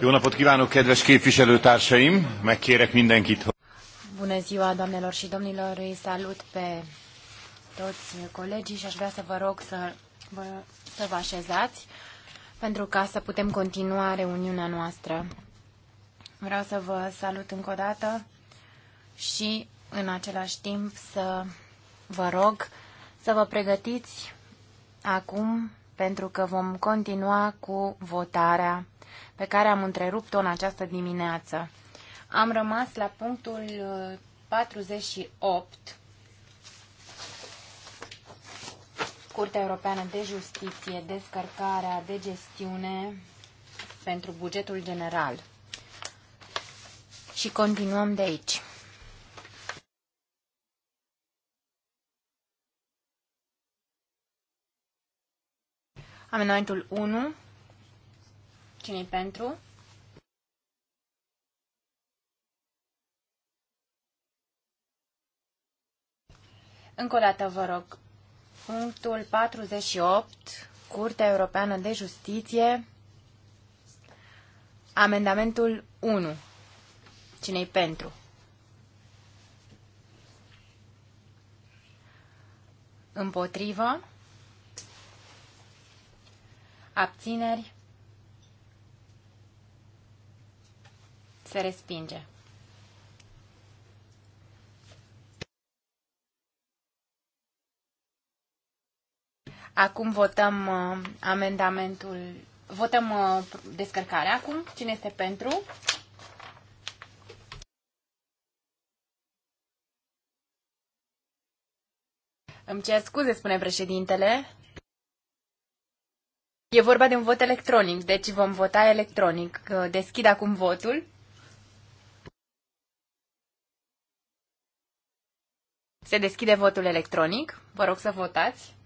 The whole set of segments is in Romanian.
Jó napot kívánok, kedves képviselőtársaim! Megkérek mindenkit, hogy... Bună ziua, doamnelor și domnilor! Îi salut pe toți colegii și aș vrea să vă rog să vă, să vă așezați pentru ca să putem continua reuniunea noastră. Vreau să vă salut încă o dată și în același timp să vă rog să vă pregătiți acum pentru că vom continua cu votarea pe care am întrerupt-o în această dimineață. Am rămas la punctul 48 uh, Curtea Europeană de Justiție, descărcarea de gestiune pentru bugetul general. Și continuăm de aici. Amendamentul 1. Cine-i pentru? Încă o dată vă rog, punctul 48, Curtea Europeană de Justiție, amendamentul 1. Cine-i pentru? Împotrivă? Abțineri? Se respinge. Acum votăm uh, amendamentul, votăm uh, descărcarea acum. Cine este pentru? Îmi cer scuze, spune președintele. E vorba de un vot electronic, deci vom vota electronic. Deschid acum votul. Se deschide votul electronic. Vă rog să votați.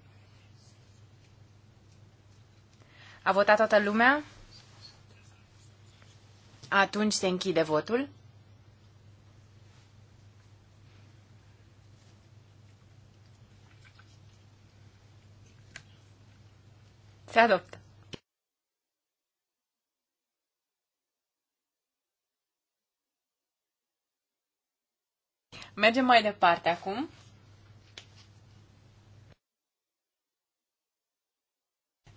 A votat toată lumea? Atunci se închide votul. Se adoptă. Mergem mai departe acum.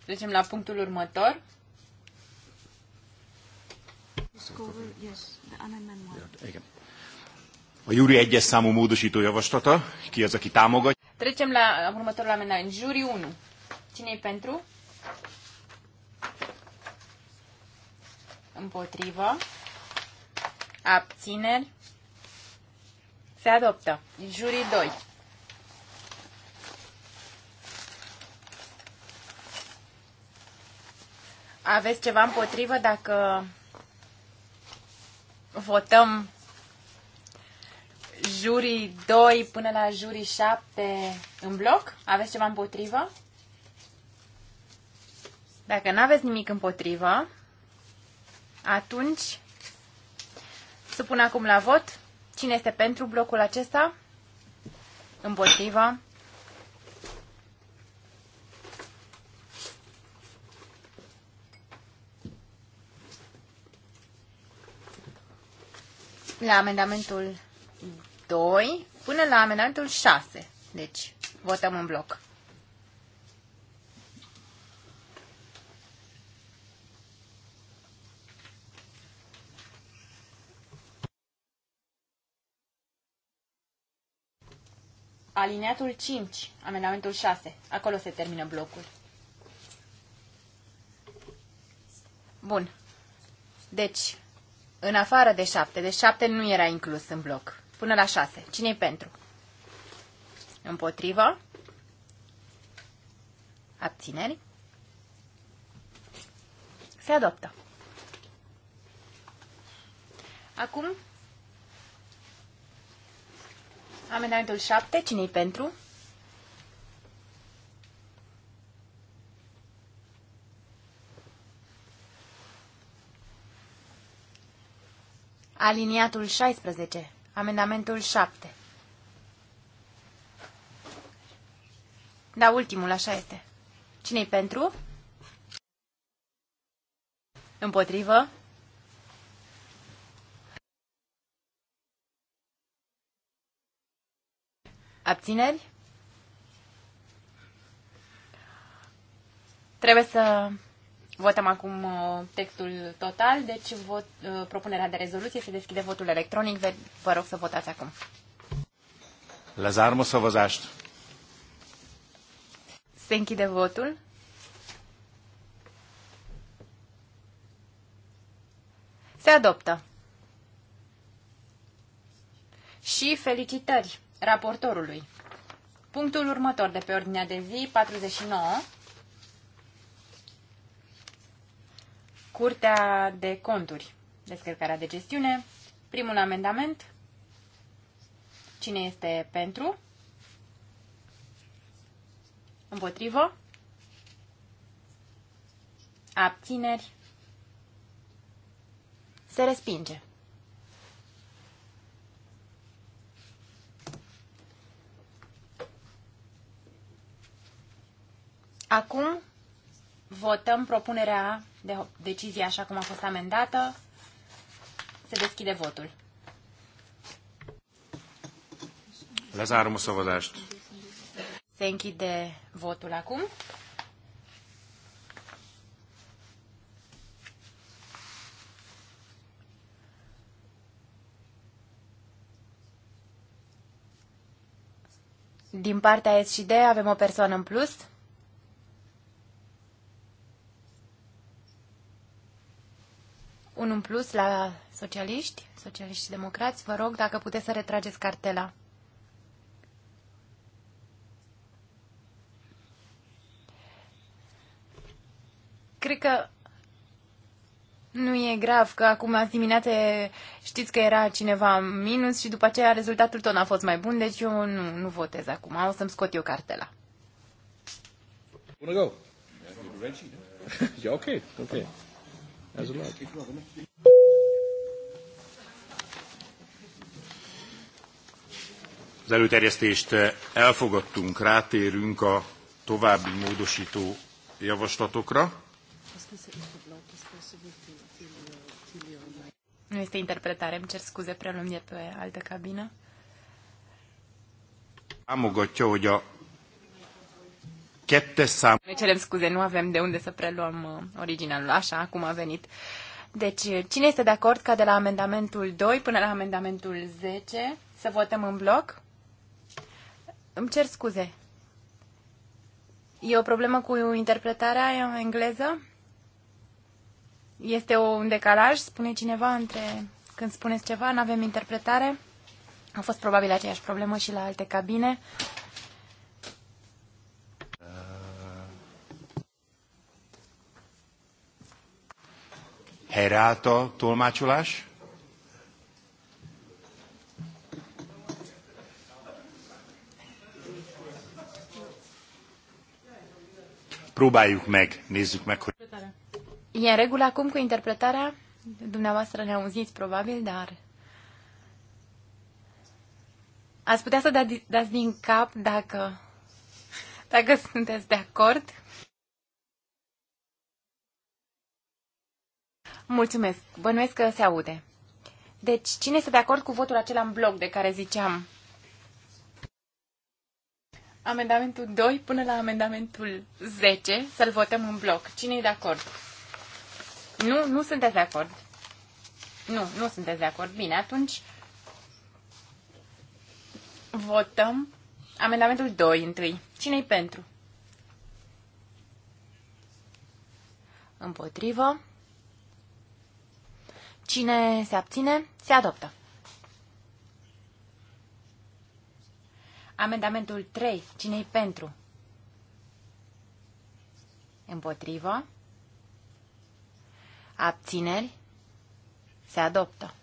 Trecem la punctul următor. A júri egyes számú módosító javaslata. Ki az, aki támogat? Trecem la următorul amendament. Júri 1. Cine e pentru? Împotrivă. Abțineri. Se adoptă. Júri 2. Aveți ceva împotrivă dacă votăm jurii 2 până la jurii 7 în bloc? Aveți ceva împotrivă? Dacă nu aveți nimic împotrivă, atunci supun acum la vot. Cine este pentru blocul acesta? Împotrivă? la amendamentul 2 până la amendamentul 6. Deci, votăm în bloc. Alineatul 5, amendamentul 6. Acolo se termină blocul. Bun. Deci, în afară de șapte, de deci șapte nu era inclus în bloc. Până la șase. cine e pentru? Împotrivă. Abțineri. Se adoptă. Acum, amendamentul șapte, cine e pentru? Aliniatul 16. Amendamentul 7. Da, ultimul, așa este. Cine-i pentru? Împotrivă? Abțineri? Trebuie să Votăm acum uh, textul total, deci vot, uh, propunerea de rezoluție se deschide votul electronic. Vă rog să votați acum. Lăzarmă să văzaști. Se închide votul. Se adoptă. Și felicitări raportorului. Punctul următor de pe ordinea de zi, 49 Curtea de Conturi, descărcarea de gestiune. Primul amendament. Cine este pentru? Împotrivă? Abțineri? Se respinge. Acum Votăm propunerea de decizie așa cum a fost amendată. Se deschide votul. Lezárom a Se închide votul acum. Din partea S avem o persoană în plus. un plus la socialiști, socialiști și democrați. Vă rog dacă puteți să retrageți cartela. Cred că nu e grav că acum azi dimineață știți că era cineva minus și după aceea rezultatul tot n-a fost mai bun, deci eu nu, nu votez acum. O să-mi scot eu cartela. Bună, go! Yeah, ok, ok as allowed. Az előterjesztést eh, elfogadtunk, rátérünk a további módosító javaslatokra. Nu este interpretare, îmi cer scuze, preluăm de pe altă cabină. Támogatja, hogy a ne cerem scuze, nu avem de unde să preluăm uh, originalul, așa cum a venit. Deci, uh, cine este de acord ca de la amendamentul 2 până la amendamentul 10 să votăm în bloc? Îmi cer scuze. E o problemă cu interpretarea engleză? Este un decalaj, spune cineva, între când spuneți ceva, nu avem interpretare. A fost probabil aceeași problemă și la alte cabine. Helyreállt a tolmácsolás? Próbáljuk meg, nézzük meg, hogy... Ilyen în regulă acum cu interpretarea? Dumneavoastră ne auziți probabil, dar... Ați putea să dați din cap dacă, dacă sunteți de acord? Mulțumesc. Bănuiesc că se aude. Deci, cine este de acord cu votul acela în bloc de care ziceam? Amendamentul 2 până la amendamentul 10, să-l votăm în bloc. Cine e de acord? Nu, nu sunteți de acord. Nu, nu sunteți de acord. Bine, atunci votăm amendamentul 2 întâi. Cine-i pentru? Împotrivă. Cine se abține, se adoptă. Amendamentul 3. Cine-i pentru? Împotrivă. Abțineri. Se adoptă.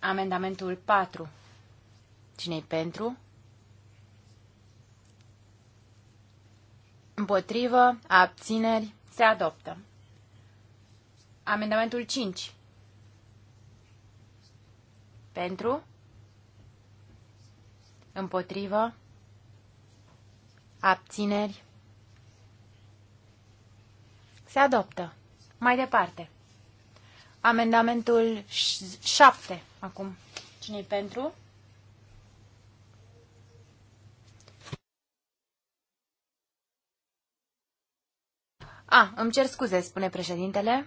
Amendamentul 4. Cine-i pentru? Împotrivă. Abțineri. Se adoptă. Amendamentul 5. Pentru? Împotrivă? Abțineri? Se adoptă. Mai departe. Amendamentul 7. Acum. cine pentru? A, îmi cer scuze, spune președintele.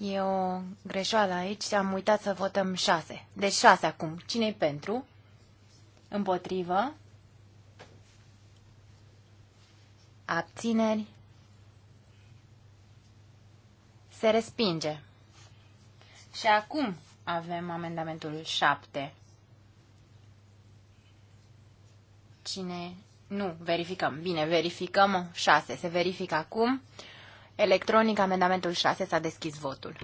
E o greșeală aici, am uitat să votăm 6. Deci 6 acum. Cine-i pentru? Împotrivă? Abțineri? Se respinge. Și acum avem amendamentul 7. Cine? Nu, verificăm. Bine, verificăm 6. Se verifică acum. Electronic, amendamentul 6, s-a deschis votul.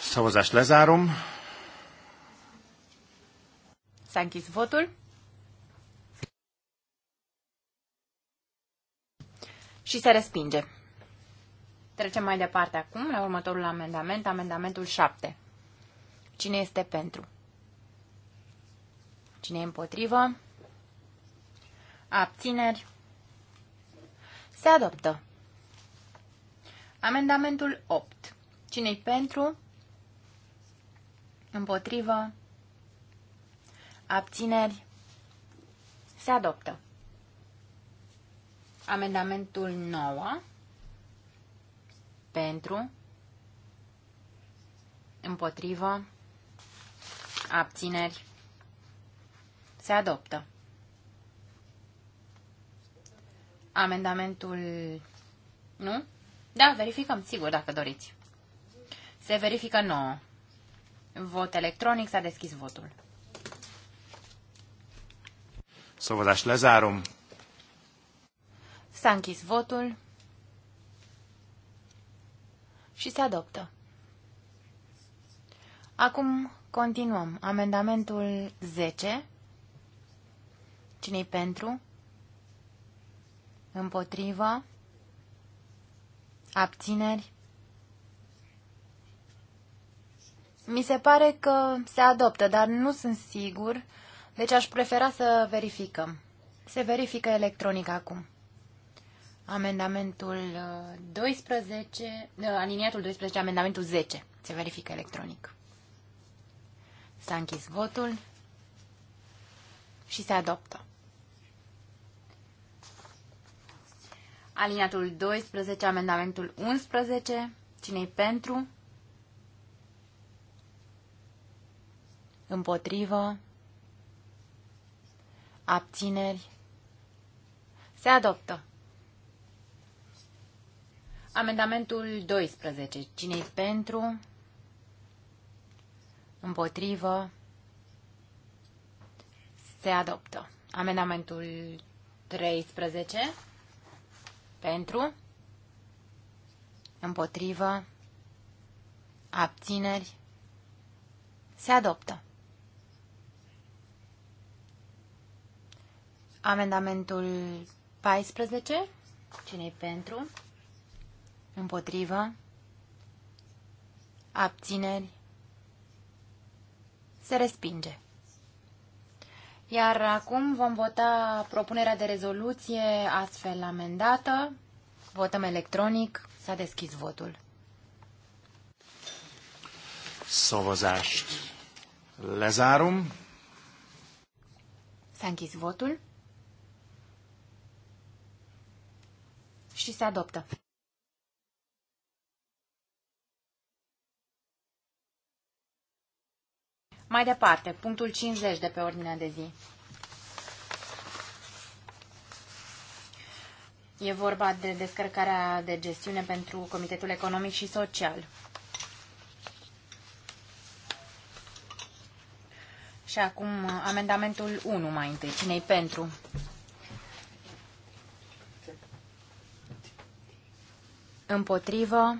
Szavazást lezárom. S-a votul. Și se respinge. Trecem mai departe acum la următorul amendament, amendamentul 7. Cine este pentru? Cine e împotrivă? Abțineri. Se adoptă. Amendamentul 8. Cine-i pentru? Împotrivă. Abțineri. Se adoptă. Amendamentul 9. Pentru. Împotrivă. Abțineri. Se adoptă. Amendamentul... Nu? Da, verificăm, sigur, dacă doriți. Se verifică nouă. Vot electronic, s-a deschis votul. Szavazást lezárom. S-a închis votul și se adoptă. Acum continuăm. Amendamentul 10. Cine-i pentru? Împotrivă. Abțineri. Mi se pare că se adoptă, dar nu sunt sigur, deci aș prefera să verificăm. Se verifică electronic acum. Amendamentul 12, uh, uh, aliniatul 12, amendamentul 10. Se verifică electronic. S-a închis votul și se adoptă. Aliniatul 12, amendamentul 11. Cine-i pentru? Împotrivă? Abțineri? Se adoptă. Amendamentul 12. Cine-i pentru? Împotrivă? Se adoptă. Amendamentul 13. Pentru. Împotrivă. Abțineri. Se adoptă. Amendamentul 14. Cine-i pentru? Împotrivă. Abțineri. Se respinge. Iar acum vom vota propunerea de rezoluție astfel amendată. Votăm electronic. S-a deschis votul. Szavazást Lezarum, S-a închis votul. Și se adoptă. Mai departe, punctul 50 de pe ordinea de zi. E vorba de descărcarea de gestiune pentru Comitetul Economic și Social. Și acum amendamentul 1 mai întâi. Cine-i pentru? Împotrivă?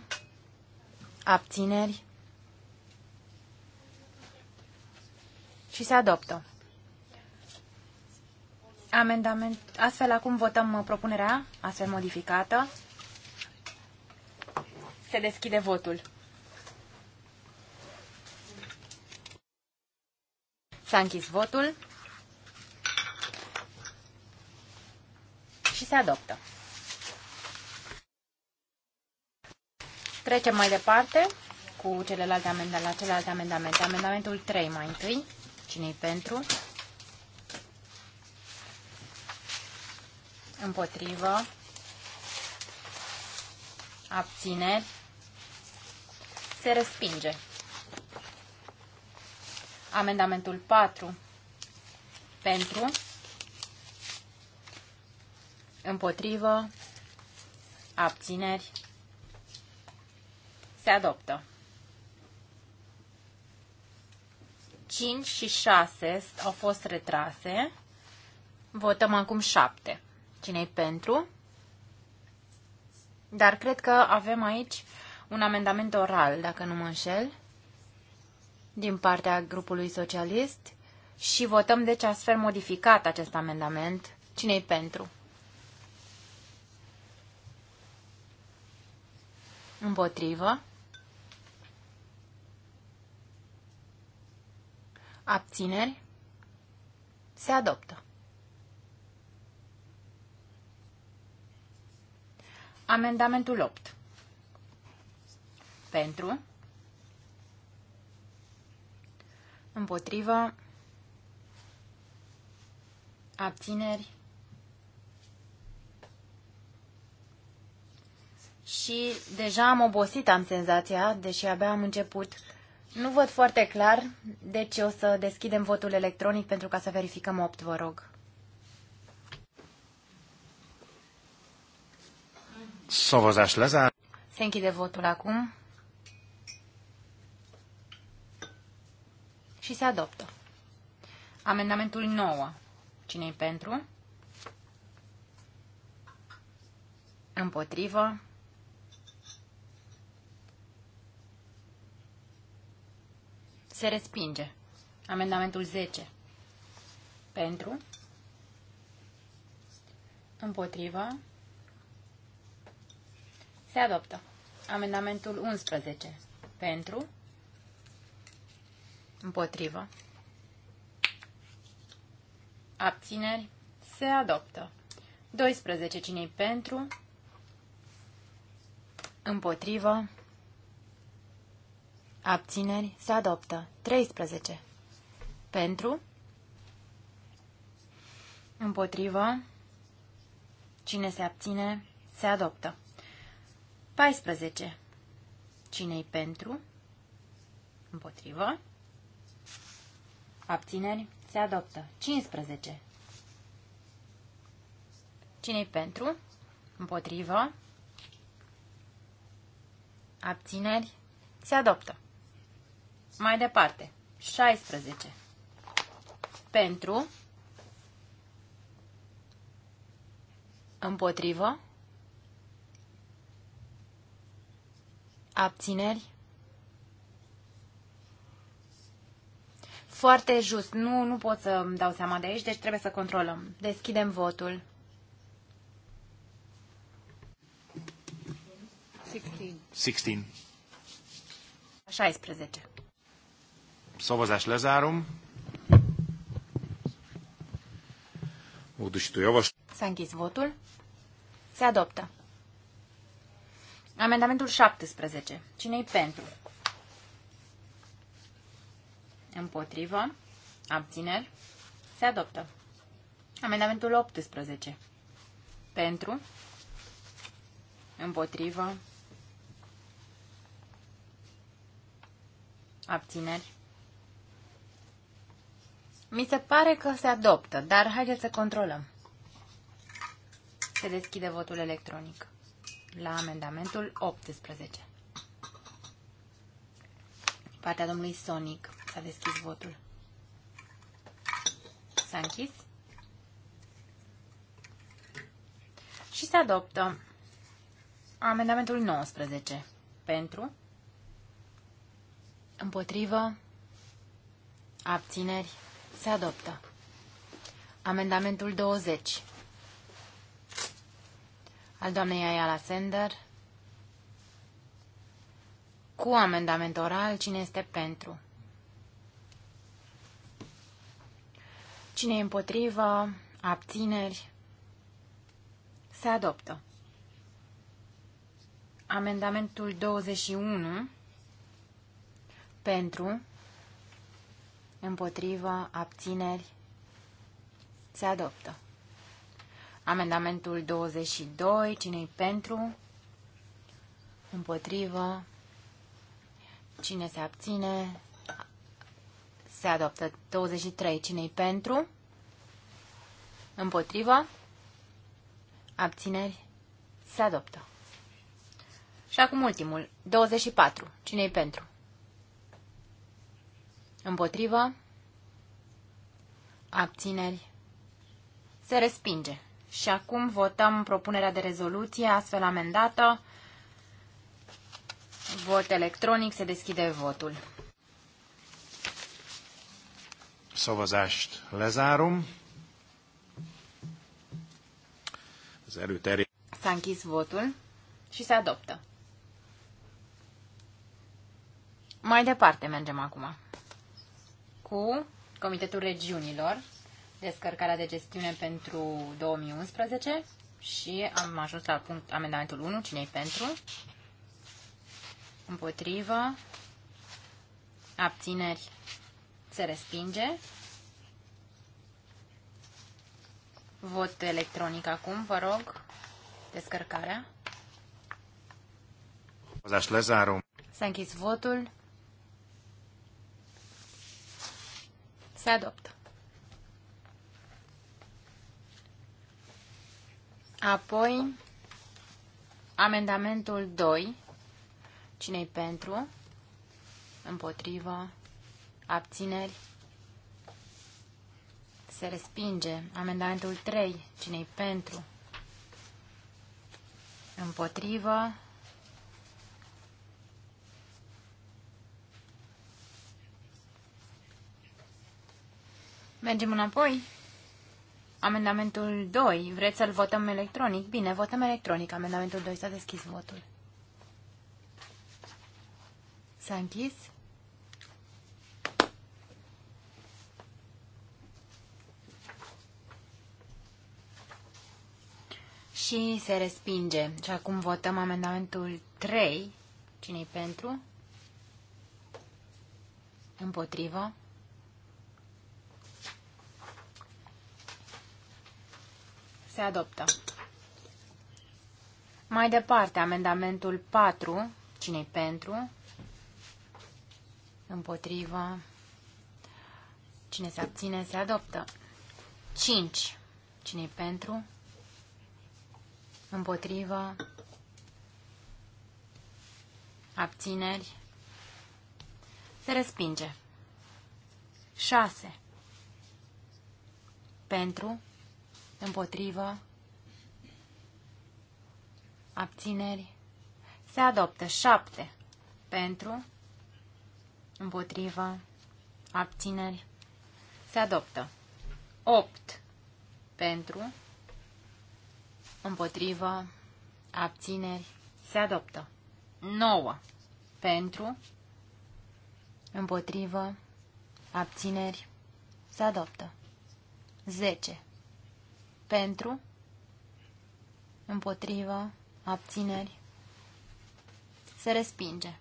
Abțineri? și se adoptă. Amendament. Astfel, acum votăm uh, propunerea, astfel modificată. Se deschide votul. S-a închis votul și se adoptă. Trecem mai departe cu celelalte amendamente, la celelalte amendamente. Amendamentul 3 mai întâi cine pentru? Împotrivă. Abține. Se respinge. Amendamentul 4. Pentru. Împotrivă. Abțineri. Se adoptă. 5 și 6 au fost retrase. Votăm acum 7. cine e pentru? Dar cred că avem aici un amendament oral, dacă nu mă înșel, din partea grupului socialist și votăm deci astfel modificat acest amendament. cine e pentru? Împotrivă. Abțineri? Se adoptă. Amendamentul 8. Pentru? Împotrivă? Abțineri? Și deja am obosit, am senzația, deși abia am început nu văd foarte clar, deci o să deschidem votul electronic pentru ca să verificăm 8, vă rog. Szavazás lezár. Se închide votul acum. Și se adoptă. Amendamentul 9. Cine-i pentru? Împotrivă. se respinge. Amendamentul 10. Pentru. Împotrivă. Se adoptă. Amendamentul 11. Pentru. Împotrivă. Abțineri. Se adoptă. 12. Cine pentru? Împotrivă. Abțineri se adoptă. 13. Pentru. Împotrivă. Cine se abține, se adoptă. 14. Cine-i pentru? Împotrivă. Abțineri se adoptă. 15. Cine-i pentru? Împotrivă. Abțineri se adoptă. Mai departe. 16. Pentru. Împotrivă. Abțineri. Foarte just. Nu, nu pot să îmi dau seama de aici, deci trebuie să controlăm. Deschidem votul. 16. 16. 16. Szavazást lezárom. Módosító javaslat. Szenkész votul. Se adoptă. Amendamentul 17. Cine-i pentru? Împotrivă. Abțineri. Se adoptă. Amendamentul 18. Pentru. Împotrivă. Abțineri. Mi se pare că se adoptă, dar haideți să controlăm. Se deschide votul electronic la amendamentul 18. Partea domnului Sonic s-a deschis votul. S-a închis. Și se adoptă amendamentul 19. Pentru, împotrivă, abțineri, se adoptă. Amendamentul 20 al doamnei Ayala Sender cu amendament oral, cine este pentru? Cine e împotrivă? Abțineri? Se adoptă. Amendamentul 21 pentru împotrivă, abțineri, se adoptă. Amendamentul 22, cine-i pentru, împotrivă, cine se abține, se adoptă. 23, cine-i pentru, împotrivă, abțineri, se adoptă. Și acum ultimul, 24, cine pentru? Împotriva? Abțineri. Se respinge. Și acum votăm propunerea de rezoluție astfel amendată. Vot electronic. Se deschide votul. Szavazást lezárom. Az előterjé... s votul și se adoptă. Mai departe mergem acum cu Comitetul Regiunilor, descărcarea de gestiune pentru 2011 și am ajuns la punct amendamentul 1, cine pentru? Împotrivă, abțineri, se respinge. Vot electronic acum, vă rog, descărcarea. S-a închis votul. Se adoptă. Apoi, amendamentul 2. Cine-i pentru? Împotrivă? Abțineri? Se respinge. Amendamentul 3. Cine-i pentru? Împotrivă? Mergem înapoi. Amendamentul 2. Vreți să-l votăm electronic? Bine, votăm electronic. Amendamentul 2. S-a deschis votul. S-a închis. Și se respinge. Și acum votăm amendamentul 3. Cine-i pentru? Împotrivă? Se adoptă. Mai departe, amendamentul 4. cine pentru? Împotrivă. Cine se abține, se adoptă. 5. cine pentru? Împotrivă. Abțineri. Se respinge. 6. Pentru. Împotrivă. Abțineri. Se adoptă 7 pentru. Împotrivă. Abțineri. Se adoptă 8 pentru. Împotrivă. Abțineri. Se adoptă 9 pentru. Împotrivă. Abțineri. Se adoptă. 10 pentru, împotrivă, abțineri, se respinge.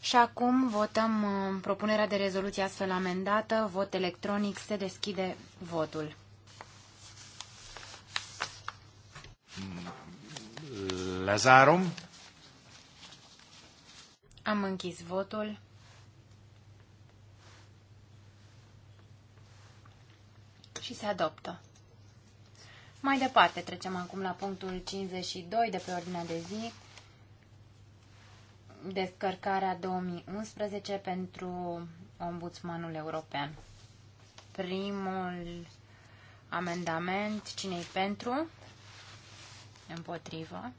Și acum votăm uh, propunerea de rezoluție astfel amendată. Vot electronic. Se deschide votul. Lazarum. Am închis votul. și se adoptă. Mai departe trecem acum la punctul 52 de pe ordinea de zi, descărcarea 2011 pentru Ombudsmanul European. Primul amendament, cine pentru? Împotrivă.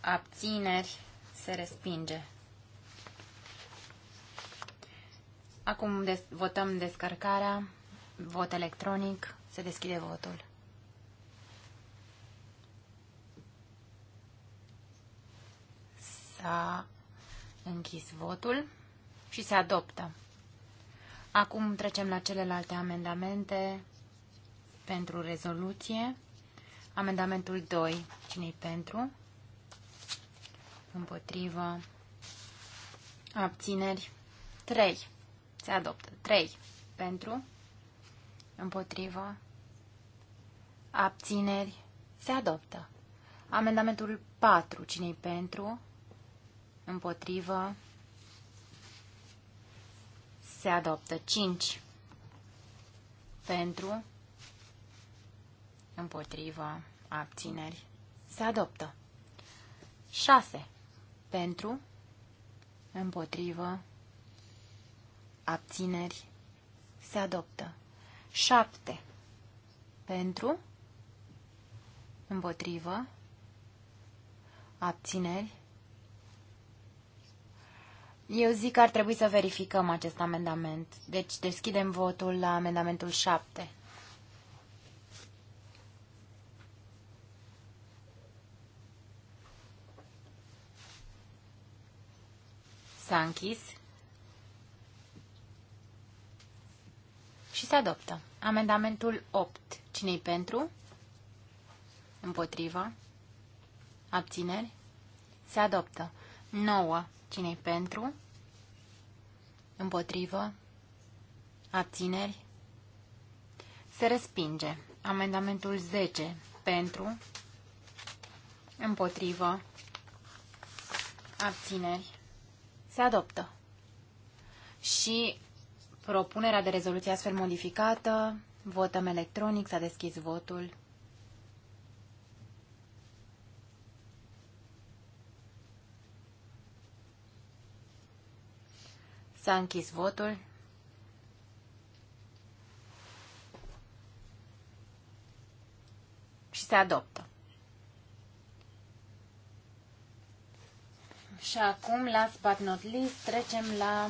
Abțineri se respinge. Acum des votăm descărcarea. Vot electronic. Se deschide votul. S-a închis votul și se adoptă. Acum trecem la celelalte amendamente pentru rezoluție. Amendamentul 2. Cine-i pentru? Împotrivă. Abțineri. 3. Se adoptă. 3. Pentru. Împotrivă. Abțineri. Se adoptă. Amendamentul 4. cine pentru? Împotrivă. Se adoptă. 5. Pentru. Împotrivă. Abțineri. Se adoptă. 6. Pentru. Împotrivă abțineri, se adoptă. 7. Pentru, împotrivă, abțineri. Eu zic că ar trebui să verificăm acest amendament. Deci deschidem votul la amendamentul 7. S-a închis. și se adoptă. Amendamentul 8. cine pentru? Împotrivă. Abțineri. Se adoptă. 9. cine pentru? Împotrivă. Abțineri. Se respinge. Amendamentul 10. Pentru. Împotrivă. Abțineri. Se adoptă. Și propunerea de rezoluție astfel modificată. Votăm electronic, s-a deschis votul. S-a închis votul. Și se adoptă. Și acum, last but not least, trecem la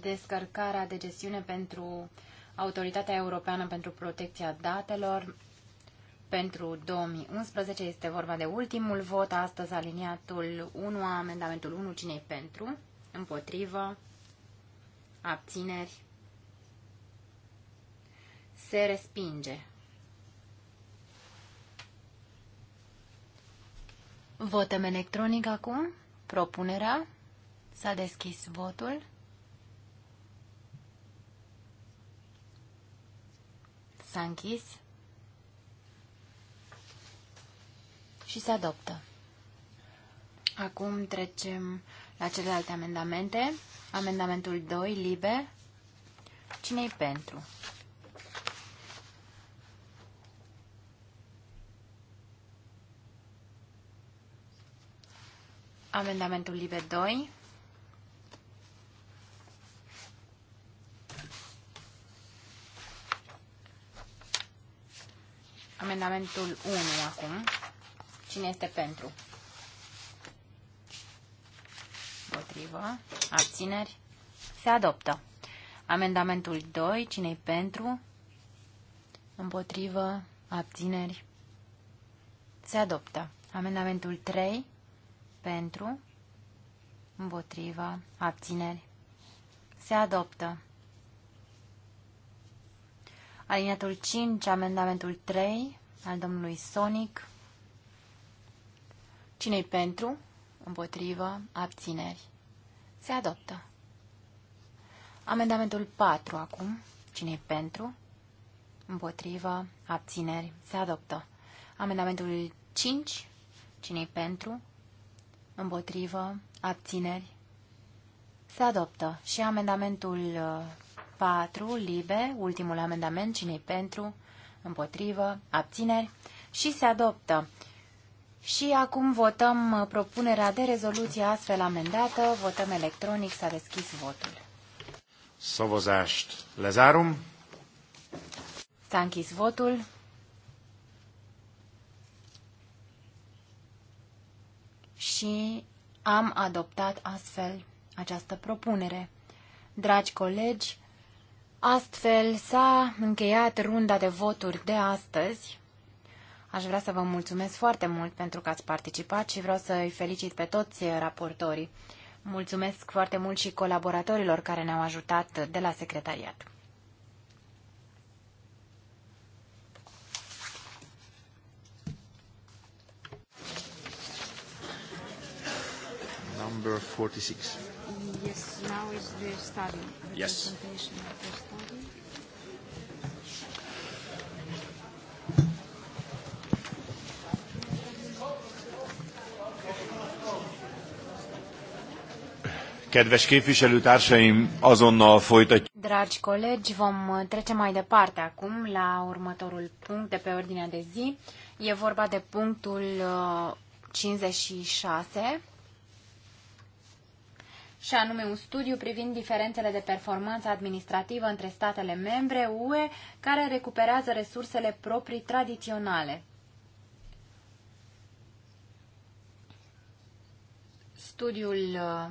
descărcarea de gestiune pentru Autoritatea Europeană pentru Protecția Datelor pentru 2011. Este vorba de ultimul vot astăzi, aliniatul 1, amendamentul 1, cine pentru, împotrivă, abțineri, se respinge. Votăm electronic acum. Propunerea. S-a deschis votul. S-a închis. Și se adoptă. Acum trecem la celelalte amendamente. Amendamentul 2, libe. Cine-i pentru? Amendamentul libe 2. Amendamentul 1 acum. Cine este pentru? Potrivă. Abțineri. Se adoptă. Amendamentul 2. Cine-i pentru? Împotrivă. Abțineri. Se adoptă. Amendamentul 3. Pentru. Împotrivă. Abțineri. Se adoptă. Alineatul 5, amendamentul 3 al domnului Sonic. Cine-i pentru? Împotrivă. Abțineri. Se adoptă. Amendamentul 4 acum. Cine-i pentru? Împotrivă. Abțineri. Se adoptă. Amendamentul 5. Cine-i pentru? Împotrivă. Abțineri. Se adoptă. Și amendamentul uh, 4, libe, ultimul amendament, cine pentru, împotrivă, abțineri și se adoptă. Și acum votăm uh, propunerea de rezoluție astfel amendată, votăm electronic, s-a deschis votul. Szavazást Lezarum, S-a închis votul. Și am adoptat astfel această propunere. Dragi colegi, Astfel s-a încheiat runda de voturi de astăzi. Aș vrea să vă mulțumesc foarte mult pentru că ați participat și vreau să îi felicit pe toți raportorii. Mulțumesc foarte mult și colaboratorilor care ne-au ajutat de la secretariat. Number 46. Yes, now is the study. The yes. Presentation of the study. Kedves képviselőtársaim, azonnal folytatjuk. Dragi colegi, vom uh, trece mai departe acum la următorul punct de pe ordinea de zi. E vorba de punctul 56 uh, și anume un studiu privind diferențele de performanță administrativă între statele membre UE care recuperează resursele proprii tradiționale. Studiul uh,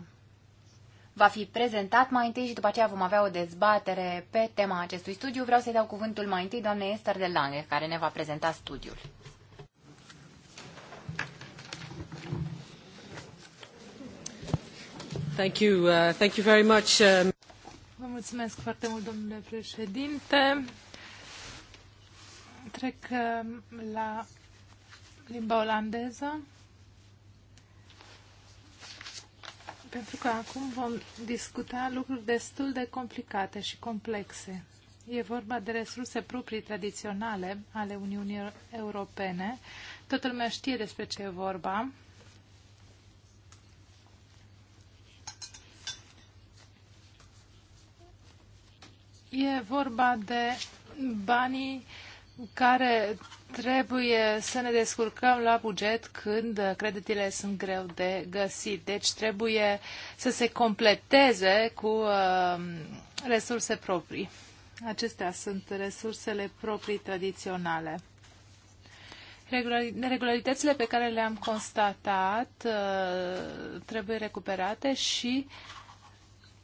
va fi prezentat mai întâi și după aceea vom avea o dezbatere pe tema acestui studiu. Vreau să-i dau cuvântul mai întâi doamnei Esther de Lange, care ne va prezenta studiul. Thank you, uh, thank you very much. Uh... Vă mulțumesc foarte mult, domnule președinte. Trec um, la limba olandeză. Pentru că acum vom discuta lucruri destul de complicate și complexe. E vorba de resurse proprii tradiționale ale Uniunii Europene. Toată lumea știe despre ce e vorba. E vorba de banii care trebuie să ne descurcăm la buget când creditele sunt greu de găsit. Deci trebuie să se completeze cu uh, resurse proprii. Acestea sunt resursele proprii tradiționale. Regularitățile pe care le-am constatat uh, trebuie recuperate și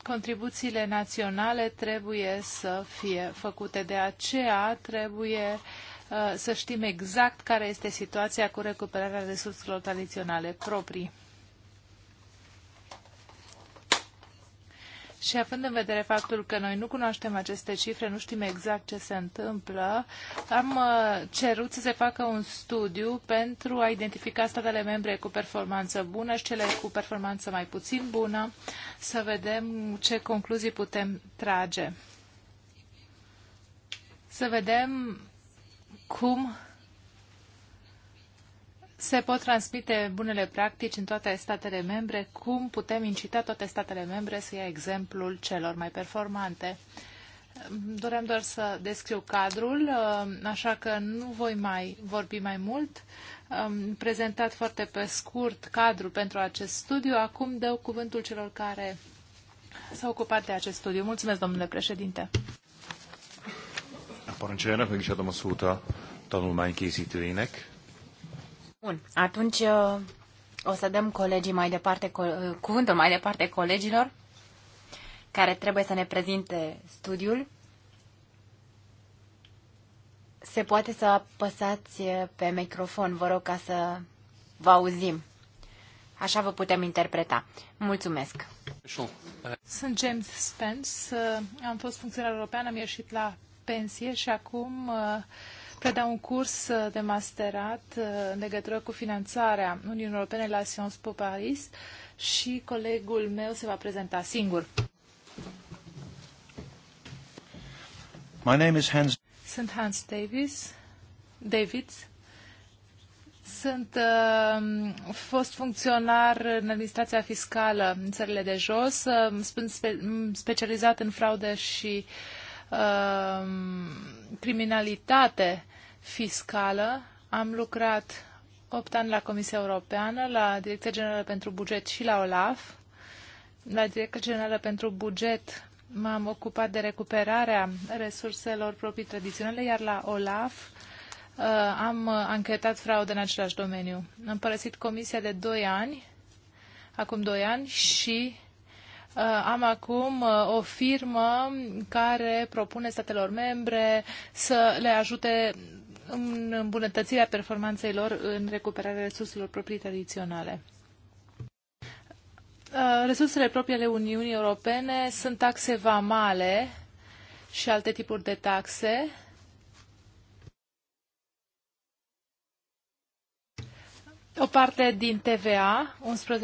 contribuțiile naționale trebuie să fie făcute. De aceea trebuie uh, să știm exact care este situația cu recuperarea resurselor tradiționale proprii. Și având în vedere faptul că noi nu cunoaștem aceste cifre, nu știm exact ce se întâmplă, am uh, cerut să se facă un studiu pentru a identifica statele membre cu performanță bună și cele cu performanță mai puțin bună, să vedem ce concluzii putem trage. Să vedem cum se pot transmite bunele practici în toate statele membre, cum putem incita toate statele membre să ia exemplul celor mai performante. Doream doar să descriu cadrul, uh, așa că nu voi mai vorbi mai mult. Am prezentat foarte pe scurt cadrul pentru acest studiu. Acum dau cuvântul celor care s-au ocupat de acest studiu. Mulțumesc, domnule președinte. A parancsoljanak, meg is adom a szót a tanulmány Bun, atunci uh, o să dăm colegii mai departe, uh, cuvântul mai departe colegilor care trebuie să ne prezinte studiul. Se poate să apăsați pe microfon, vă rog, ca să vă auzim. Așa vă putem interpreta. Mulțumesc! Sunt James Spence, uh, am fost funcționar european, am ieșit la pensie și acum uh, predau un curs uh, de masterat uh, în legătură cu finanțarea Uniunii Europene la Sciences Po Paris și colegul meu se va prezenta singur. My name is Hans. Sunt Hans Davis. David. Sunt uh, fost funcționar în administrația fiscală în țările de jos, uh, sunt spe- specializat în fraude și uh, Um, criminalitate fiscală. Am lucrat 8 ani la Comisia Europeană, la Direcția Generală pentru Buget și la OLAF. La Direcția Generală pentru Buget m-am ocupat de recuperarea resurselor proprii tradiționale, iar la OLAF uh, am anchetat fraude în același domeniu. Am părăsit comisia de 2 ani, acum 2 ani, și Uh, am acum uh, o firmă care propune statelor membre să le ajute în îmbunătățirea performanței lor în recuperarea resurselor proprii tradiționale. Uh, resursele proprii ale Uniunii Europene sunt taxe vamale și alte tipuri de taxe o parte din TVA,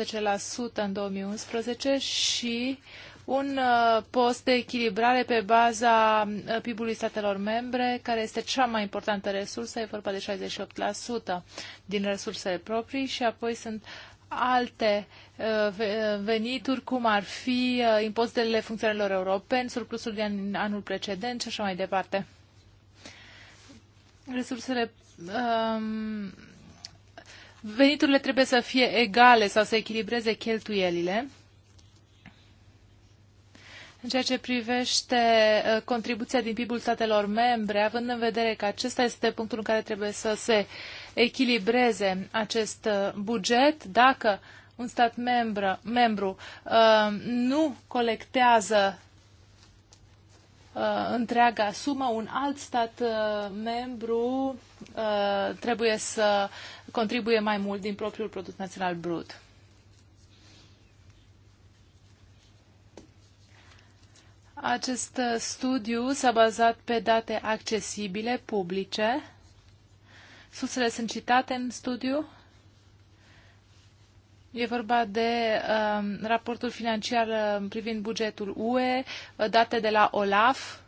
11% în 2011 și un uh, post de echilibrare pe baza uh, PIB-ului statelor membre, care este cea mai importantă resursă, e vorba de 68% din resursele proprii și apoi sunt alte uh, venituri, cum ar fi impozitele funcționarilor europeni, surplusul din anul precedent și așa mai departe. Resursele um, veniturile trebuie să fie egale sau să echilibreze cheltuielile. În ceea ce privește uh, contribuția din PIB-ul statelor membre, având în vedere că acesta este punctul în care trebuie să se echilibreze acest uh, buget, dacă un stat membră, membru uh, nu colectează întreaga sumă, un alt stat membru trebuie să contribuie mai mult din propriul produs național brut. Acest studiu s-a bazat pe date accesibile, publice. Sursele sunt citate în studiu. E vorba de uh, raportul financiar um, privind bugetul UE, date de la OLAF,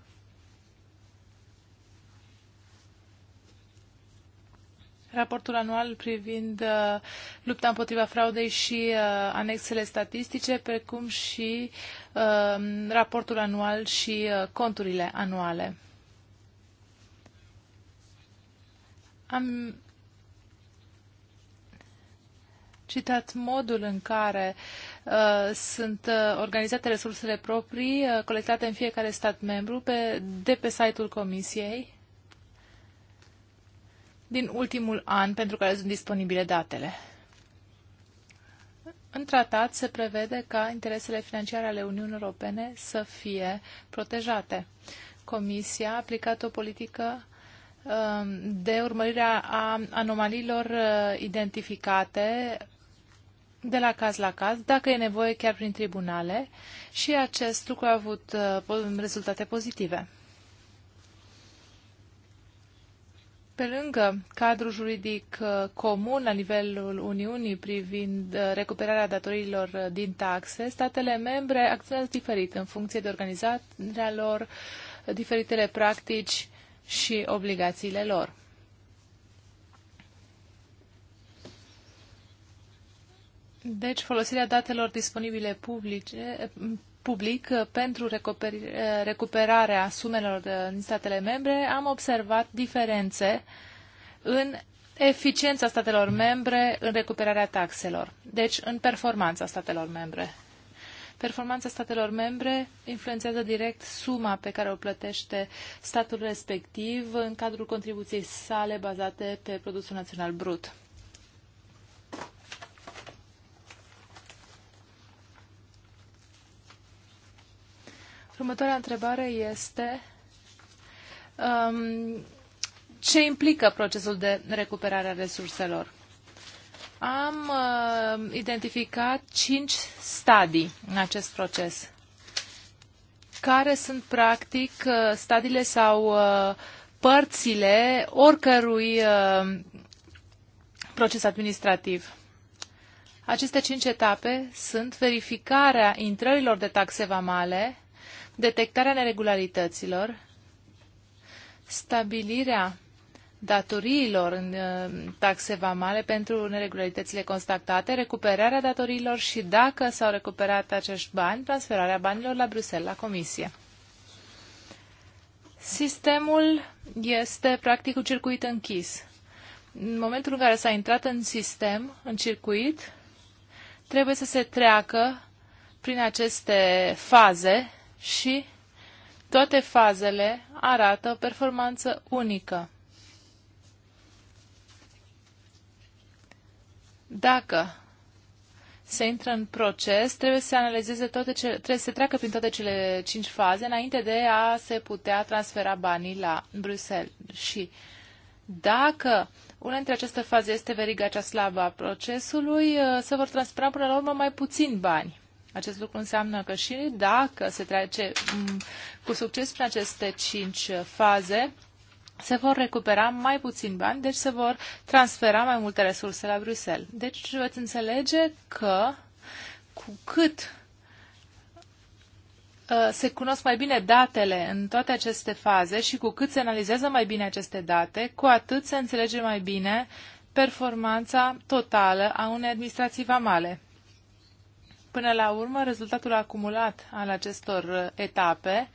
Raportul anual privind uh, lupta împotriva fraudei și uh, anexele statistice, precum și uh, raportul anual și uh, conturile anuale. Am citat modul în care uh, sunt uh, organizate resursele proprii uh, colectate în fiecare stat membru pe, de pe site-ul Comisiei din ultimul an pentru care sunt disponibile datele. În tratat se prevede ca interesele financiare ale Uniunii Europene să fie protejate. Comisia a aplicat o politică um, de urmărire a anomaliilor uh, identificate de la caz la caz, dacă e nevoie chiar prin tribunale și acest lucru a avut uh, rezultate pozitive. Pe lângă cadrul juridic uh, comun la nivelul Uniunii privind uh, recuperarea datoriilor uh, din taxe, statele membre acționează diferit în funcție de organizarea lor, diferitele practici și obligațiile lor. Deci, folosirea datelor disponibile publice, public uh, pentru uh, recuperarea sumelor din statele membre, am observat diferențe în eficiența statelor membre în recuperarea taxelor, deci în performanța statelor membre. Performanța statelor membre influențează direct suma pe care o plătește statul respectiv în cadrul contribuției sale bazate pe produsul național brut. Următoarea întrebare este um, ce implică procesul de recuperare a resurselor? Am uh, identificat cinci stadii în acest proces, care sunt practic uh, stadiile sau uh, părțile oricărui uh, proces administrativ. Aceste cinci etape sunt verificarea intrărilor de taxe vamale, detectarea neregularităților, stabilirea datoriilor în uh, taxe vamale pentru neregularitățile constatate, recuperarea datoriilor și, dacă s-au recuperat acești bani, transferarea banilor la Bruxelles, la Comisie. Sistemul este practic un circuit închis. În momentul în care s-a intrat în sistem, în circuit, trebuie să se treacă prin aceste faze și toate fazele arată o performanță unică. Dacă se intră în proces, trebuie să se analizeze toate cele, trebuie să se treacă prin toate cele cinci faze înainte de a se putea transfera banii la Bruxelles. Și dacă una dintre aceste faze este veriga cea slabă a procesului, uh, se vor transfera până la urmă mai puțin bani. Acest lucru înseamnă că și dacă se trece cu succes prin aceste cinci uh, faze, se vor recupera mai puțin bani, deci se vor transfera mai multe resurse la Bruxelles. Deci veți înțelege că cu cât uh, se cunosc mai bine datele în toate aceste faze și cu cât se analizează mai bine aceste date, cu atât se înțelege mai bine performanța totală a unei administrații vamale. Până la urmă, rezultatul acumulat al acestor uh, etape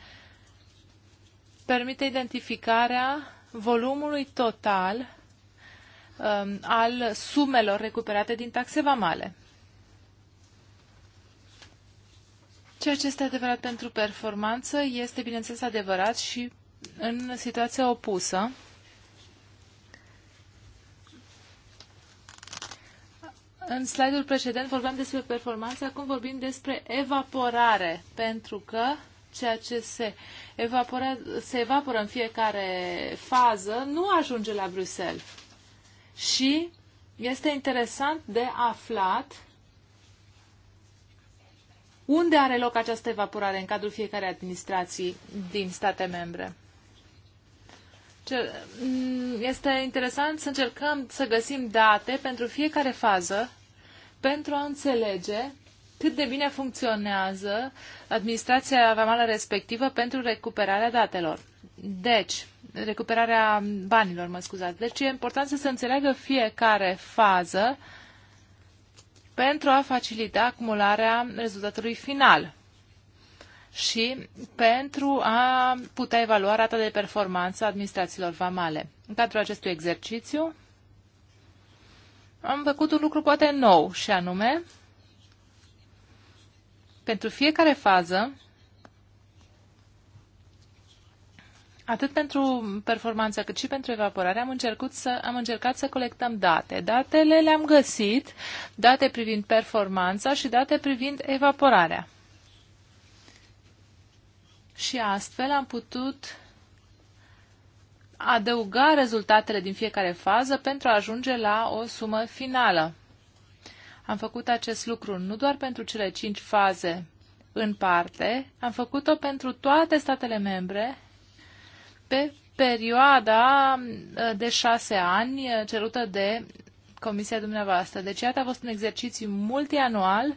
permite identificarea volumului total um, al sumelor recuperate din taxe vamale. Ceea ce este adevărat pentru performanță este, bineînțeles, adevărat și în situația opusă În slide-ul precedent vorbeam despre performanță, acum vorbim despre evaporare, pentru că ceea ce se, evapora, se evaporă în fiecare fază nu ajunge la Bruxelles. Și este interesant de aflat unde are loc această evaporare în cadrul fiecarei administrații din state membre. Mm, este interesant să încercăm să găsim date pentru fiecare fază pentru a înțelege cât de bine funcționează administrația vamală respectivă pentru recuperarea datelor. Deci, recuperarea banilor, mă scuzați. Deci e important să se înțeleagă fiecare fază pentru a facilita acumularea rezultatului final și pentru a putea evalua rata de performanță a administrațiilor vamale. În cadrul acestui exercițiu am făcut un lucru poate nou și anume pentru fiecare fază Atât pentru performanță cât și pentru evaporare am, să, am încercat să colectăm date. Datele le-am găsit, date privind performanța și date privind evaporarea și astfel am putut adăuga rezultatele din fiecare fază pentru a ajunge la o sumă finală. Am făcut acest lucru nu doar pentru cele cinci faze în parte, am făcut-o pentru toate statele membre pe perioada uh, de șase ani uh, cerută de Comisia dumneavoastră. Deci, iată, a fost un exercițiu multianual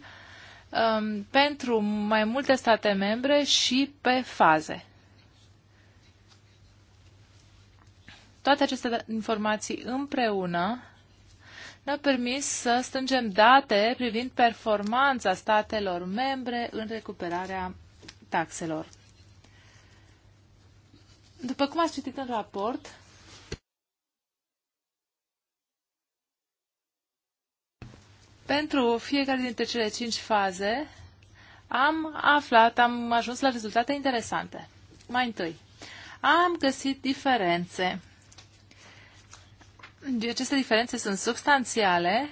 um, pentru mai multe state membre și pe faze. Toate aceste informații împreună ne au permis să strângem date privind performanța statelor membre în recuperarea taxelor. După cum ați citit în raport, Pentru fiecare dintre cele cinci faze am aflat, am ajuns la rezultate interesante. Mai întâi, am găsit diferențe. Deci, aceste diferențe sunt substanțiale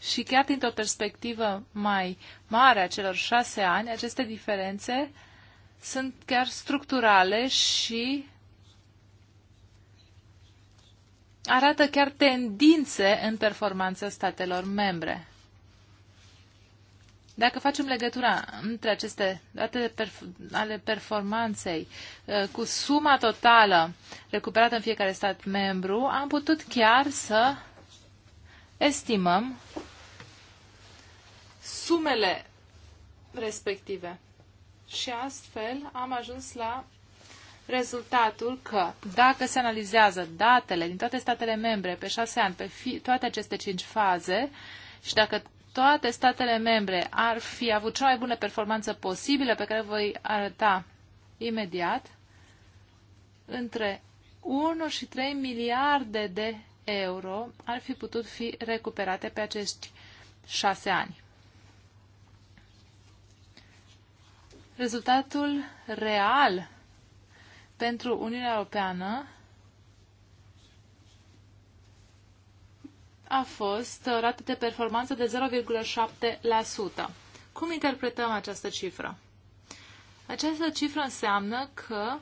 și chiar dintr-o perspectivă mai mare a celor șase ani, aceste diferențe sunt chiar structurale și arată chiar tendințe în performanța statelor membre. Dacă facem legătura între aceste date perf- ale performanței uh, cu suma totală recuperată în fiecare stat membru, am putut chiar să estimăm sumele respective. Și astfel am ajuns la rezultatul că dacă se analizează datele din toate statele membre pe șase ani, pe fi, toate aceste cinci faze și dacă toate statele membre ar fi avut cea mai bună performanță posibilă pe care voi arăta imediat, între 1 și 3 miliarde de euro ar fi putut fi recuperate pe acești șase ani. Rezultatul real pentru Uniunea Europeană a fost rată de performanță de 0,7%. Cum interpretăm această cifră? Această cifră înseamnă că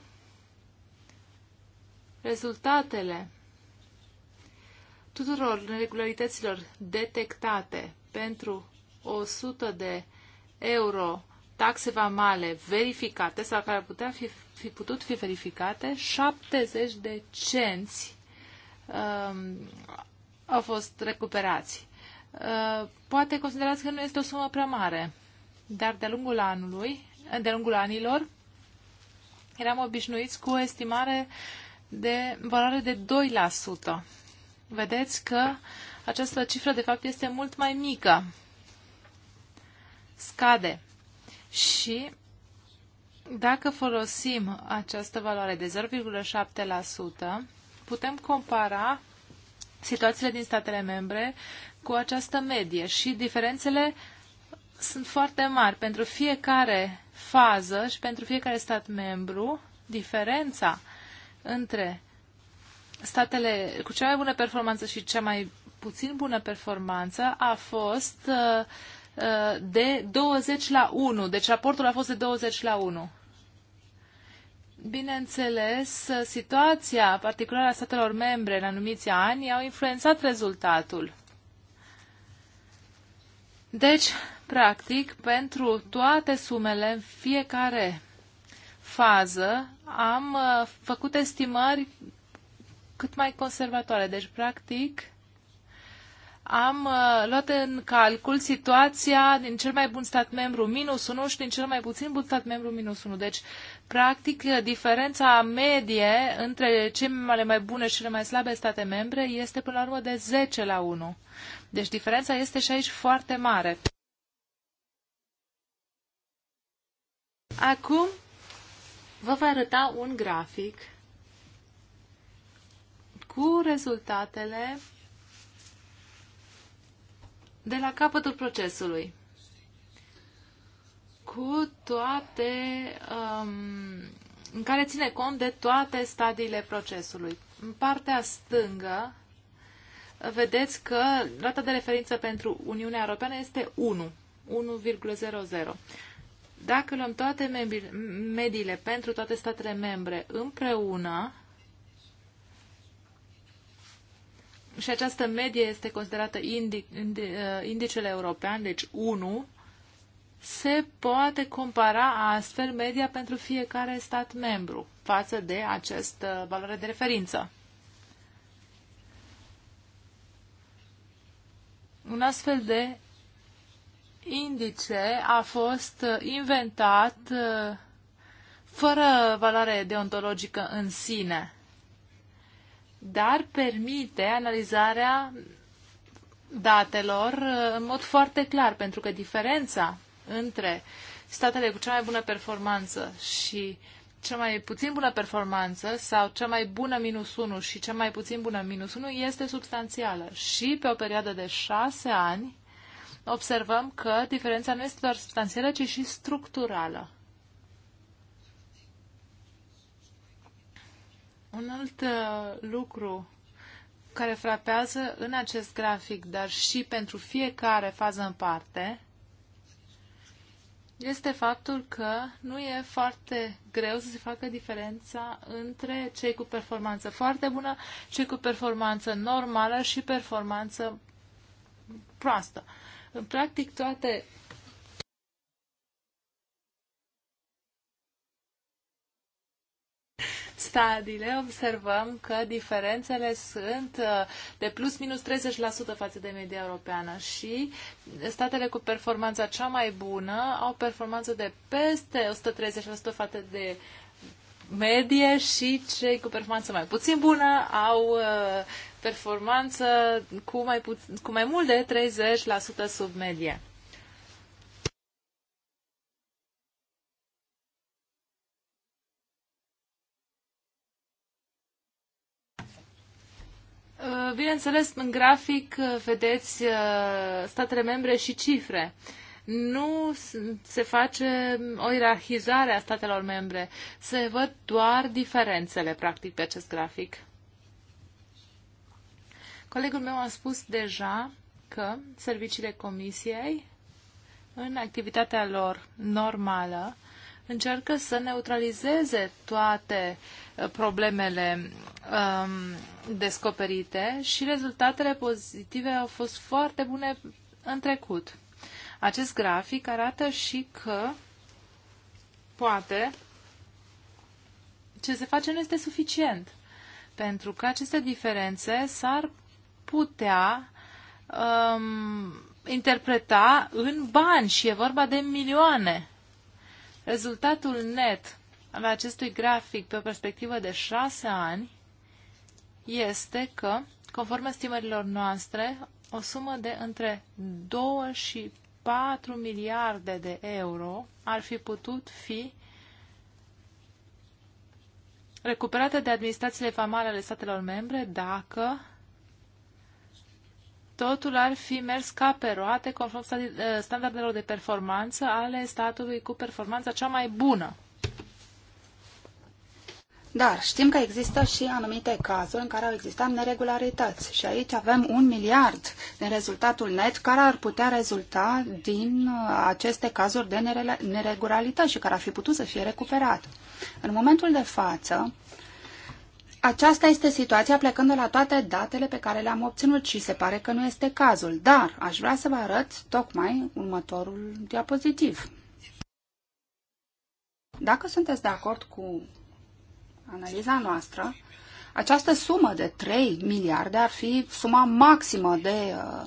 rezultatele tuturor neregularităților detectate pentru 100 de euro taxe vamale verificate sau care ar putea fi, fi putut fi verificate, 70 de cenți uh, au fost recuperați. Uh, poate considerați că nu este o sumă prea mare, dar de-a lungul anului, de lungul anilor, eram obișnuiți cu o estimare de valoare de 2%. Vedeți că această cifră, de fapt, este mult mai mică. Scade și dacă folosim această valoare de 0,7%, putem compara situațiile din statele membre cu această medie și diferențele sunt foarte mari. Pentru fiecare fază și pentru fiecare stat membru, diferența între statele cu cea mai bună performanță și cea mai puțin bună performanță a fost uh, Uh, de 20 la 1. Deci raportul a fost de 20 la 1. Bineînțeles, situația particulară a statelor membre în anumiți ani au influențat rezultatul. Deci, practic, pentru toate sumele în fiecare fază am uh, făcut estimări cât mai conservatoare. Deci, practic, am uh, luat în calcul situația din cel mai bun stat membru minus 1 și din cel mai puțin bun stat membru minus 1. Deci, practic, uh, diferența medie între cele mai bune și cele mai slabe state membre este până la urmă de 10 la 1. Deci diferența este și aici foarte mare. Acum vă voi arăta un grafic cu rezultatele de la capătul procesului, cu toate, um, în care ține cont de toate stadiile procesului. În partea stângă, vedeți că rata de referință pentru Uniunea Europeană este 1, 1,00. Dacă luăm toate mediile pentru toate statele membre împreună, și această medie este considerată indi, indi, uh, indicele european, deci 1, se poate compara astfel media pentru fiecare stat membru față de această valoare de referință. Un astfel de indice a fost inventat uh, fără valoare deontologică în sine dar permite analizarea datelor uh, în mod foarte clar, pentru că diferența între statele cu cea mai bună performanță și cea mai puțin bună performanță sau cea mai bună minus 1 și cea mai puțin bună minus 1 este substanțială. Și pe o perioadă de 6 ani observăm că diferența nu este doar substanțială, ci și structurală. Un alt uh, lucru care frapează în acest grafic, dar și pentru fiecare fază în parte, este faptul că nu e foarte greu să se facă diferența între cei cu performanță foarte bună, cei cu performanță normală și performanță proastă. În practic, toate stadiile, observăm că diferențele sunt uh, de plus minus 30% față de media europeană și statele cu performanța cea mai bună au performanță de peste 130% față de medie și cei cu performanță mai puțin bună au uh, performanță cu mai, puț- cu mai mult de 30% sub medie. Bineînțeles, în grafic uh, vedeți uh, statele membre și cifre. Nu se face o ierarhizare a statelor membre. Se văd doar diferențele, practic, pe acest grafic. Colegul meu a spus deja că serviciile comisiei, în activitatea lor normală, încearcă să neutralizeze toate uh, problemele um, descoperite și rezultatele pozitive au fost foarte bune în trecut. Acest grafic arată și că poate ce se face nu este suficient, pentru că aceste diferențe s-ar putea um, interpreta în bani și e vorba de milioane Rezultatul net al acestui grafic pe o perspectivă de șase ani este că, conform estimărilor noastre, o sumă de între 2 și 4 miliarde de euro ar fi putut fi recuperată de administrațiile famale ale statelor membre dacă totul ar fi mers ca pe roate, conform eh, standardelor de performanță ale statului cu performanța cea mai bună. Dar știm că există și anumite cazuri în care au existat neregularități și aici avem un miliard din rezultatul net care ar putea rezulta din eh, aceste cazuri de neregularități și care ar fi putut să fie recuperat. În momentul de față, aceasta este situația plecând de la toate datele pe care le-am obținut și se pare că nu este cazul, dar aș vrea să vă arăt tocmai următorul diapozitiv. Dacă sunteți de acord cu analiza noastră, această sumă de 3 miliarde ar fi suma maximă de uh,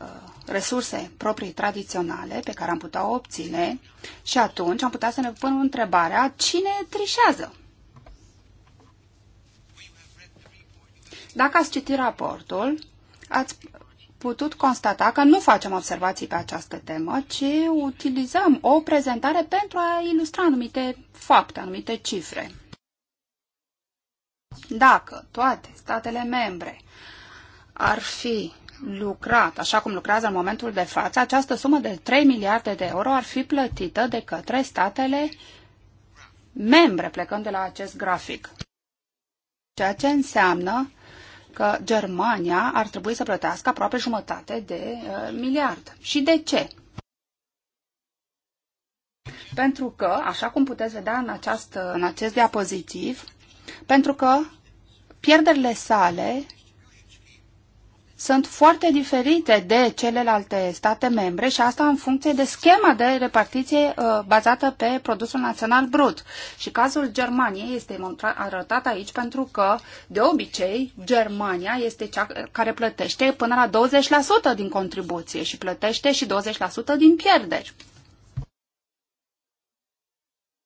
uh, resurse proprii tradiționale pe care am putea obține și atunci am putea să ne punem întrebarea cine trișează. Dacă ați citit raportul, ați putut constata că nu facem observații pe această temă, ci utilizăm o prezentare pentru a ilustra anumite fapte, anumite cifre. Dacă toate statele membre ar fi lucrat, așa cum lucrează în momentul de față, această sumă de 3 miliarde de euro ar fi plătită de către statele membre, plecând de la acest grafic. Ceea ce înseamnă că Germania ar trebui să plătească aproape jumătate de uh, miliard. Și de ce? Pentru că, așa cum puteți vedea în, această, în acest diapozitiv, pentru că pierderile sale sunt foarte diferite de celelalte state membre și asta în funcție de schema de repartiție uh, bazată pe produsul național brut. Și cazul Germaniei este arătat aici pentru că, de obicei, Germania este cea care plătește până la 20% din contribuție și plătește și 20% din pierderi.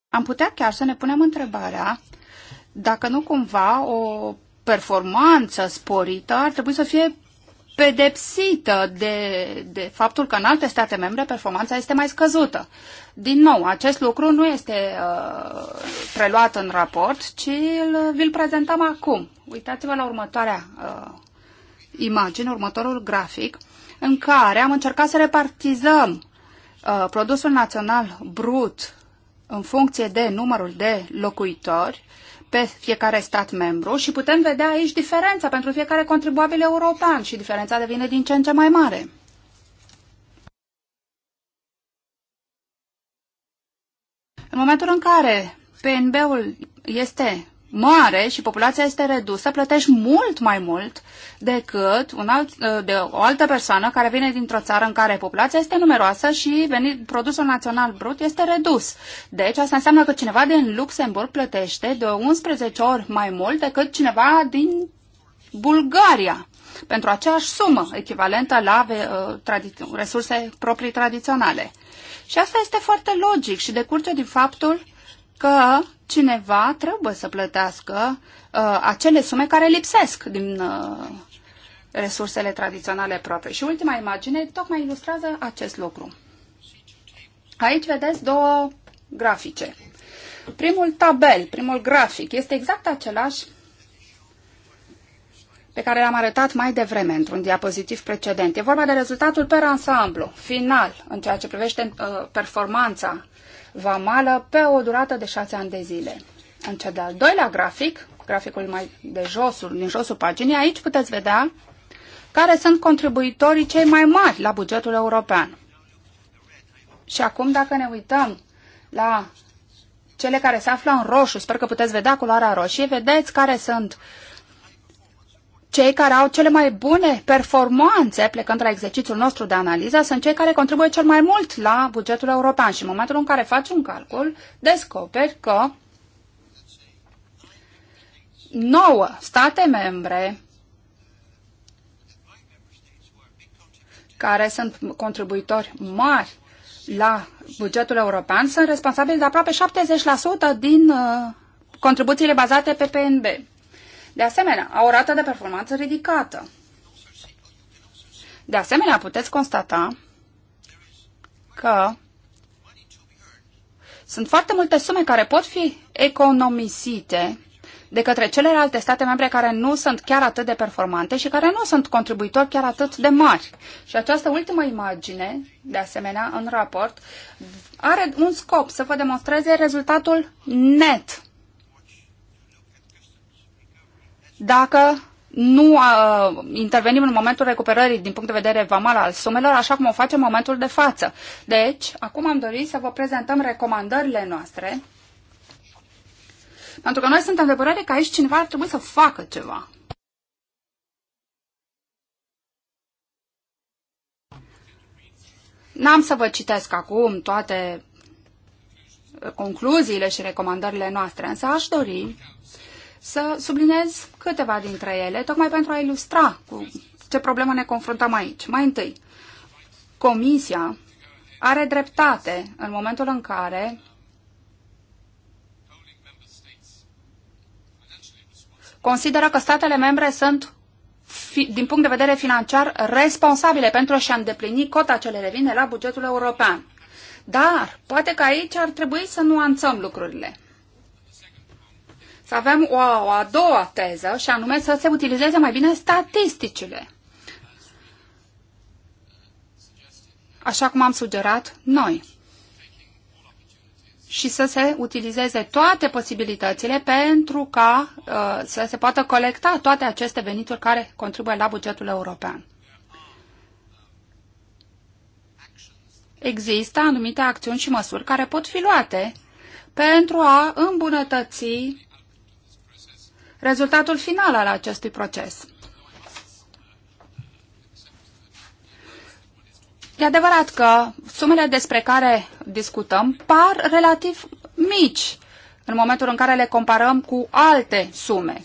Am putea chiar să ne punem întrebarea dacă nu cumva o performanță sporită ar trebui să fie pedepsită de, de faptul că în alte state membre performanța este mai scăzută. Din nou, acest lucru nu este uh, preluat în raport, ci îl, vi-l prezentăm acum. Uitați-vă la următoarea uh, imagine, următorul grafic, în care am încercat să repartizăm uh, produsul național brut în funcție de numărul de locuitori uh, pe fiecare stat membru și putem vedea aici diferența pentru fiecare contribuabil european și diferența devine din ce în ce mai mare. În momentul în care PNB-ul este mare și populația este redusă, plătești mult mai mult decât un alt, ă, de o altă persoană care vine dintr-o țară în care populația este numeroasă și venit, produsul național brut este redus. Deci asta înseamnă că cineva din Luxemburg plătește de 11 ori mai mult decât cineva din Bulgaria pentru aceeași sumă echivalentă la ă, resurse proprii tradiționale. Și asta este foarte logic și decurge din faptul că cineva trebuie să plătească uh, acele sume care lipsesc din uh, resursele tradiționale proprii. Și ultima imagine tocmai ilustrează acest lucru. Aici vedeți două grafice. Primul tabel, primul grafic, este exact același pe care l-am arătat mai devreme într-un diapozitiv precedent. E vorba de rezultatul per ansamblu, final, în ceea ce privește uh, performanța vamală pe o durată de șase ani de zile. În cel de-al doilea grafic, graficul mai de josul, din josul paginii, aici puteți vedea care sunt contribuitorii cei mai mari la bugetul european. Și acum, dacă ne uităm la cele care se află în roșu, sper că puteți vedea culoarea roșie, vedeți care sunt uh, cei care au cele mai bune performanțe, plecând la exercițiul nostru de analiză, sunt cei care contribuie cel mai mult la bugetul european. Și în momentul în care faci un calcul, descoperi că 9 state membre care sunt contribuitori mari la bugetul european sunt responsabili de aproape 70% din uh, contribuțiile bazate pe PNB. De asemenea, au o rată de performanță ridicată. De asemenea, puteți constata că sunt foarte multe sume care pot fi economisite de către celelalte state membre care nu sunt chiar atât de performante și care nu sunt contribuitori chiar atât de mari. Și această ultimă imagine, de asemenea, în raport, are un scop să vă demonstreze rezultatul net dacă nu uh, intervenim în momentul recuperării din punct de vedere vamal al sumelor, așa cum o facem în momentul de față. Deci, acum am dorit să vă prezentăm recomandările noastre, pentru că noi suntem de părere că aici cineva ar trebui să facă ceva. N-am să vă citesc acum toate uh, concluziile și recomandările noastre, însă aș dori să subliniez câteva dintre ele, tocmai pentru a ilustra cu ce problemă ne confruntăm aici. Mai întâi, Comisia are dreptate în momentul în care consideră că statele membre sunt din punct de vedere financiar, responsabile pentru a-și îndeplini cota ce le revine la bugetul european. Dar poate că aici ar trebui să nuanțăm lucrurile să avem o, o a doua teză și anume să se utilizeze mai bine statisticile. Așa cum am sugerat noi. Și să se utilizeze toate posibilitățile pentru ca uh, să se poată colecta toate aceste venituri care contribuie la bugetul european. Există anumite acțiuni și măsuri care pot fi luate pentru a îmbunătăți rezultatul final al acestui proces. E adevărat că sumele despre care discutăm par relativ mici în momentul în care le comparăm cu alte sume.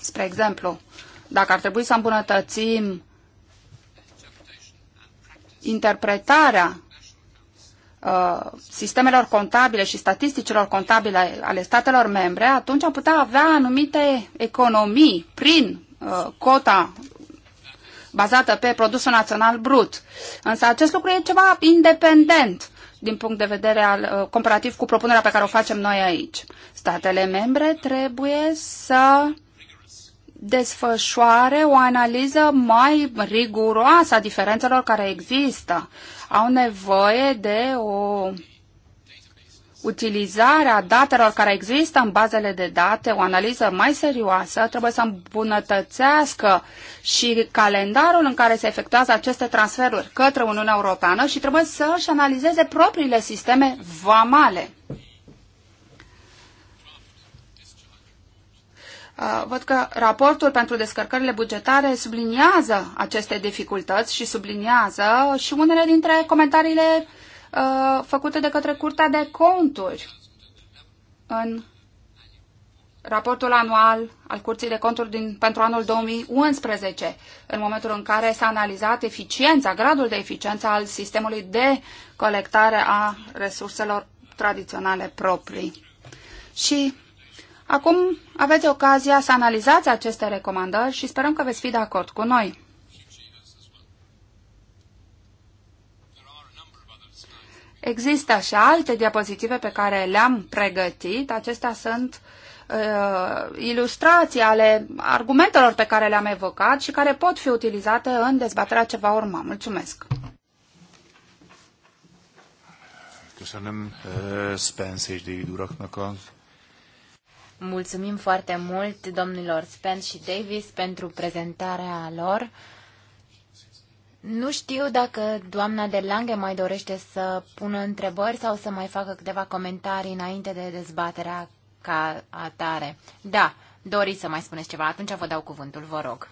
Spre exemplu, dacă ar trebui să îmbunătățim interpretarea Uh, sistemelor contabile și statisticilor contabile ale statelor membre, atunci am putea avea anumite economii prin uh, cota bazată pe produsul național brut. Însă acest lucru e ceva independent din punct de vedere al, uh, comparativ cu propunerea pe care o facem noi aici. Statele membre trebuie să uh, desfășoare o analiză mai riguroasă a diferențelor care există. Au nevoie de o utilizarea datelor care există în bazele de date, o analiză mai serioasă, trebuie să îmbunătățească și calendarul în care se efectuează aceste transferuri către Uniunea Europeană și trebuie să-și analizeze propriile sisteme vamale. Uh, văd că raportul pentru descărcările bugetare subliniază aceste dificultăți și subliniază și unele dintre comentariile uh, făcute de către Curtea de Conturi în raportul anual al Curții de Conturi din, pentru anul 2011, în momentul în care s-a analizat eficiența, gradul de eficiență al sistemului de colectare a resurselor tradiționale proprii. Și Acum aveți ocazia să analizați aceste recomandări și sperăm că veți fi de acord cu noi. Există și alte diapozitive pe care le-am pregătit. Acestea sunt uh, ilustrații ale argumentelor pe care le-am evocat și care pot fi utilizate în dezbaterea ce va urma. Mulțumesc! Köszönöm uh, Spence és David uraknak a Mulțumim foarte mult domnilor Spence și Davis pentru prezentarea lor. Nu știu dacă doamna de Lange mai dorește să pună întrebări sau să mai facă câteva comentarii înainte de dezbaterea ca atare. Da, doriți să mai spuneți ceva, atunci vă dau cuvântul, vă rog.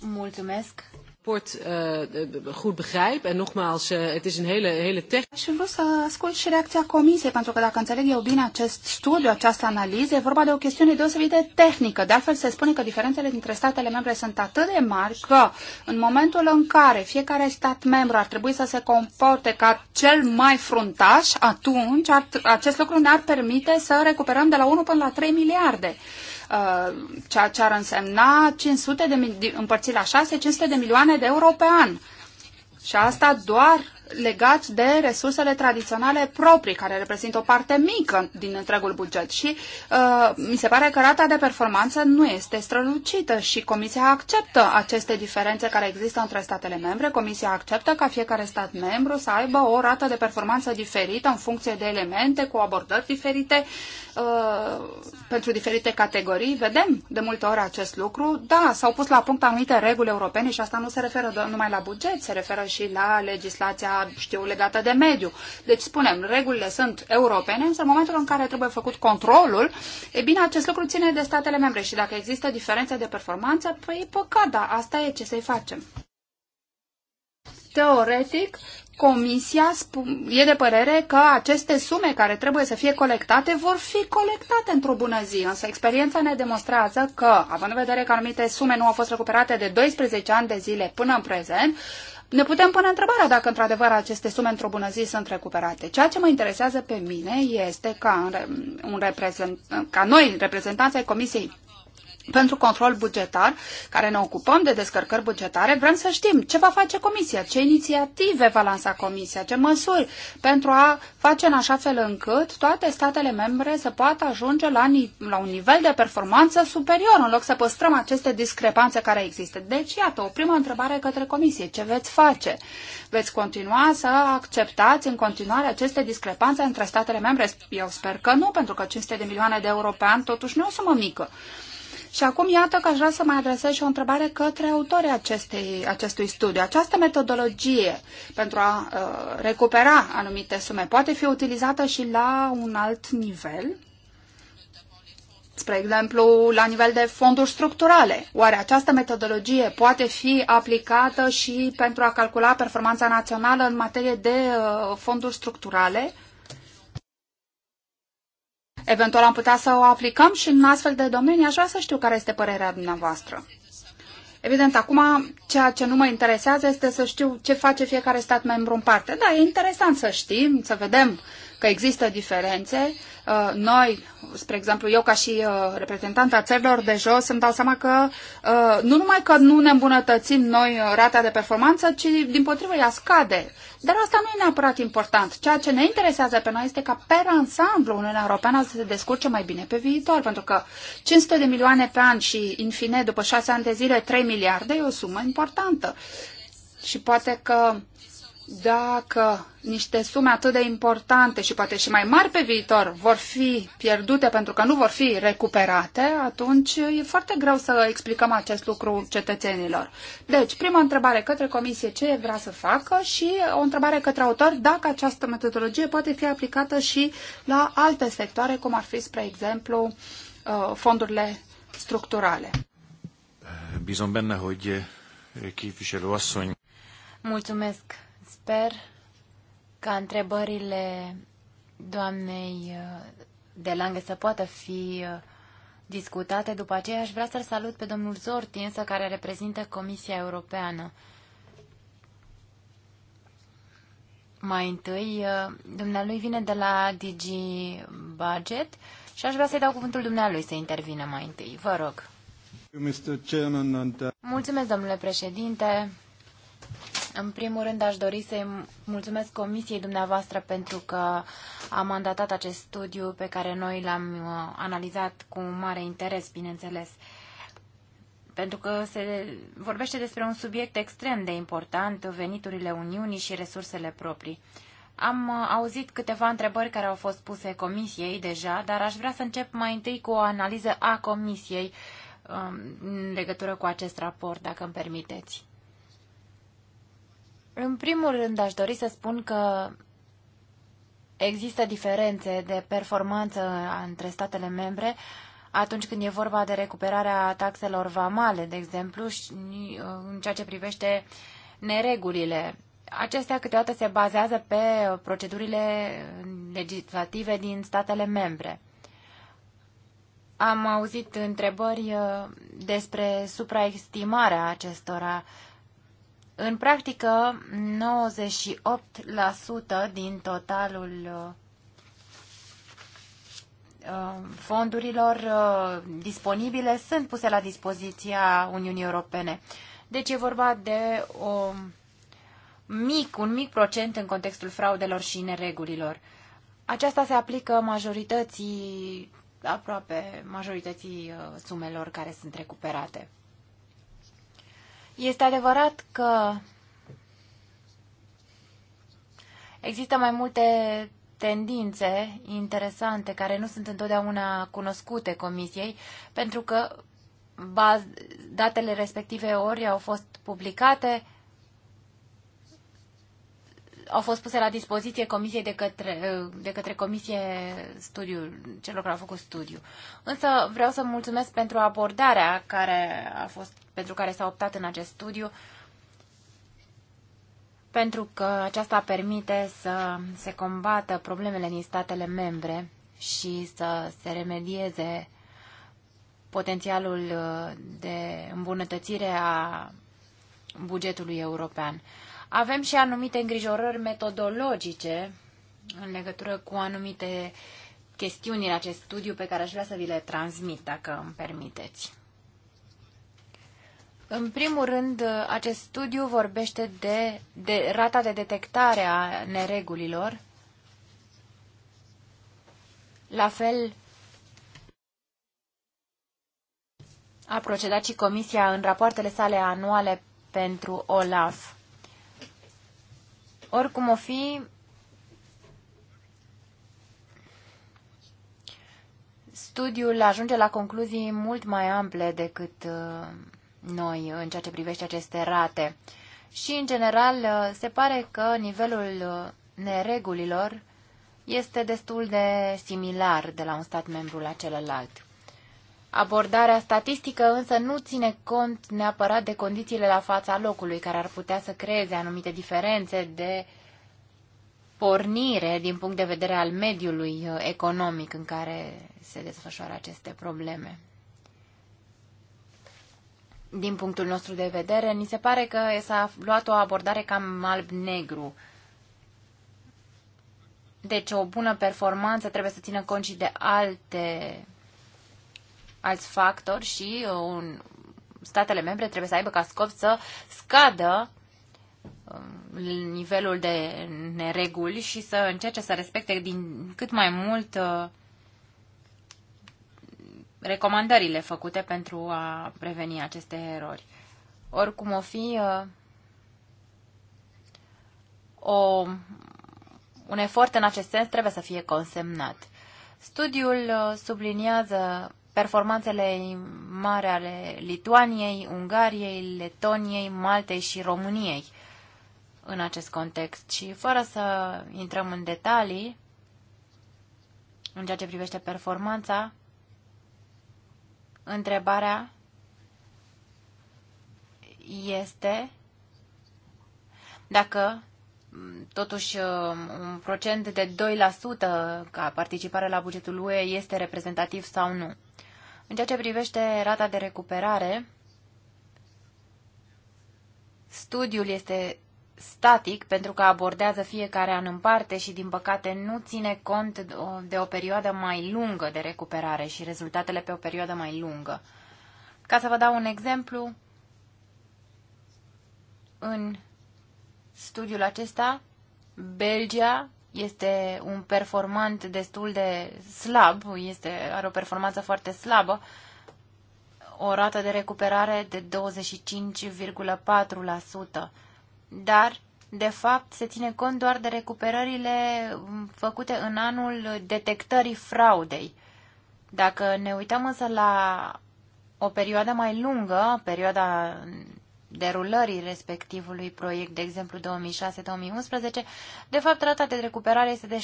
Mulțumesc. Port, uh, eh, goed begrijp. En nogmaals, uh, het is een hele, hele technisch. Și vreau să ascult și reacția comisiei, pentru că dacă înțeleg eu bine acest studiu, această analiză, e vorba de o chestiune deosebită de tehnică. De altfel, se spune că diferențele dintre statele membre sunt atât de mari că, în momentul în care fiecare stat membru ar trebui să se comporte ca cel mai fruntaș, atunci ar, acest lucru ne-ar permite să recuperăm de la 1 până la 3 miliarde. Uh, ceea ce ar însemna 500 de, împărțit la 6, 500 de milioane de euro pe an. Și asta doar legat de resursele tradiționale proprii, care reprezintă o parte mică din întregul buget și uh, mi se pare că rata de performanță nu este strălucită și Comisia acceptă aceste diferențe care există între statele membre. Comisia acceptă ca fiecare stat membru să aibă o rată de performanță diferită în funcție de elemente, cu abordări diferite uh, pentru diferite categorii. Vedem de multe ori acest lucru. Da, s-au pus la punct anumite reguli europene și asta nu se referă numai la buget, se referă și la legislația știu, legată de mediu. Deci, spunem, regulile sunt europene, însă în momentul în care trebuie făcut controlul, e bine, acest lucru ține de statele membre și dacă există diferențe de performanță, păi păcat, da, asta e ce să-i facem. Teoretic, Comisia e de părere că aceste sume care trebuie să fie colectate vor fi colectate într-o bună zi, însă experiența ne demonstrează că, având în vedere că anumite sume nu au fost recuperate de 12 ani de zile până în prezent, ne putem pune întrebarea dacă într-adevăr aceste sume într-o bună zi sunt recuperate. Ceea ce mă interesează pe mine este ca, un reprezent, ca noi, reprezentanții Comisiei pentru control bugetar, care ne ocupăm de descărcări bugetare, vrem să știm ce va face Comisia, ce inițiative va lansa Comisia, ce măsuri pentru a face în așa fel încât toate statele membre să poată ajunge la, la un nivel de performanță superior, în loc să păstrăm aceste discrepanțe care există. Deci, iată, o primă întrebare către Comisie. Ce veți face? Veți continua să acceptați în continuare aceste discrepanțe între statele membre? Eu sper că nu, pentru că 500 de milioane de euro pe an totuși nu e o sumă mică. Și acum iată că aș vrea să mai adresez și o întrebare către autorii acestei, acestui studiu. Această metodologie pentru a uh, recupera anumite sume poate fi utilizată și la un alt nivel? Spre exemplu, la nivel de fonduri structurale. Oare această metodologie poate fi aplicată și pentru a calcula performanța națională în materie de uh, fonduri structurale? Uh, Eventual am putea să o aplicăm și în astfel de domenii. Aș vrea să știu care este părerea dumneavoastră. Evident, acum ceea ce nu mă interesează este să știu ce face fiecare stat membru în parte. Da, e interesant să știm, să vedem că există diferențe. Uh, noi, spre exemplu, eu ca și uh, reprezentanta țărilor de jos, îmi dau seama că uh, nu numai că nu ne îmbunătățim noi rata de performanță, ci din potrivă ea scade. Dar asta nu e neapărat important. Ceea ce ne interesează pe noi este ca per ansamblu Uniunea Europeană să se descurce mai bine pe viitor, pentru că 500 de milioane pe an și, în fine, după 6 ani de zile, 3 miliarde e o sumă importantă. Și poate că dacă niște sume atât de importante și poate și mai mari pe viitor vor fi pierdute pentru că nu vor fi recuperate, atunci e foarte greu să explicăm acest lucru cetățenilor. Deci, prima întrebare către comisie ce vrea să facă și o întrebare către autor dacă această metodologie poate fi aplicată și la alte sectoare, cum ar fi, spre exemplu, uh, fondurile structurale. Bizon benne, hogy képviselő asszony Mulțumesc, sper ca întrebările doamnei uh, de langă să poată fi uh, discutate. După aceea aș vrea să-l salut pe domnul Zorti, însă care reprezintă Comisia Europeană. Mai întâi, uh, dumnealui vine de la DG Budget și aș vrea să-i dau cuvântul dumnealui să intervină mai întâi. Vă rog. Mulțumesc, domnule președinte. În primul rând aș dori să-i mulțumesc comisiei dumneavoastră pentru că a mandatat acest studiu pe care noi l-am uh, analizat cu mare interes, bineînțeles. Pentru că se vorbește despre un subiect extrem de important, veniturile Uniunii și resursele proprii. Am uh, auzit câteva întrebări care au fost puse comisiei deja, dar aș vrea să încep mai întâi cu o analiză a comisiei um, în legătură cu acest raport, dacă îmi permiteți. În primul rând aș dori să spun că există diferențe de performanță între statele membre atunci când e vorba de recuperarea taxelor vamale, de exemplu, uh, în ceea ce privește neregulile. Acestea câteodată se bazează pe procedurile legislative din statele membre. Am auzit întrebări uh, despre supraestimarea acestora în practică, 98% din totalul uh, fondurilor uh, disponibile sunt puse la dispoziția Uniunii Europene. Deci e vorba de o mic, un mic procent în contextul fraudelor și neregulilor. Aceasta se aplică majorității, aproape majorității uh, sumelor care sunt recuperate. Este adevărat că există mai multe tendințe interesante care nu sunt întotdeauna cunoscute comisiei, pentru că datele respective ori au fost publicate au fost puse la dispoziție comisiei de către, de către comisie studiul, celor care au făcut studiu. Însă vreau să mulțumesc pentru abordarea care a fost, pentru care s-a optat în acest studiu, pentru că aceasta permite să se combată problemele din statele membre și să se remedieze potențialul de îmbunătățire a bugetului european. Avem și anumite îngrijorări metodologice în legătură cu anumite chestiuni în acest studiu pe care aș vrea să vi le transmit, dacă îmi permiteți. În primul rând, acest studiu vorbește de, de rata de detectare a neregulilor. La fel a procedat și Comisia în rapoartele sale anuale pentru OLAF. Oricum o fi, studiul ajunge la concluzii mult mai ample decât uh, noi în ceea ce privește aceste rate. Și, în general, uh, se pare că nivelul uh, neregulilor este destul de similar de la un stat membru la celălalt. Abordarea statistică însă nu ține cont neapărat de condițiile la fața locului, care ar putea să creeze anumite diferențe de pornire din punct de vedere al mediului uh, economic în care se desfășoară aceste probleme. Din punctul nostru de vedere, ni se pare că s-a luat o abordare cam alb-negru. Deci o bună performanță trebuie să țină cont și de alte alți factori și uh, un, statele membre trebuie să aibă ca scop să scadă um, nivelul de nereguli și să încerce să respecte din cât mai mult uh, recomandările făcute pentru a preveni aceste erori. Oricum o fi uh, o, un efort în acest sens trebuie să fie consemnat. Studiul subliniază performanțele mari ale Lituaniei, Ungariei, Letoniei, Maltei și României în acest context. Și fără să intrăm în detalii în ceea ce privește performanța, întrebarea este dacă totuși un procent de 2% ca participare la bugetul UE este reprezentativ sau nu. În ceea ce privește rata de recuperare, studiul este static pentru că abordează fiecare an în parte și, din păcate, nu ține cont de o perioadă mai lungă de recuperare și rezultatele pe o perioadă mai lungă. Ca să vă dau un exemplu, în studiul acesta, Belgia este un performant destul de slab, este, are o performanță foarte slabă, o rată de recuperare de 25,4%. Dar, de fapt, se ține cont doar de recuperările făcute în anul detectării fraudei. Dacă ne uităm însă la o perioadă mai lungă, perioada derulării respectivului proiect, de exemplu 2006-2011, de fapt rata de recuperare este de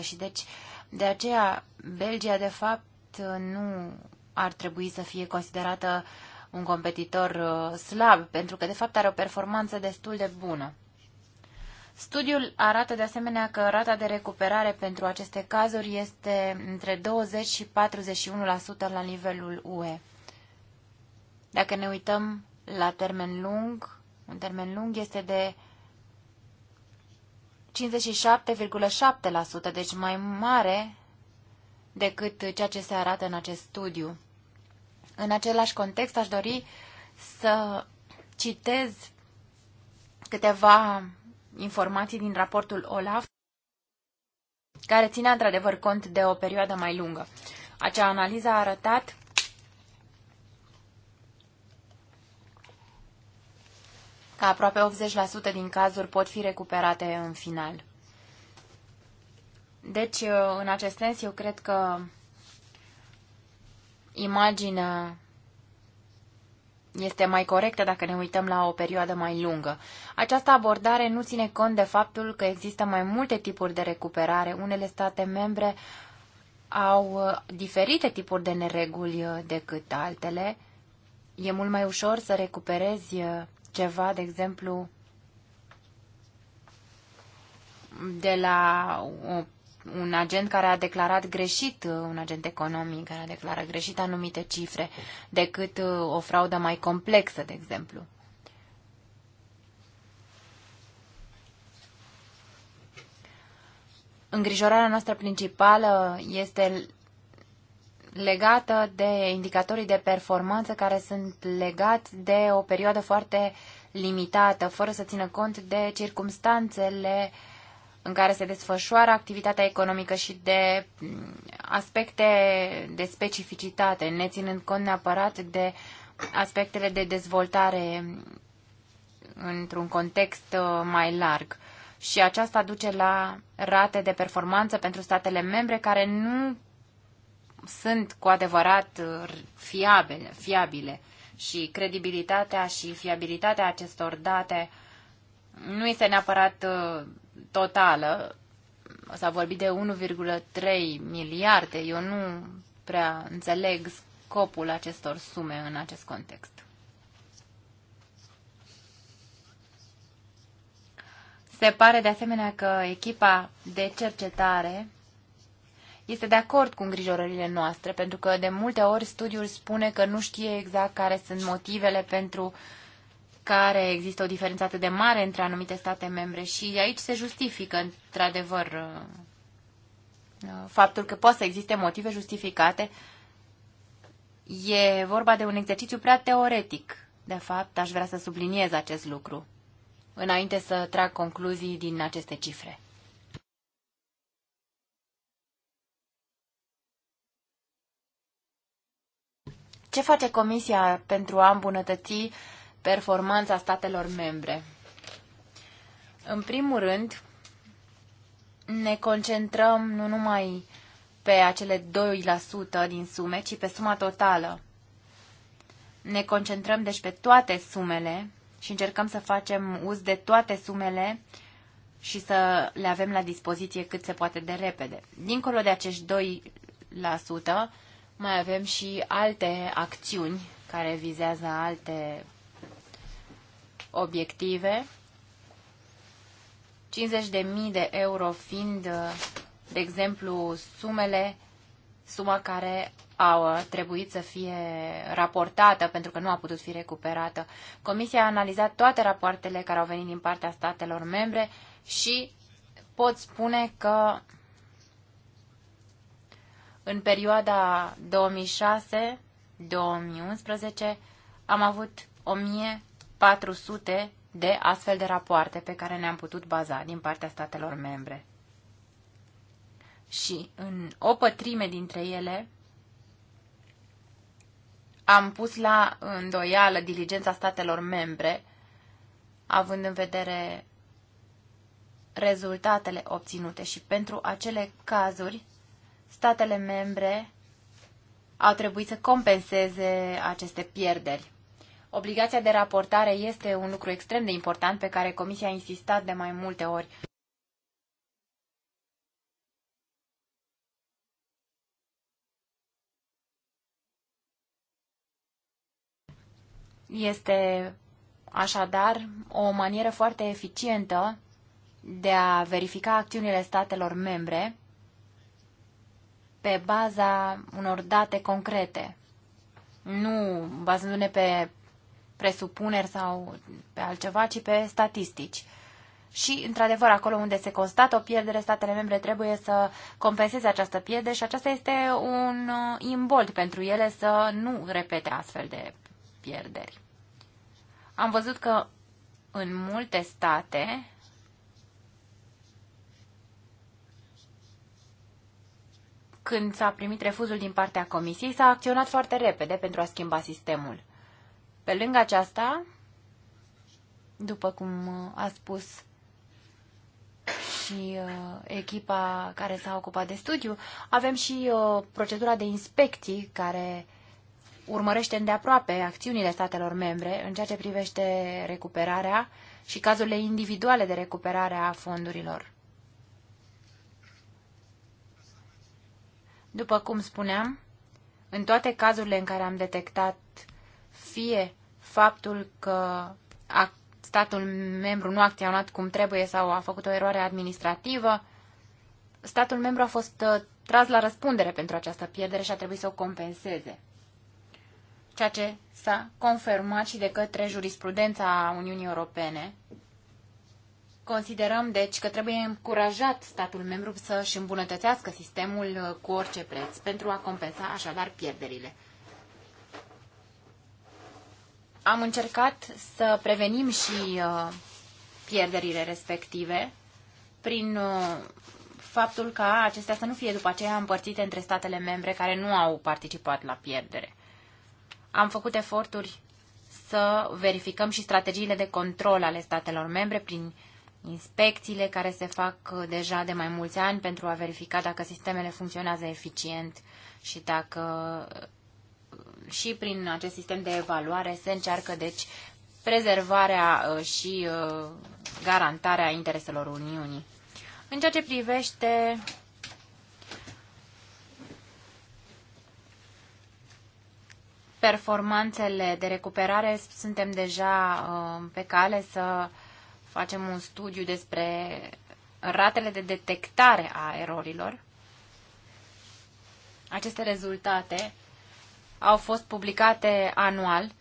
70% și deci de aceea Belgia de fapt nu ar trebui să fie considerată un competitor uh, slab, pentru că de fapt are o performanță destul de bună. Studiul arată de asemenea că rata de recuperare pentru aceste cazuri este între 20 și 41% la nivelul UE. Dacă ne uităm la termen lung, un termen lung este de 57,7%, deci mai mare decât ceea ce se arată în acest studiu. În același context aș dori să citez câteva informații din raportul OLAF care ține într-adevăr cont de o perioadă mai lungă. Acea analiză a arătat că aproape 80% din cazuri pot fi recuperate în final. Deci, uh, în acest sens, eu cred că imaginea este mai corectă dacă ne uităm la o perioadă mai lungă. Această abordare nu ține cont de faptul că există mai multe tipuri de recuperare. Unele state membre au uh, diferite tipuri de nereguli uh, decât altele. E mult mai ușor să recuperezi ceva, de exemplu, de la o, un agent care a declarat greșit, un agent economic care a declarat greșit anumite cifre, decât uh, o fraudă mai complexă, de exemplu. Îngrijorarea noastră principală este legată de indicatorii de performanță care sunt legați de o perioadă foarte limitată, fără să țină cont de circumstanțele în care se desfășoară activitatea economică și de mm, aspecte de specificitate, ne ținând cont neapărat de aspectele de dezvoltare într-un context uh, mai larg. Și aceasta duce la rate de performanță pentru statele membre care nu sunt cu adevărat uh, fiabile, fiabile și credibilitatea și fiabilitatea acestor date nu este neapărat uh, totală. S-a vorbit de 1,3 miliarde. Eu nu prea înțeleg scopul acestor sume în acest context. Se pare de asemenea că echipa de cercetare este de acord cu îngrijorările noastre, pentru că de multe ori studiul spune că nu știe exact care sunt motivele pentru care există o diferență atât de mare între anumite state membre și aici se justifică, într-adevăr, uh, uh, faptul că poate să existe motive justificate. E vorba de un exercițiu prea teoretic. De fapt, aș vrea să subliniez acest lucru, înainte să trag concluzii din aceste cifre. Ce face Comisia pentru a îmbunătăți performanța statelor membre? În primul rând, ne concentrăm nu numai pe acele 2% din sume, ci pe suma totală. Ne concentrăm deci pe toate sumele și încercăm să facem uz de toate sumele și să le avem la dispoziție cât se poate de repede. Dincolo de acești 2%, mai avem și alte acțiuni care vizează alte obiective. 50.000 de euro fiind, de exemplu, sumele, suma care a trebuit să fie raportată pentru că nu a putut fi recuperată. Comisia a analizat toate rapoartele care au venit din partea statelor membre și pot spune că în perioada 2006-2011 am avut 1400 de astfel de rapoarte pe care ne-am putut baza din partea statelor membre. Și în o pătrime dintre ele am pus la îndoială diligența statelor membre, având în vedere rezultatele obținute și pentru acele cazuri statele membre au trebuit să compenseze aceste pierderi. Obligația de raportare este un lucru extrem de important pe care Comisia a insistat de mai multe ori. Este așadar o manieră foarte eficientă de a verifica acțiunile statelor membre pe baza unor date concrete, nu bazându-ne pe presupuneri sau pe altceva, ci pe statistici. Și, într-adevăr, acolo unde se constată o pierdere, statele membre trebuie să compenseze această pierdere și aceasta este un uh, imbold pentru ele să nu repete astfel de pierderi. Am văzut că în multe state când s-a primit refuzul din partea comisiei, s-a acționat foarte repede pentru a schimba sistemul. Pe lângă aceasta, după cum uh, a spus și uh, echipa care s-a ocupat de studiu, avem și uh, procedura de inspecții care urmărește îndeaproape acțiunile statelor membre în ceea ce privește recuperarea și cazurile individuale de recuperare a fondurilor. După cum spuneam, în toate cazurile în care am detectat fie faptul că statul membru nu a acționat cum trebuie sau a făcut o eroare administrativă, statul membru a fost uh, tras la răspundere pentru această pierdere și a trebuit să o compenseze. Ceea ce s-a confirmat și de către jurisprudența Uniunii Europene, Considerăm, deci, că trebuie încurajat statul membru să își îmbunătățească sistemul uh, cu orice preț pentru a compensa așadar pierderile. Am încercat să prevenim și uh, pierderile respective prin uh, faptul ca acestea să nu fie după aceea împărțite între statele membre care nu au participat la pierdere. Am făcut eforturi să verificăm și strategiile de control ale statelor membre prin inspecțiile care se fac uh, deja de mai mulți ani pentru a verifica dacă sistemele funcționează eficient și dacă uh, și prin acest sistem de evaluare se încearcă, deci, prezervarea uh, și garantarea intereselor Uniunii. În ceea ce privește performanțele de recuperare, suntem deja pe cale să facem un studiu despre ratele de detectare a erorilor. Aceste rezultate au fost publicate anual.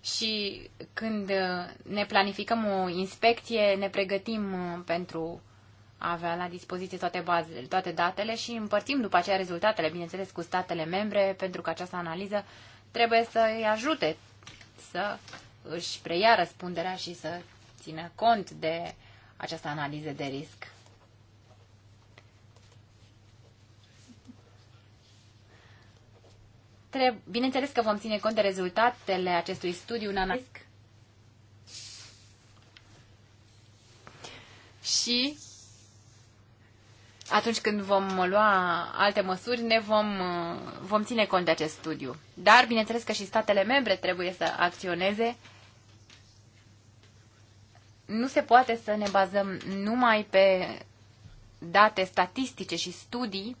Și când ne planificăm o inspecție, ne pregătim uh, pentru a avea la dispoziție toate bazele, toate datele și împărțim după aceea rezultatele, bineînțeles, cu statele membre, pentru că această analiză trebuie să îi ajute să își preia răspunderea și să țină cont de această analiză de risc. Trebuie, bineînțeles că vom ține cont de rezultatele acestui studiu în analiză. Și atunci când vom lua alte măsuri, ne vom, vom ține cont de acest studiu. Dar, bineînțeles că și statele membre trebuie să acționeze. Nu se poate să ne bazăm numai pe date statistice și studii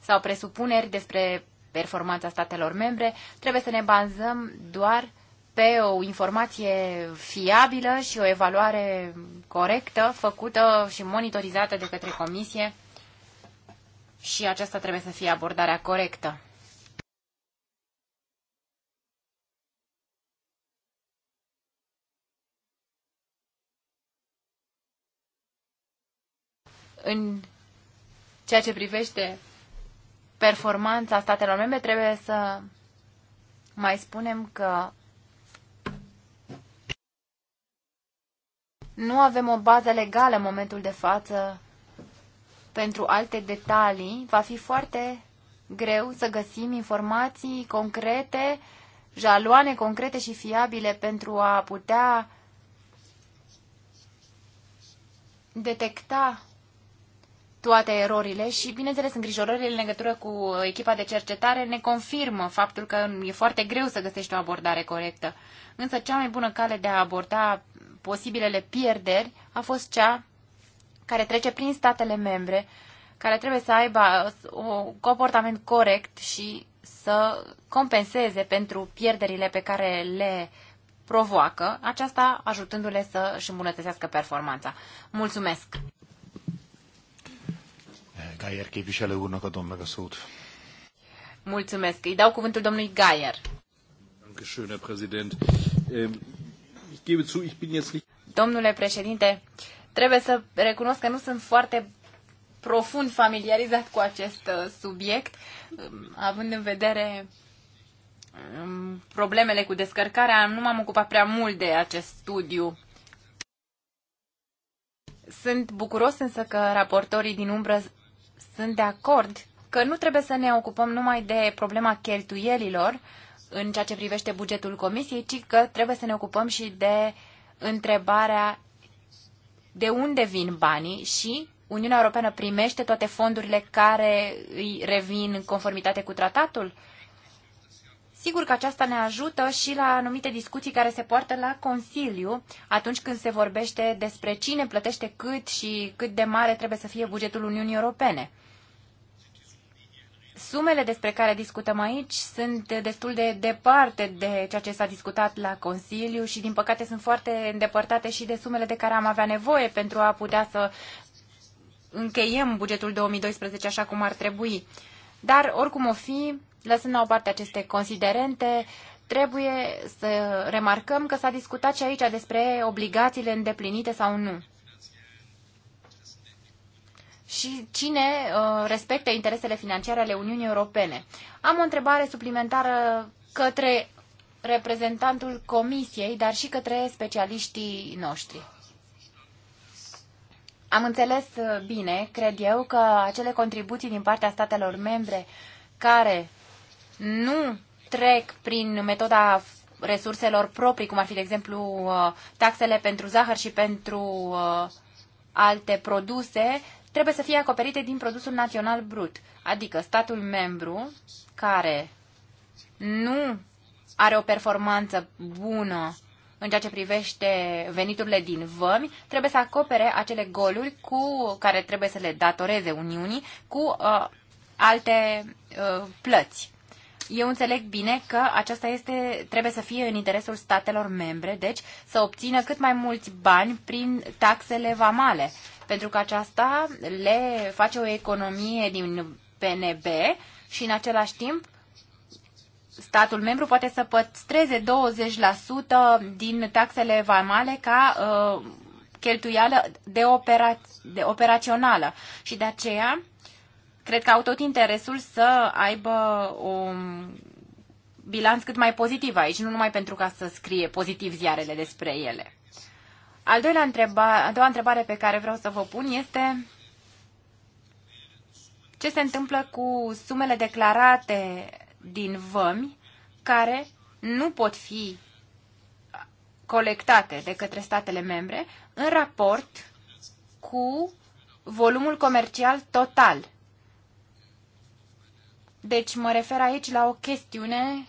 sau presupuneri despre performanța statelor membre. Trebuie să ne bazăm doar pe o informație fiabilă și o evaluare corectă, făcută și monitorizată de către comisie și aceasta trebuie să fie abordarea corectă. În ceea ce privește performanța statelor membre, trebuie să mai spunem că Nu avem o bază legală în momentul de față pentru alte detalii. Va fi foarte greu să găsim informații concrete, jaloane concrete și fiabile pentru a putea detecta toate erorile și, bineînțeles, îngrijorările în legătură cu echipa de cercetare ne confirmă faptul că e foarte greu să găsești o abordare corectă. Însă cea mai bună cale de a aborda posibilele pierderi a fost cea care trece prin statele membre, care trebuie să aibă un uh, comportament corect și să compenseze pentru pierderile pe care le provoacă, aceasta ajutându-le să își îmbunătățească performanța. Mulțumesc! Gaier képviselő urnă că domnul Găsut. Mulțumesc. Îi dau cuvântul domnului Gaier. Mulțumesc, Herr Domnule președinte, trebuie să recunosc că nu sunt foarte profund familiarizat cu acest uh, subiect, um, având în vedere um, problemele cu descărcarea, nu m-am ocupat prea mult de acest studiu. Sunt bucuros însă că raportorii din umbră sunt de acord că nu trebuie să ne ocupăm numai de problema cheltuielilor, în ceea ce privește bugetul comisiei, ci că trebuie să ne ocupăm și de întrebarea de unde vin banii și Uniunea Europeană primește toate fondurile care îi revin în conformitate cu tratatul? Sigur că aceasta ne ajută și la anumite discuții care se poartă la Consiliu, atunci când se vorbește despre cine plătește cât și cât de mare trebuie să fie bugetul Uniunii Europene. Sumele despre care discutăm aici sunt destul de departe de ceea ce s-a discutat la Consiliu și, din păcate, sunt foarte îndepărtate și de sumele de care am avea nevoie pentru a putea să încheiem bugetul 2012 așa cum ar trebui. Dar, oricum o fi, lăsând la o parte aceste considerente, trebuie să remarcăm că s-a discutat și aici despre obligațiile îndeplinite sau nu și cine uh, respectă interesele financiare ale Uniunii Europene. Am o întrebare suplimentară către reprezentantul Comisiei, dar și către specialiștii noștri. Am înțeles uh, bine, cred eu, că acele contribuții din partea statelor membre care nu trec prin metoda resurselor proprii, cum ar fi, de exemplu, uh, taxele pentru zahăr și pentru alte produse, trebuie să fie acoperite din produsul național brut, adică statul membru care nu are o performanță bună în ceea ce privește veniturile din vămi, trebuie să acopere acele goluri cu care trebuie să le datoreze Uniunii cu uh, alte uh, plăți. Eu înțeleg bine că aceasta este, trebuie să fie în interesul statelor membre, deci să obțină cât mai mulți bani prin taxele vamale pentru că aceasta le face o economie din PNB și în același timp statul membru poate să păstreze 20% din taxele vamale ca uh, cheltuială de, opera, de operațională. Și de aceea, cred că au tot interesul să aibă un bilanț cât mai pozitiv aici, nu numai pentru ca să scrie pozitiv ziarele despre ele. Al doilea întreba, a doua întrebare pe care vreau să vă pun este ce se întâmplă cu sumele declarate din vămi care nu pot fi colectate de către statele membre în raport cu volumul comercial total. Deci mă refer aici la o chestiune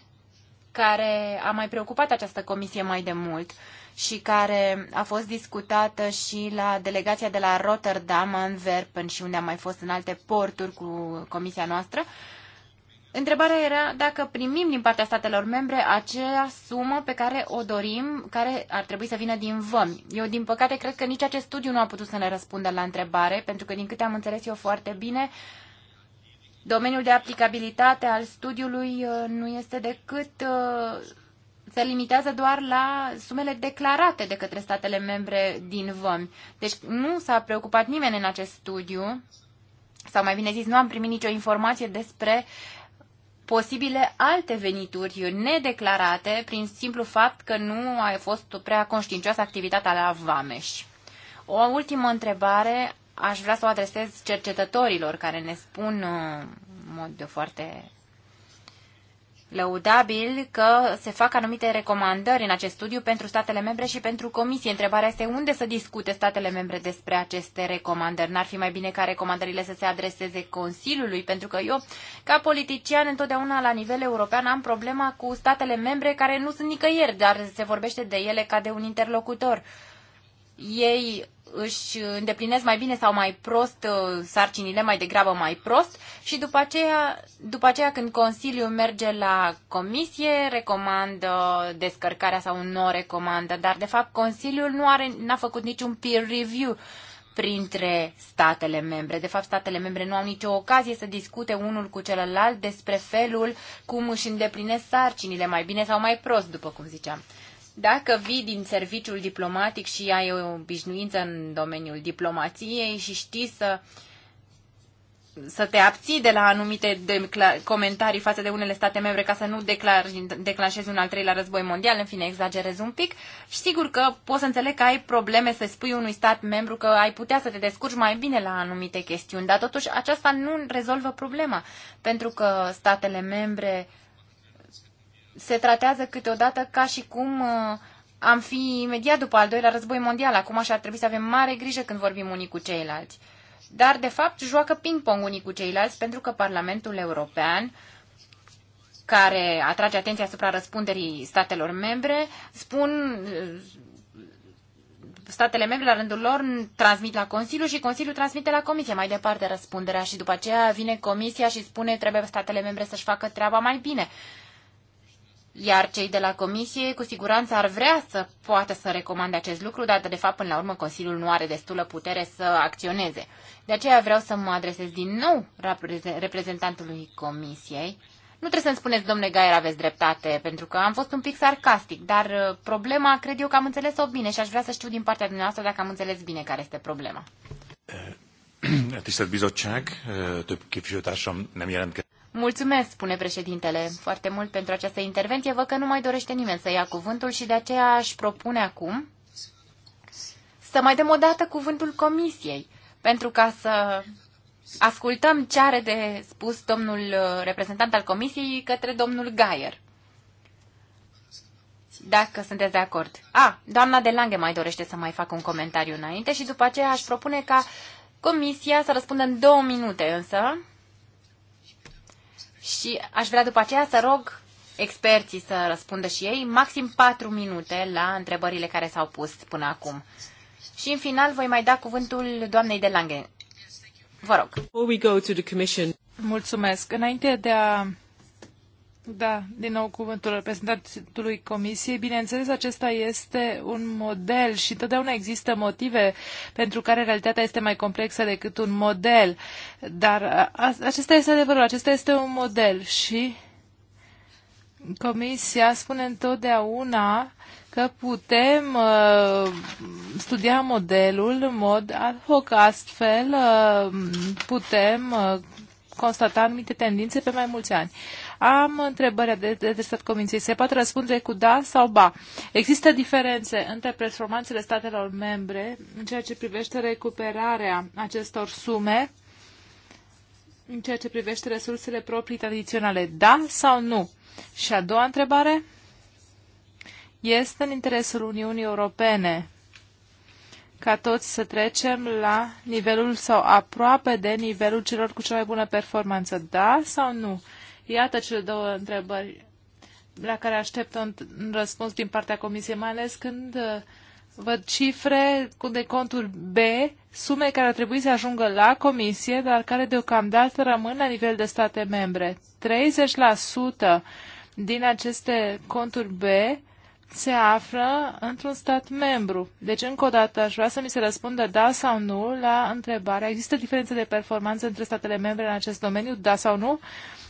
care a mai preocupat această comisie mai de mult și care a fost discutată și la delegația de la Rotterdam, Antwerpen și unde am mai fost în alte porturi cu comisia noastră. Întrebarea era dacă primim din partea statelor membre acea sumă pe care o dorim, care ar trebui să vină din vămi. Eu, din păcate, cred că nici acest studiu nu a putut să ne răspundă la întrebare, pentru că, din câte am înțeles eu foarte bine, domeniul de aplicabilitate al studiului uh, nu este decât uh, se limitează doar la sumele declarate de către statele membre din vămi. Deci nu s-a preocupat nimeni în acest studiu, sau mai bine zis, nu am primit nicio informație despre posibile alte venituri nedeclarate prin simplu fapt că nu a fost prea conștiincioasă activitatea la Vameș. O ultimă întrebare aș vrea să o adresez cercetătorilor care ne spun uh, în mod de foarte lăudabil că se fac anumite recomandări în acest studiu pentru statele membre și pentru comisie. Întrebarea este unde să discute statele membre despre aceste recomandări. N-ar fi mai bine ca recomandările să se adreseze Consiliului, pentru că eu, ca politician, întotdeauna la nivel european am problema cu statele membre care nu sunt nicăieri, dar se vorbește de ele ca de un interlocutor. Ei își îndeplinesc mai bine sau mai prost uh, sarcinile, mai degrabă mai prost și după aceea, după aceea când Consiliul merge la comisie, recomandă descărcarea sau nu o recomandă, dar de fapt Consiliul nu are, n-a făcut niciun peer review printre statele membre. De fapt, statele membre nu au nicio ocazie să discute unul cu celălalt despre felul cum își îndeplinesc sarcinile mai bine sau mai prost, după cum ziceam. Dacă vii din serviciul diplomatic și ai o obișnuință în domeniul diplomației și știi să să te abții de la anumite comentarii față de unele state membre ca să nu declar, declanșezi un al treilea război mondial, în fine, exagerez un pic. Și sigur că poți să înțeleg că ai probleme să spui unui stat membru că ai putea să te descurci mai bine la anumite chestiuni, dar totuși aceasta nu rezolvă problema, pentru că statele membre uh, se tratează câteodată ca și cum uh, am fi imediat după al doilea război mondial, acum așa ar trebui să avem mare grijă când vorbim unii cu ceilalți. Dar, de fapt, joacă ping-pong unii cu ceilalți pentru că Parlamentul European, care atrage atenția asupra răspunderii statelor membre, spun uh, statele membre la rândul lor transmit la Consiliu și Consiliul transmite la Comisie mai departe răspunderea și după aceea vine Comisia și spune trebuie statele membre să-și facă treaba mai bine. Iar cei de la Comisie cu siguranță ar vrea să poată să recomande acest lucru, dar de fapt până la urmă Consiliul nu are destulă putere să acționeze. De aceea vreau să mă adresez din nou reprezentantului Comisiei. Nu trebuie să-mi spuneți, domnule Gaier, aveți dreptate, pentru că am fost un pic sarcastic, dar uh, problema cred eu că am înțeles-o bine și aș vrea să știu din partea dumneavoastră dacă am înțeles bine care este problema. Eh, tisztelt Bizottság, eh, több képviselőtársam nem jelentkezett. Mulțumesc, spune președintele, foarte mult pentru această intervenție. Văd că nu mai dorește nimeni să ia cuvântul și de aceea aș propune acum să mai dăm o dată cuvântul comisiei, pentru ca să ascultăm ce are de spus domnul uh, reprezentant al comisiei către domnul Gaier. Dacă sunteți de acord. A, doamna de Lange mai dorește să mai facă un comentariu înainte și după aceea aș propune ca comisia să răspundă în două minute însă și aș vrea după aceea să rog experții să răspundă și ei maxim patru minute la întrebările care s-au pus până acum. Și în final voi mai da cuvântul doamnei de Lange. Vă rog. Mulțumesc. Înainte de a da, din nou cuvântul reprezentantului Comisiei. Bineînțeles, acesta este un model și întotdeauna există motive pentru care realitatea este mai complexă decât un model. Dar acesta este adevărul, acesta este un model și Comisia spune întotdeauna că putem uh, studia modelul în mod ad hoc, astfel uh, putem uh, constata anumite tendințe pe mai mulți ani. Uh, am întrebarea de adresat Comisiei. Se poate răspunde cu da sau ba. Există diferențe între performanțele statelor membre în ceea ce privește recuperarea acestor sume în ceea ce privește resursele proprii tradiționale, da sau nu? Și a doua întrebare este în interesul Uniunii Europene ca toți să trecem la nivelul sau aproape de nivelul celor cu cea mai bună performanță, da sau nu? Iată cele două întrebări la care aștept un răspuns din partea Comisiei, mai ales când uh, văd cifre de contul B, sume care ar trebui să ajungă la Comisie, dar care deocamdată rămân la nivel de state membre. 30% din aceste conturi B se află într-un stat membru. Deci, încă o dată, aș vrea să mi se răspundă da sau nu la întrebarea. Există diferențe de performanță între statele membre în acest domeniu, da sau nu?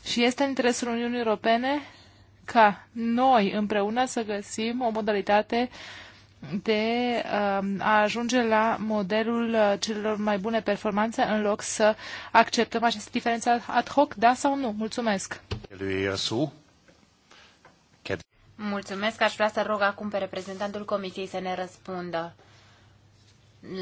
Și este în interesul Uniunii Europene ca noi împreună să găsim o modalitate de um, a ajunge la modelul uh, celor mai bune performanțe în loc să acceptăm aceste diferențe ad hoc, da sau nu? Mulțumesc! Lui Iasu. Mulțumesc. Aș vrea să rog acum pe reprezentantul Comisiei să ne răspundă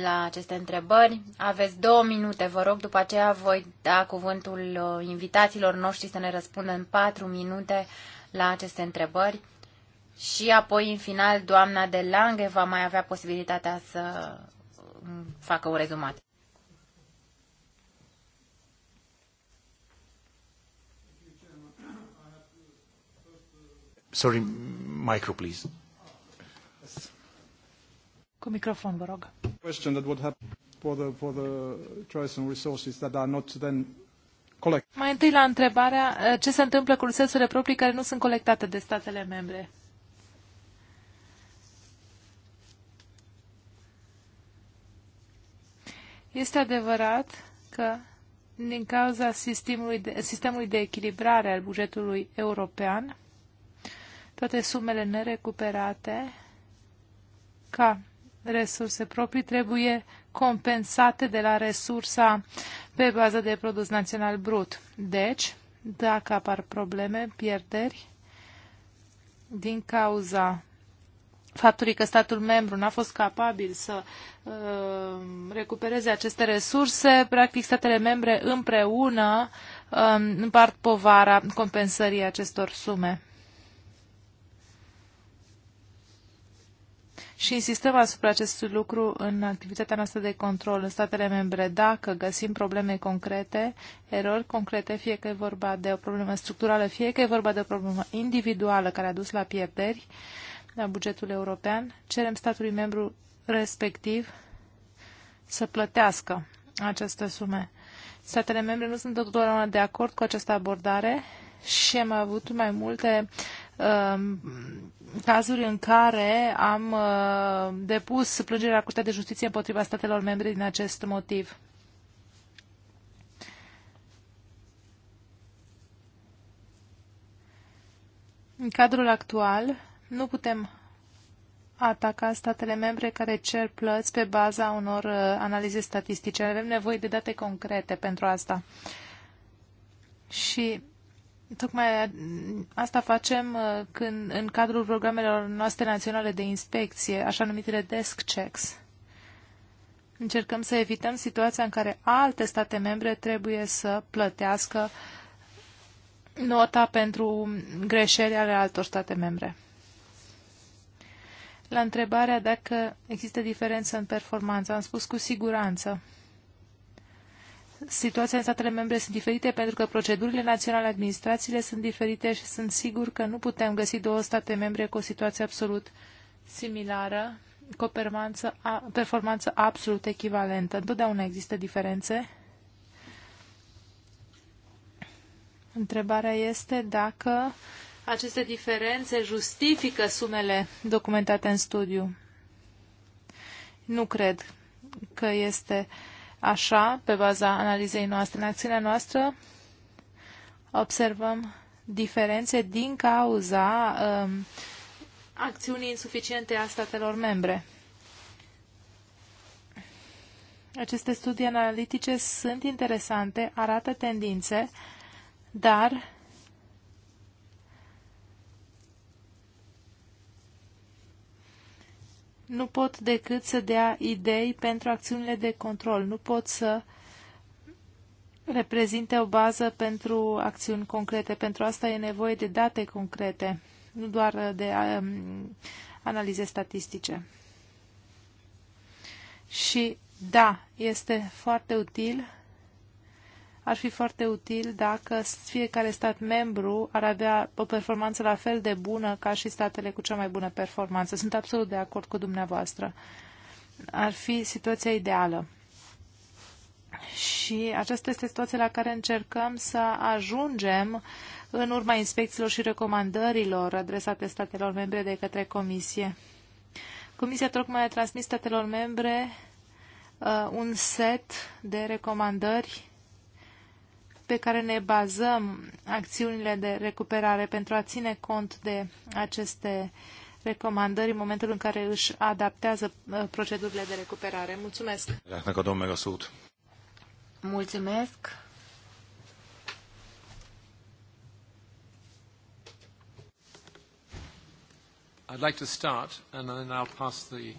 la aceste întrebări. Aveți două minute, vă rog, după aceea voi da cuvântul uh, invitațiilor noștri să ne răspundă în patru minute la aceste întrebări și apoi, în final, doamna de Lange va mai avea posibilitatea să uh, facă o rezumat. Sorry, micro, please. Cu microfon, vă rog. Question that would happen for the, for the choice and resources that are not then collected. Mai întâi la întrebarea uh, ce se întâmplă cu resursele proprii care nu sunt colectate de statele membre. Este adevărat că din cauza sistemului de, sistemului de echilibrare al bugetului european, toate sumele nerecuperate ca resurse proprii trebuie compensate de la resursa pe bază de produs național brut. Deci, dacă apar probleme, pierderi, din cauza faptului că statul membru n-a fost capabil să uh, recupereze aceste resurse, practic statele membre împreună uh, împart povara compensării acestor sume. și insistăm asupra acestui lucru în activitatea noastră de control în statele membre. Dacă găsim probleme concrete, erori concrete, fie că e vorba de o problemă structurală, fie că e vorba de o problemă individuală care a dus la pierderi la bugetul european, cerem statului membru respectiv să plătească aceste sume. Statele membre nu sunt totdeauna de acord cu această abordare și am avut mai multe uh, cazuri în care am uh, depus plângerea la Curtea de Justiție împotriva statelor membre din acest motiv. În cadrul actual nu putem ataca statele membre care cer plăți pe baza unor uh, analize statistice. Avem nevoie de date concrete pentru asta. Și Tocmai asta facem uh, când, în cadrul programelor noastre naționale de inspecție, așa numitele desk checks. Încercăm să evităm situația în care alte state membre trebuie să plătească nota pentru greșeli ale altor state membre. La întrebarea dacă există diferență în performanță, am spus cu siguranță situația în statele membre sunt diferite pentru că procedurile naționale, administrațiile sunt diferite și sunt sigur că nu putem găsi două state membre cu o situație absolut similară, cu o performanță, performanță absolut echivalentă. Întotdeauna există diferențe. Întrebarea este dacă aceste diferențe justifică sumele documentate în studiu. Nu cred că este uh, Așa, pe baza analizei noastre, în acțiunea noastră, observăm diferențe din cauza um, acțiunii insuficiente a statelor membre. Aceste studii analitice sunt interesante, arată tendințe, dar nu pot decât să dea idei pentru acțiunile de control, nu pot să reprezinte o bază pentru acțiuni concrete. Pentru asta e nevoie de date concrete, nu doar de um, analize statistice. Și da, este foarte util ar fi foarte util dacă fiecare stat membru ar avea o performanță la fel de bună ca și statele cu cea mai bună performanță. Sunt absolut de acord cu dumneavoastră. Ar fi situația ideală. Și aceasta este situația la care încercăm să ajungem în urma inspecțiilor și recomandărilor adresate statelor membre de către Comisie. Comisia tocmai a transmis statelor membre uh, un set de recomandări pe care ne bazăm acțiunile de recuperare pentru a ține cont de aceste recomandări în momentul în care își adaptează uh, procedurile de recuperare. Mulțumesc! Mulțumesc! I'd like to start and then I'll pass the,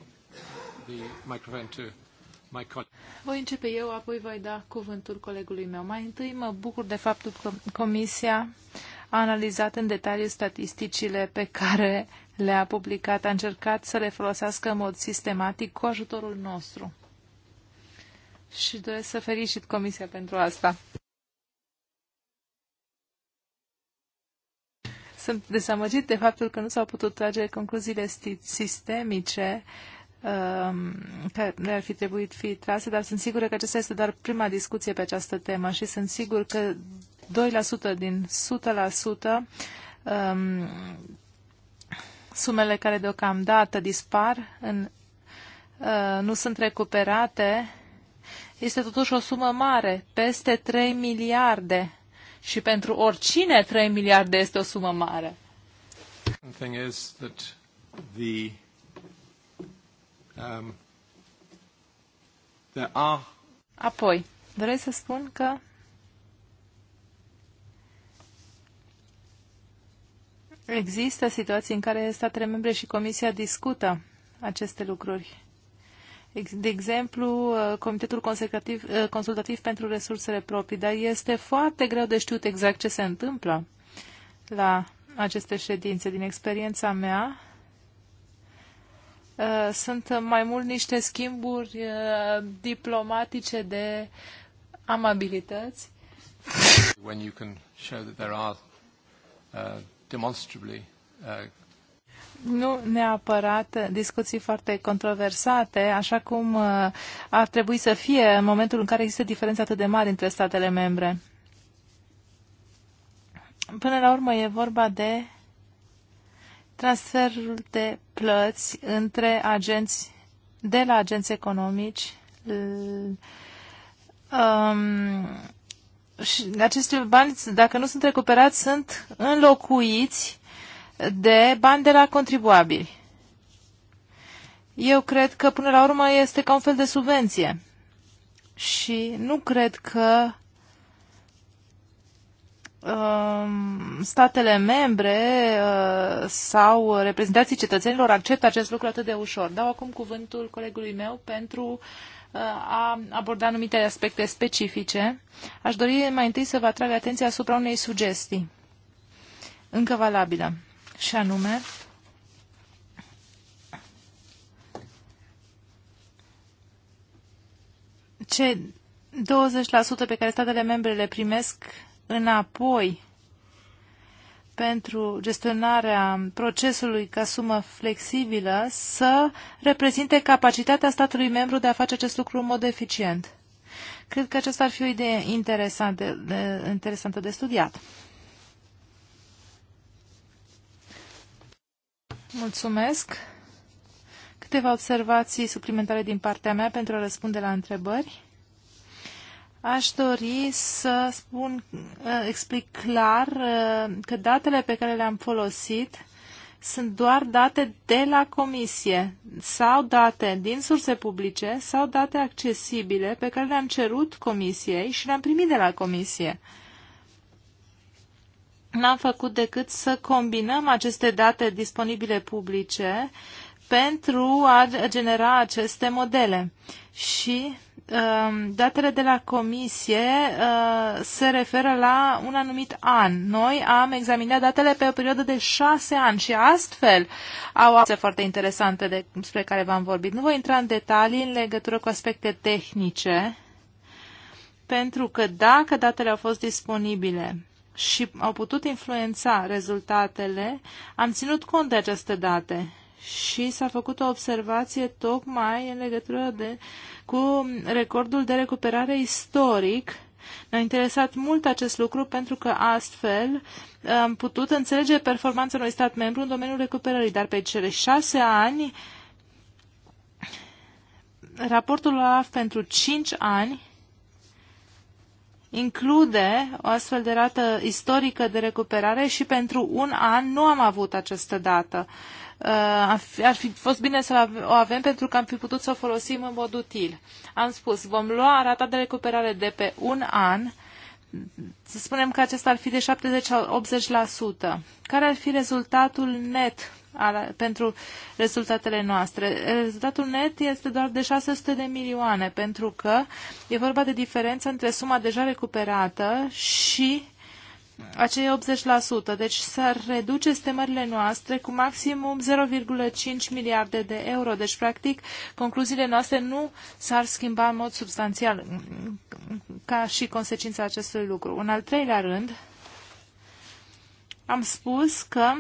the microphone to voi începe eu, apoi voi da cuvântul colegului meu. Mai întâi mă bucur de faptul că Comisia a analizat în detaliu statisticile pe care le-a publicat, a încercat să le folosească în mod sistematic cu ajutorul nostru. Și doresc să felicit Comisia pentru asta. Sunt dezamăgit de faptul că nu s-au putut trage concluziile sistemice uh, Um, care ar fi trebuit fi trase, dar sunt sigură că acesta este doar prima discuție pe această temă și sunt sigur că 2% din 100% um, sumele care deocamdată dispar în, uh, nu sunt recuperate. Este totuși o sumă mare, peste 3 miliarde. Și pentru oricine 3 miliarde este o sumă mare. The Um, Apoi, vrei să spun că există situații în care statele membre și Comisia discută aceste lucruri. De exemplu, uh, Comitetul Consultativ, uh, Consultativ pentru Resursele Proprii, dar este foarte greu de știut exact ce se întâmplă la aceste ședințe. Din experiența mea, Uh, sunt mai mult niște schimburi uh, diplomatice de amabilități. When you can show that there are uh, demonstrably uh, nu neapărat discuții foarte controversate, așa cum uh, ar trebui să fie în momentul în care există diferențe atât de mari între statele membre. Până la urmă e vorba de transferul de plăți între agenți, de la agenți economici um, și acești bani, dacă nu sunt recuperați, sunt înlocuiți de bani de la contribuabili. Eu cred că până la urmă este ca un fel de subvenție și nu cred că Um, statele membre uh, sau reprezentanții cetățenilor acceptă acest lucru atât de ușor. Dau acum cuvântul colegului meu pentru uh, a aborda anumite aspecte specifice. Aș dori mai întâi să vă atrag atenția asupra unei sugestii încă valabilă, și anume ce 20% pe care statele membre le primesc înapoi pentru gestionarea procesului ca sumă flexibilă să reprezinte capacitatea statului membru de a face acest lucru în mod eficient. Cred că aceasta ar fi o idee interesantă de, interesantă de studiat. Mulțumesc. Câteva observații suplimentare din partea mea pentru a răspunde la întrebări. Aș dori să spun, uh, explic clar uh, că datele pe care le-am folosit sunt doar date de la comisie sau date din surse publice sau date accesibile pe care le-am cerut comisiei și le-am primit de la comisie. N-am făcut decât să combinăm aceste date disponibile publice pentru a genera aceste modele și Ehm, datele de la comisie eh, se referă la un anumit an. Noi am examinat datele pe o perioadă de șase ani și astfel au aspecte foarte interesante despre care v-am vorbit. Nu voi intra în detalii în legătură cu aspecte tehnice, pentru că dacă datele au fost disponibile și au putut influența rezultatele, am ținut cont de aceste date și s-a făcut o observație tocmai în legătură de, cu recordul de recuperare istoric. Ne-a interesat mult acest lucru pentru că astfel am putut înțelege performanța unui stat membru în domeniul recuperării, dar pe cele șase ani raportul OLAF pentru 5 ani include o astfel de rată istorică de recuperare și pentru un an nu am avut această dată. Uh, ar fi fost bine să o avem pentru că am fi putut să o folosim în mod util. Am spus, vom lua rata de recuperare de pe un an, să spunem că acesta ar fi de 70-80%. Care ar fi rezultatul net al, pentru rezultatele noastre? Rezultatul net este doar de 600 de milioane, pentru că e vorba de diferența între suma deja recuperată și acei 80%. Deci s-ar reduce estimările noastre cu maximum 0,5 miliarde de euro. Deci, practic, concluziile noastre nu s-ar schimba în mod substanțial ca și consecința acestui lucru. În al treilea rând, am spus că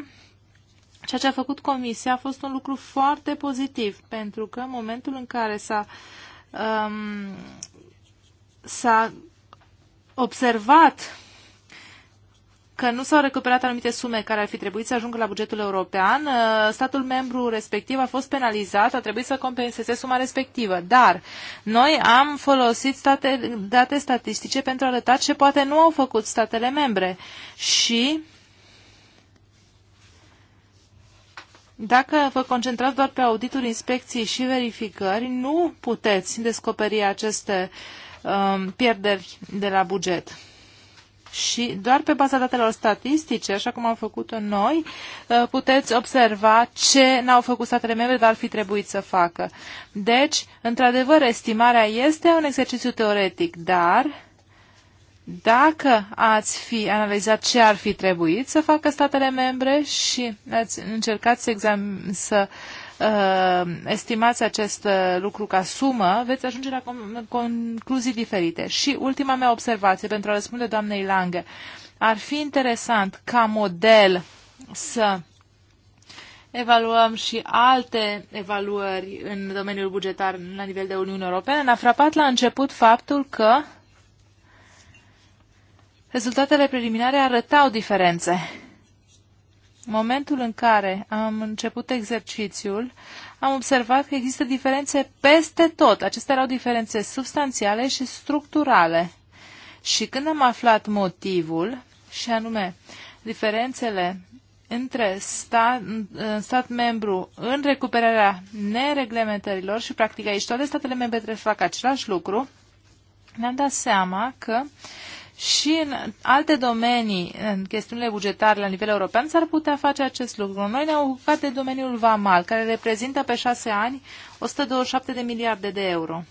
ceea ce a făcut Comisia a fost un lucru foarte pozitiv, pentru că în momentul în care s-a um, s-a observat că nu s-au recuperat anumite sume care ar fi trebuit să ajungă la bugetul european, uh, statul membru respectiv a fost penalizat, a trebuit să compenseze suma respectivă. Dar noi am folosit state, date statistice pentru a arăta ce poate nu au făcut statele membre. Și Dacă vă concentrați doar pe audituri, inspecții și verificări, nu puteți descoperi aceste um, pierderi de la buget și doar pe baza datelor statistice, așa cum am făcut-o noi, uh, puteți observa ce n-au făcut statele membre, dar ar fi trebuit să facă. Deci, într-adevăr, estimarea este un exercițiu teoretic, dar dacă ați fi analizat ce ar fi trebuit să facă statele membre și ați încercat să, exam- să uh, Uh, estimați acest uh, lucru ca sumă, veți ajunge la concluzii diferite. Și ultima mea observație pentru a răspunde doamnei Lange. Ar fi interesant ca model să evaluăm și alte evaluări în domeniul bugetar la nivel de Uniune Europeană. Ne-a frapat la început faptul că rezultatele preliminare arătau diferențe momentul în care am început exercițiul, am observat că există diferențe peste tot. Acestea erau diferențe substanțiale și structurale. Și când am aflat motivul, și anume diferențele între stat, stat membru în recuperarea nereglementărilor și practic aici toate statele membre trebuie să facă același lucru, ne-am dat seama că uh, și în alte domenii, în chestiunile bugetare la nivel european, s-ar putea face acest lucru. Noi ne-am ocupat de domeniul VAMAL, care reprezintă pe șase ani 127 de miliarde de euro.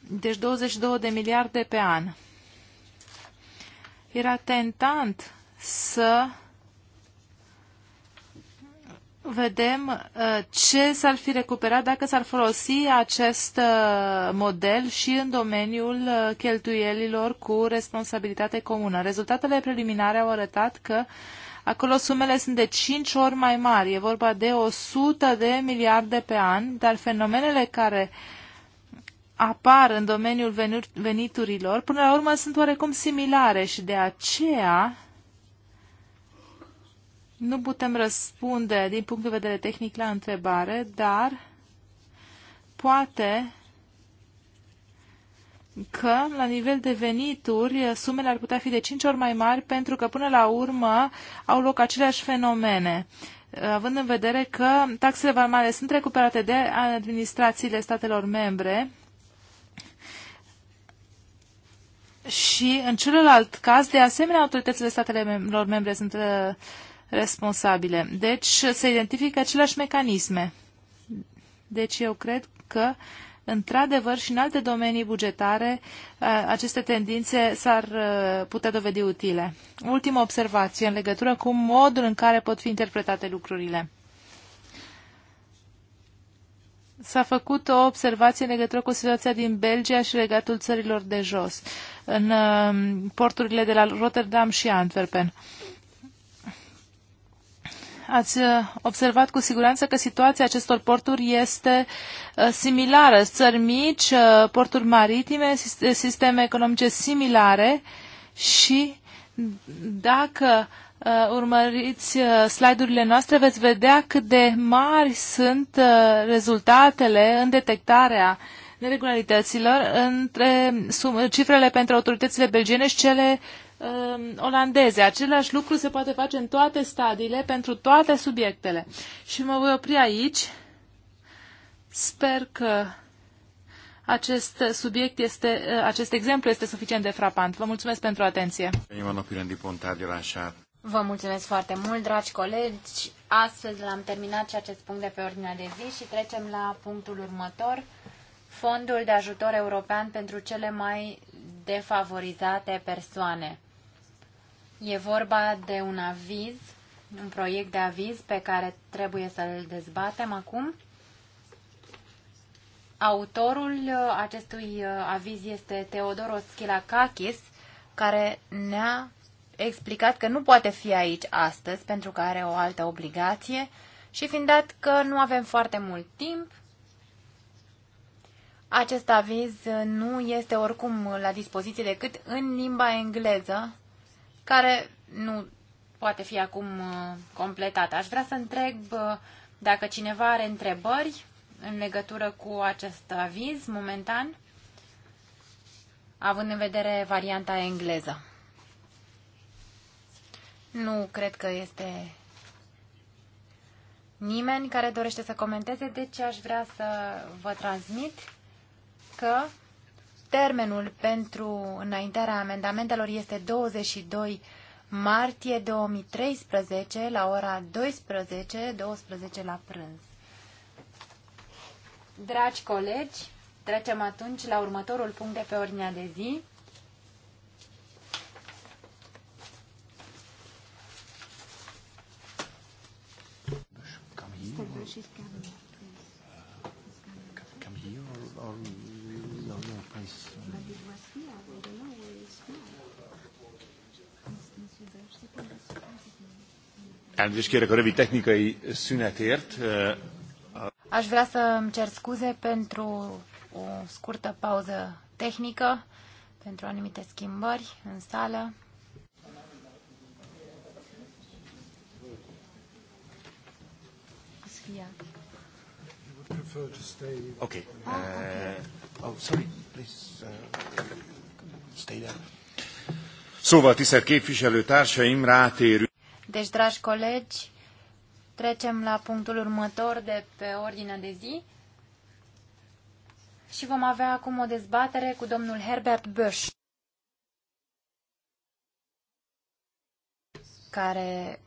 Deci 22 de miliarde pe an. Era tentant să vedem uh, ce s-ar fi recuperat dacă s-ar folosi acest uh, model și în domeniul uh, cheltuielilor cu responsabilitate comună. Rezultatele preliminare au arătat că acolo sumele sunt de 5 ori mai mari. E vorba de 100 de miliarde pe an, dar fenomenele care apar în domeniul veniturilor, până la urmă sunt oarecum similare și de aceea nu putem răspunde din punct de vedere tehnic la întrebare, dar poate că la nivel de venituri sumele ar putea fi de 5 ori mai mari pentru că până la urmă au loc aceleași fenomene având în vedere că taxele vamale sunt recuperate de administrațiile statelor membre și în celălalt caz, de asemenea, autoritățile statelor membre sunt responsabile. Deci se identifică aceleași mecanisme. Deci eu cred că într-adevăr și în alte domenii bugetare aceste tendințe s-ar putea dovedi utile. Ultima observație în legătură cu modul în care pot fi interpretate lucrurile. S-a făcut o observație în legătură cu situația din Belgia și legatul țărilor de jos, în porturile de la Rotterdam și Antwerpen ați uh, observat cu siguranță că situația acestor porturi este uh, similară. Țări mici, uh, porturi maritime, sisteme economice similare și dacă urmăriți slide-urile noastre, veți vedea cât de mari sunt rezultatele în detectarea neregularităților între cifrele pentru autoritățile belgiene și cele uh, olandeze. Același lucru se poate face în toate stadiile, pentru toate subiectele. Și mă voi opri aici. Sper că acest subiect este, uh, acest exemplu este suficient de frapant. Vă mulțumesc pentru atenție. Vă mulțumesc foarte mult, dragi colegi. Astăzi l-am terminat și acest punct de pe ordinea de zi și trecem la punctul următor. Fondul de ajutor european pentru cele mai defavorizate persoane. E vorba de un aviz, un proiect de aviz pe care trebuie să-l dezbatem acum. Autorul uh, acestui uh, aviz este Teodoros Schilakakis, care ne-a explicat că nu poate fi aici astăzi pentru că are o altă obligație și fiind dat că nu avem foarte mult timp, acest aviz uh, nu este oricum la dispoziție decât în limba engleză, care nu poate fi acum uh, completată. Aș vrea să întreb uh, dacă cineva are întrebări în legătură cu acest aviz momentan, având în vedere varianta engleză. Nu cred că este nimeni care dorește să comenteze, deci aș vrea să vă transmit că Termenul pentru înaintarea amendamentelor este 22 martie 2013 la ora 12, 12 la prânz. Dragi colegi, trecem atunci la următorul punct de pe ordinea de zi. Come here or, or Elnézést kérek a rövid technikai szünetért. Aș vrea să îmi cer scuze pentru o scurtă pauză tehnică, pentru anumite schimbări în sală. Okay. Uh, oh, sorry, please. Uh, stay there. Szóval, tisztelt képviselőtársaim, rátérünk. Deci, dragi colegi, trecem la punctul următor de pe ordinea de zi și vom avea acum o dezbatere cu domnul Herbert Bösch, care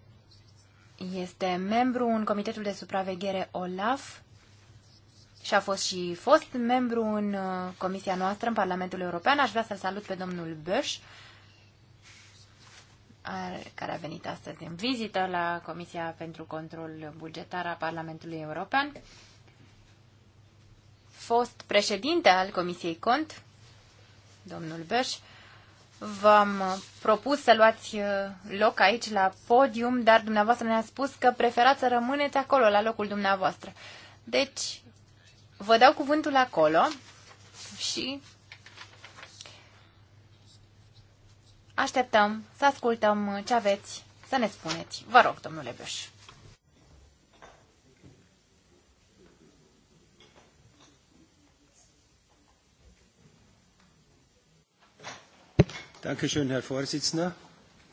este membru în Comitetul de Supraveghere OLAF și a fost și fost membru în uh, comisia noastră în Parlamentul European. Aș vrea să-l salut pe domnul Bösch care a venit astăzi în vizită la Comisia pentru Control Bugetar a Parlamentului European, fost președinte al Comisiei Cont, domnul Băș, v-am propus să luați loc aici la podium, dar dumneavoastră ne-a spus că preferați să rămâneți acolo, la locul dumneavoastră. Deci, vă dau cuvântul acolo și Așteptăm să ascultăm ce aveți să ne spuneți. Vă rog, domnule Bioș. Dankeschön, Herr Vorsitzender.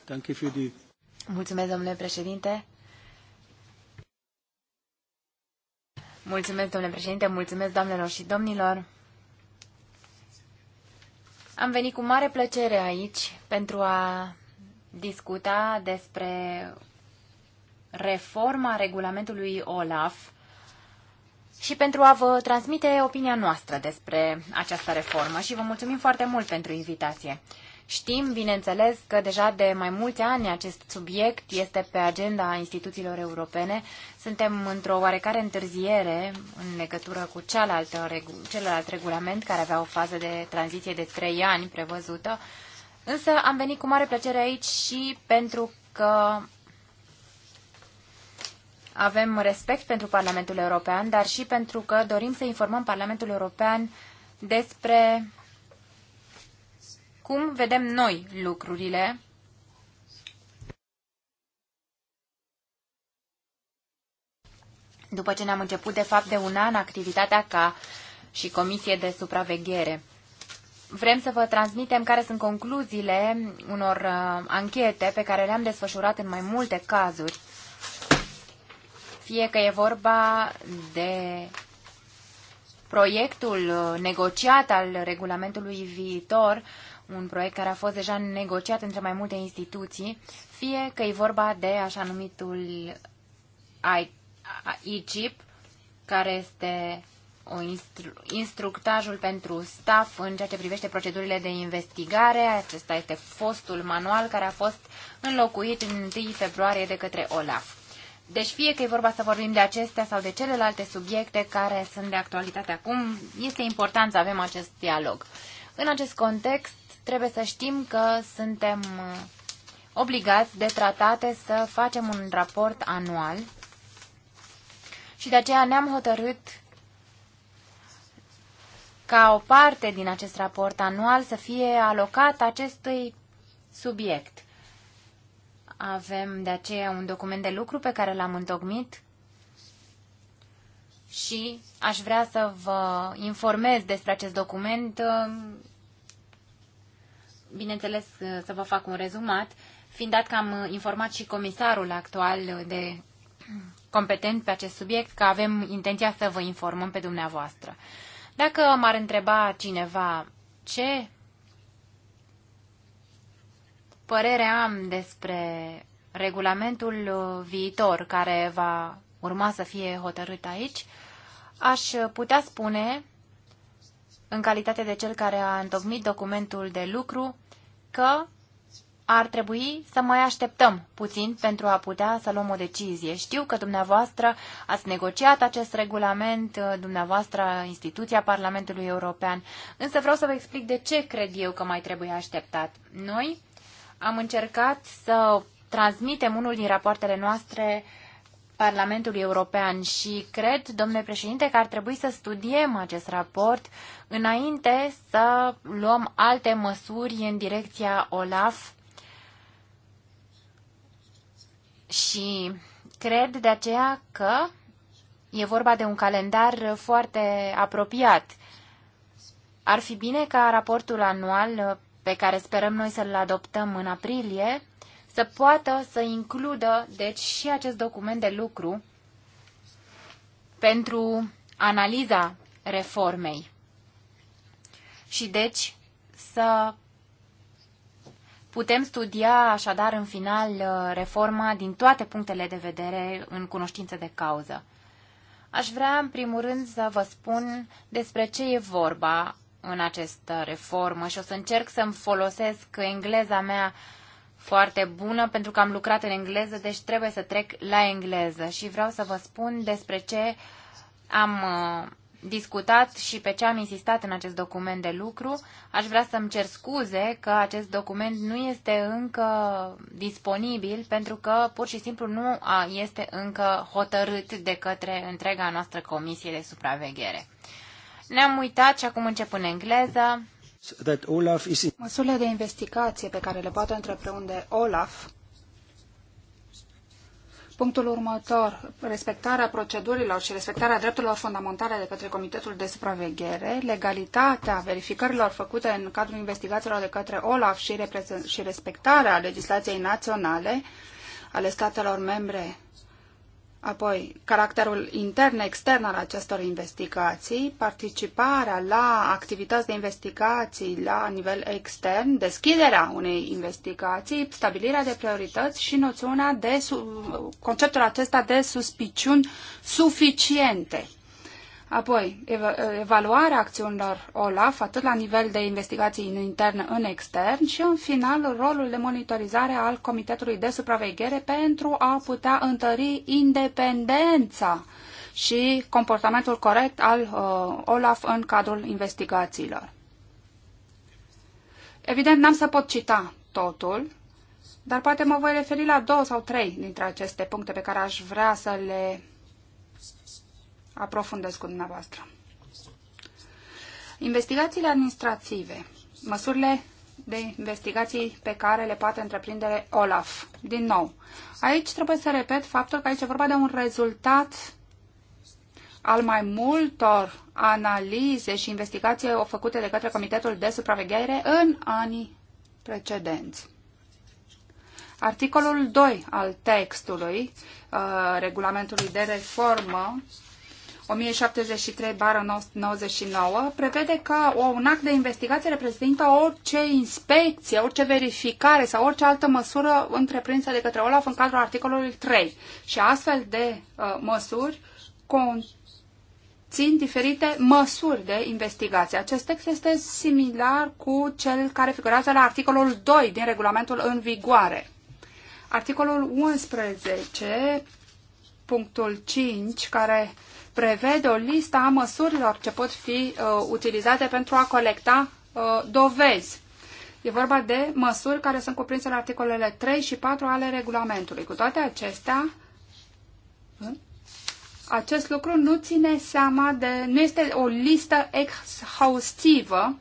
Danke für die... Mulțumesc, domnule președinte. Mulțumesc, domnule președinte, mulțumesc, doamnelor și domnilor. Am venit cu mare plăcere aici pentru a discuta despre reforma regulamentului OLAF și pentru a vă transmite opinia noastră despre această reformă și vă mulțumim foarte mult pentru invitație. Știm, bineînțeles, că deja de mai mulți ani acest subiect este pe agenda instituțiilor europene. Suntem într-o oarecare întârziere în legătură cu cealaltă, celălalt regulament care avea o fază de tranziție de trei ani prevăzută. Însă am venit cu mare plăcere aici și pentru că avem respect pentru Parlamentul European, dar și pentru că dorim să informăm Parlamentul European despre cum vedem noi lucrurile după ce ne-am început de fapt de un an activitatea ca și comisie de supraveghere. Vrem să vă transmitem care sunt concluziile unor uh, anchete pe care le-am desfășurat în mai multe cazuri. Fie că e vorba de proiectul uh, negociat al regulamentului viitor, uh, un proiect care a fost deja negociat între mai multe instituții, fie că e vorba de așa numitul ICIP, care este o instru- instructajul pentru staff în ceea ce privește procedurile de investigare. Acesta este fostul manual care a fost înlocuit în 1 februarie de către OLAF. Deci fie că e vorba să vorbim de acestea sau de celelalte subiecte care sunt de actualitate acum, este important să avem acest dialog. În acest context, trebuie să știm că suntem uh, obligați de tratate să facem un raport anual și de aceea ne-am hotărât ca o parte din acest raport anual să fie alocat acestui subiect. Avem de aceea un document de lucru pe care l-am întocmit și aș vrea să vă informez despre acest document uh, bineînțeles, să vă fac un rezumat, fiind dat că am informat și comisarul actual de competent pe acest subiect, că avem intenția să vă informăm pe dumneavoastră. Dacă m-ar întreba cineva ce părere am despre regulamentul viitor care va urma să fie hotărât aici, aș putea spune, în calitate de cel care a întocmit documentul de lucru, că ar trebui să mai așteptăm puțin pentru a putea să luăm o decizie. Știu că dumneavoastră ați negociat acest regulament, dumneavoastră instituția Parlamentului European, însă vreau să vă explic de ce cred eu că mai trebuie așteptat. Noi am încercat să transmitem unul din rapoartele noastre uh, Parlamentul European și cred, domnule președinte, că ar trebui să studiem acest raport înainte să luăm alte măsuri în direcția OLAF și cred de aceea că e vorba de un calendar foarte apropiat. Ar fi bine ca raportul anual pe care sperăm noi să-l adoptăm în aprilie să poată să includă, deci, și acest document de lucru pentru analiza reformei. Și, deci, să Putem studia așadar în final uh, reforma din toate punctele de vedere în cunoștință de cauză. Aș vrea în primul rând să vă spun despre ce e vorba în această reformă și o să încerc să-mi folosesc engleza mea foarte bună pentru că am lucrat în engleză, deci trebuie să trec la engleză și vreau să vă spun despre ce am uh, discutat și pe ce am insistat în acest document de lucru. Aș vrea să-mi cer scuze că acest document nu este încă disponibil pentru că pur și simplu nu este încă hotărât de către întreaga noastră comisie de supraveghere. Ne-am uitat și acum încep în engleză. Măsurile de investigație pe care le poate întreprinde Olaf Punctul următor, respectarea procedurilor și respectarea drepturilor fundamentale de către Comitetul de Supraveghere, legalitatea verificărilor făcute în cadrul investigațiilor de către OLAF și respectarea legislației naționale ale statelor membre Apoi, caracterul intern-extern al acestor investigații, participarea la activități de investigații la nivel extern, deschiderea unei investigații, stabilirea de priorități și noțiunea de conceptul acesta de suspiciuni suficiente. Apoi, evaluarea acțiunilor OLAF, atât la nivel de investigații în intern în extern și, în final, rolul de monitorizare al Comitetului de Supraveghere pentru a putea întări independența și comportamentul corect al uh, OLAF în cadrul investigațiilor. Evident, n-am să pot cita totul, dar poate mă voi referi la două sau trei dintre aceste puncte pe care aș vrea să le aprofundez cu dumneavoastră. Investigațiile administrative, măsurile de investigații pe care le poate întreprinde Olaf. Din nou, aici trebuie să repet faptul că aici e vorba de un rezultat al mai multor analize și investigații făcute de către Comitetul de Supraveghere în anii precedenți. Articolul 2 al textului uh, regulamentului de reformă 1073 99 prevede că un act de investigație reprezintă orice inspecție, orice verificare sau orice altă măsură întreprinsă de către OLAF în cadrul articolului 3. Și astfel de uh, măsuri conțin diferite măsuri de investigație. Acest text este similar cu cel care figurează la articolul 2 din regulamentul în vigoare. Articolul 11, punctul 5, care prevede o listă a măsurilor ce pot fi uh, utilizate pentru a colecta uh, dovezi. E vorba de măsuri care sunt cuprinse la articolele 3 și 4 ale regulamentului. Cu toate acestea, acest lucru nu ține seama de, nu este o listă exhaustivă,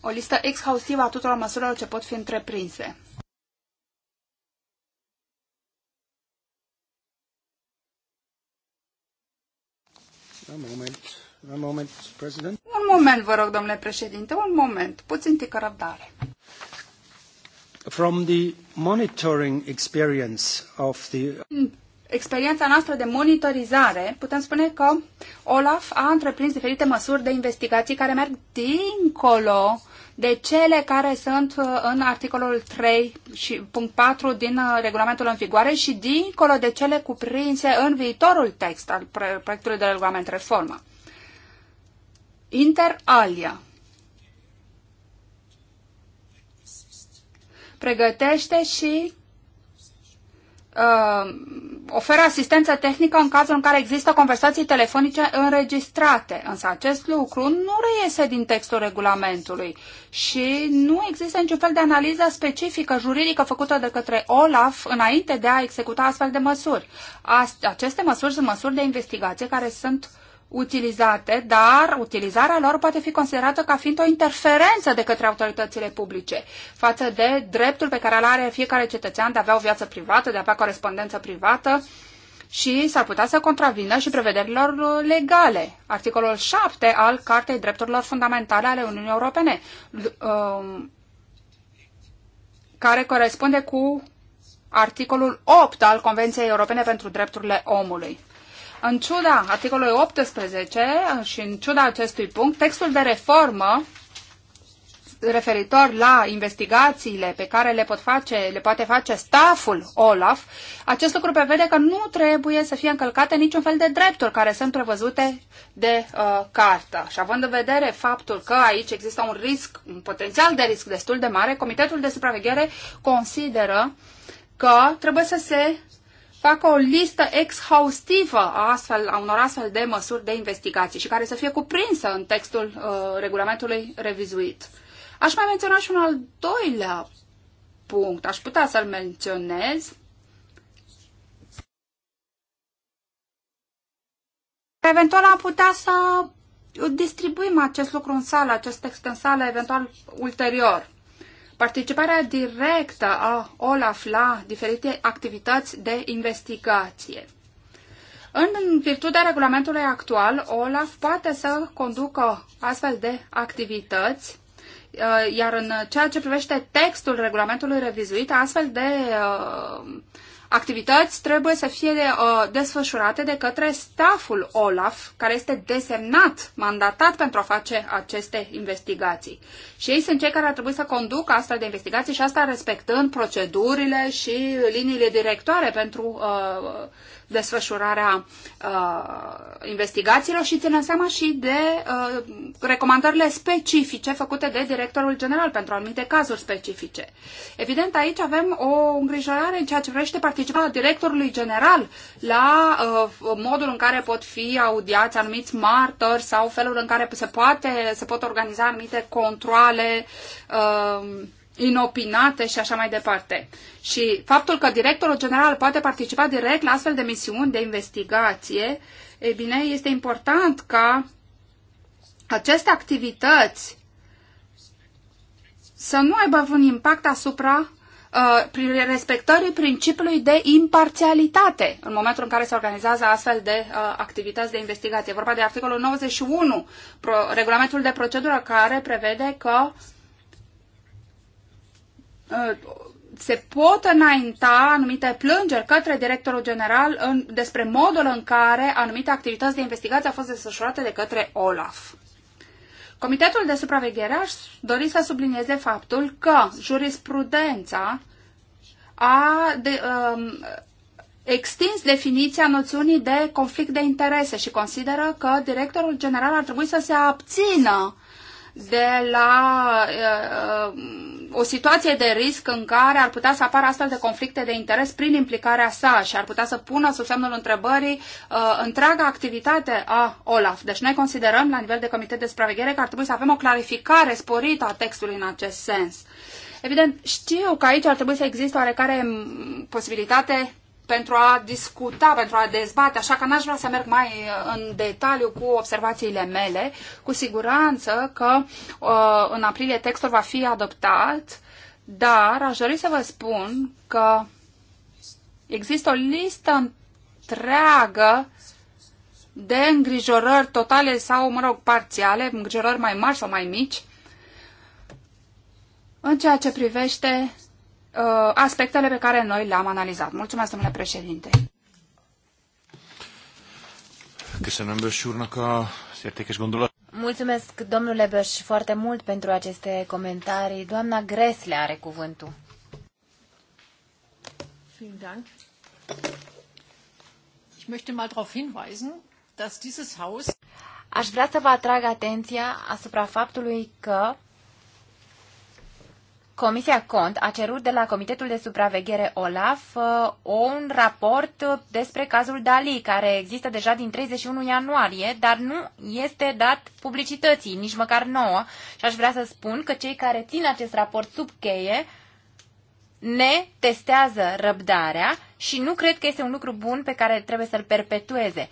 o listă exhaustivă a tuturor măsurilor ce pot fi întreprinse. Un moment, un moment, președinte. Un moment, vă rog, domnule președinte, un moment, puțin tică răbdare. From the monitoring experience of the... Experiența noastră de monitorizare, putem spune că Olaf a întreprins diferite măsuri de investigații care merg dincolo uh, de cele care sunt uh, în articolul 3 și punct 4 din uh, regulamentul în vigoare și dincolo de cele cuprinse în viitorul text al proiectului de regulament reformă. Inter alia. Pregătește și uh, oferă asistență tehnică în cazul în care există conversații telefonice înregistrate, însă acest lucru nu reiese din textul regulamentului și nu există niciun fel de analiză specifică juridică făcută de către OLAF înainte de a executa astfel de măsuri. Aceste măsuri sunt măsuri de investigație care sunt uh, utilizate, dar utilizarea lor poate fi considerată ca fiind o interferență de către autoritățile publice față de dreptul pe care îl are fiecare cetățean de a avea o viață privată, de a avea corespondență privată și s-ar putea să contravină și prevederilor legale. Articolul 7 al Cartei Drepturilor Fundamentale ale Uniunii Europene, um, care corespunde cu articolul 8 al Convenției Europene pentru Drepturile Omului în ciuda articolului 18 și în ciuda acestui punct, textul de reformă referitor la investigațiile pe care le, pot face, le poate face staful OLAF, acest lucru prevede că nu trebuie să fie încălcate niciun fel de drepturi care sunt prevăzute de uh, cartă. Și având în vedere faptul că aici există un risc, un potențial de risc destul de mare, Comitetul de Supraveghere consideră că trebuie să se facă o listă exhaustivă a, astfel, a unor astfel de măsuri de investigație și care să fie cuprinsă în textul uh, regulamentului revizuit. Aș mai menționa și un al doilea punct, aș putea să-l menționez, Eventual am putea să distribuim acest lucru în sală, acest text în sală, eventual ulterior participarea directă a OLAF la diferite activități de investigație. În virtutea regulamentului actual, OLAF poate să conducă astfel de activități, uh, iar în ceea ce privește textul regulamentului revizuit, astfel de uh, activități trebuie să fie uh, desfășurate de către staful OLAF, care este desemnat, mandatat pentru a face aceste investigații. Și ei sunt cei care ar trebui să conducă astfel de investigații și asta respectând procedurile și liniile directoare pentru uh, desfășurarea uh, investigațiilor și ținând seama și de uh, recomandările specifice făcute de directorul general pentru anumite cazuri specifice. Evident, aici avem o îngrijorare în ceea ce privește participarea directorului general la uh, modul în care pot fi audiați anumiți martori sau felul în care se, poate, se pot organiza anumite controle uh, inopinate și așa mai departe. Și faptul că directorul general poate participa direct la astfel de misiuni de investigație, e bine, este important ca aceste activități să nu aibă un impact asupra uh, prin respectării principiului de imparțialitate în momentul în care se organizează astfel de uh, activități de investigație. E vorba de articolul 91, pro, regulamentul de procedură care prevede că Ă, se pot înainta anumite plângeri către directorul general în, despre modul în care anumite activități de investigație au fost desfășurate de către OLAF. Comitetul de supraveghere aș dori să sublinieze faptul că jurisprudența a de, um, extins definiția noțiunii de conflict de interese și consideră că directorul general ar trebui să se abțină de la uh, uh o situație de risc în care ar putea să apară astfel de conflicte de interes prin implicarea sa și ar putea să pună sub semnul întrebării uh, întreaga activitate a OLAF. Deci noi considerăm la nivel de comitet de supraveghere că ar trebui să avem o clarificare sporită a textului în acest sens. Evident, știu că aici ar trebui să existe oarecare mm, posibilitate pentru a discuta, pentru a dezbate, așa că n-aș vrea să merg mai uh, în detaliu cu observațiile mele. Cu siguranță că uh, în aprilie textul va fi adoptat, dar aș dori să vă spun că există o listă întreagă de îngrijorări totale sau, mă rog, parțiale, îngrijorări mai mari sau mai mici, în ceea ce privește uh, aspectele pe care noi le-am analizat. Mulțumesc, domnule președinte. Mulțumesc, domnule Băș, foarte mult pentru aceste comentarii. Doamna Gresle are cuvântul. Aș vrea să vă atrag atenția asupra faptului că Comisia Cont a cerut de la Comitetul de Supraveghere OLAF uh, un raport despre cazul Dali, care există deja din 31 ianuarie, dar nu este dat publicității, nici măcar nouă. Și aș vrea să spun că cei care țin acest raport sub cheie ne testează răbdarea și nu cred că este un lucru bun pe care trebuie să-l perpetueze.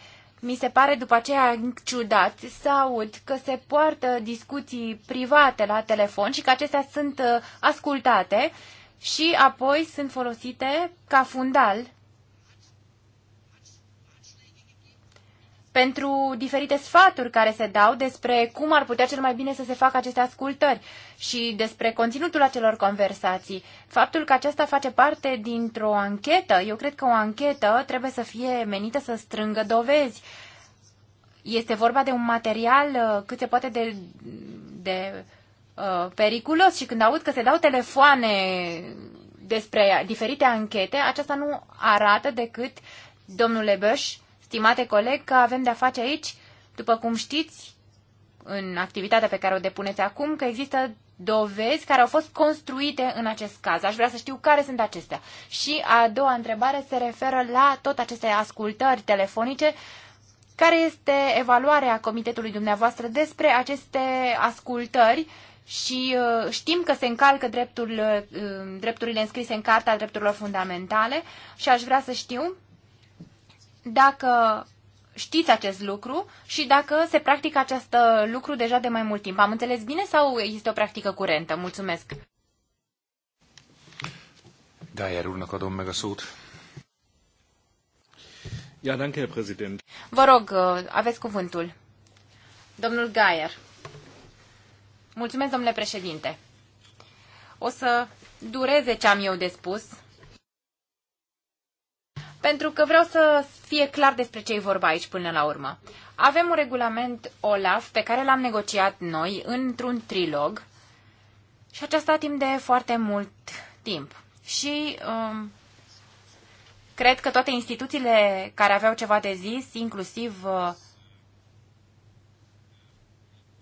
Mi se pare după aceea ciudat să aud că se poartă discuții private la telefon și că acestea sunt uh, ascultate și apoi sunt folosite ca fundal pentru diferite sfaturi care se dau despre cum ar putea cel mai bine să se facă aceste ascultări și despre conținutul acelor conversații. Faptul că aceasta face parte dintr-o anchetă, eu cred că o anchetă trebuie să fie menită să strângă dovezi. Este vorba de un material uh, cât se poate de, de uh, periculos și când aud că se dau telefoane despre diferite anchete, aceasta nu arată decât, domnule Băș, stimate coleg, că avem de-a face aici, după cum știți, în activitatea pe care o depuneți acum, că există dovezi care au fost construite în acest caz. Aș vrea să știu care sunt acestea. Și a doua întrebare se referă la tot aceste ascultări telefonice. Care este evaluarea comitetului dumneavoastră despre aceste ascultări și uh, știm că se încalcă dreptul, uh, drepturile înscrise în Carta Drepturilor Fundamentale și aș vrea să știu dacă știți acest lucru și dacă se practică acest lucru deja de mai mult timp. Am înțeles bine sau este o practică curentă? Mulțumesc! Da, iar urmăcă domnul Megasud. Ja, danke, Herr Präsident. Vă rog, uh, aveți cuvântul. Domnul Gaier. Mulțumesc, domnule președinte. O să dureze ce am eu de spus, pentru că vreau să fie clar despre ce e vorba aici până la urmă. Avem un regulament OLAF pe care l-am negociat noi într-un trilog și aceasta timp de foarte mult timp. Și um, cred că toate instituțiile care aveau ceva de zis, inclusiv uh,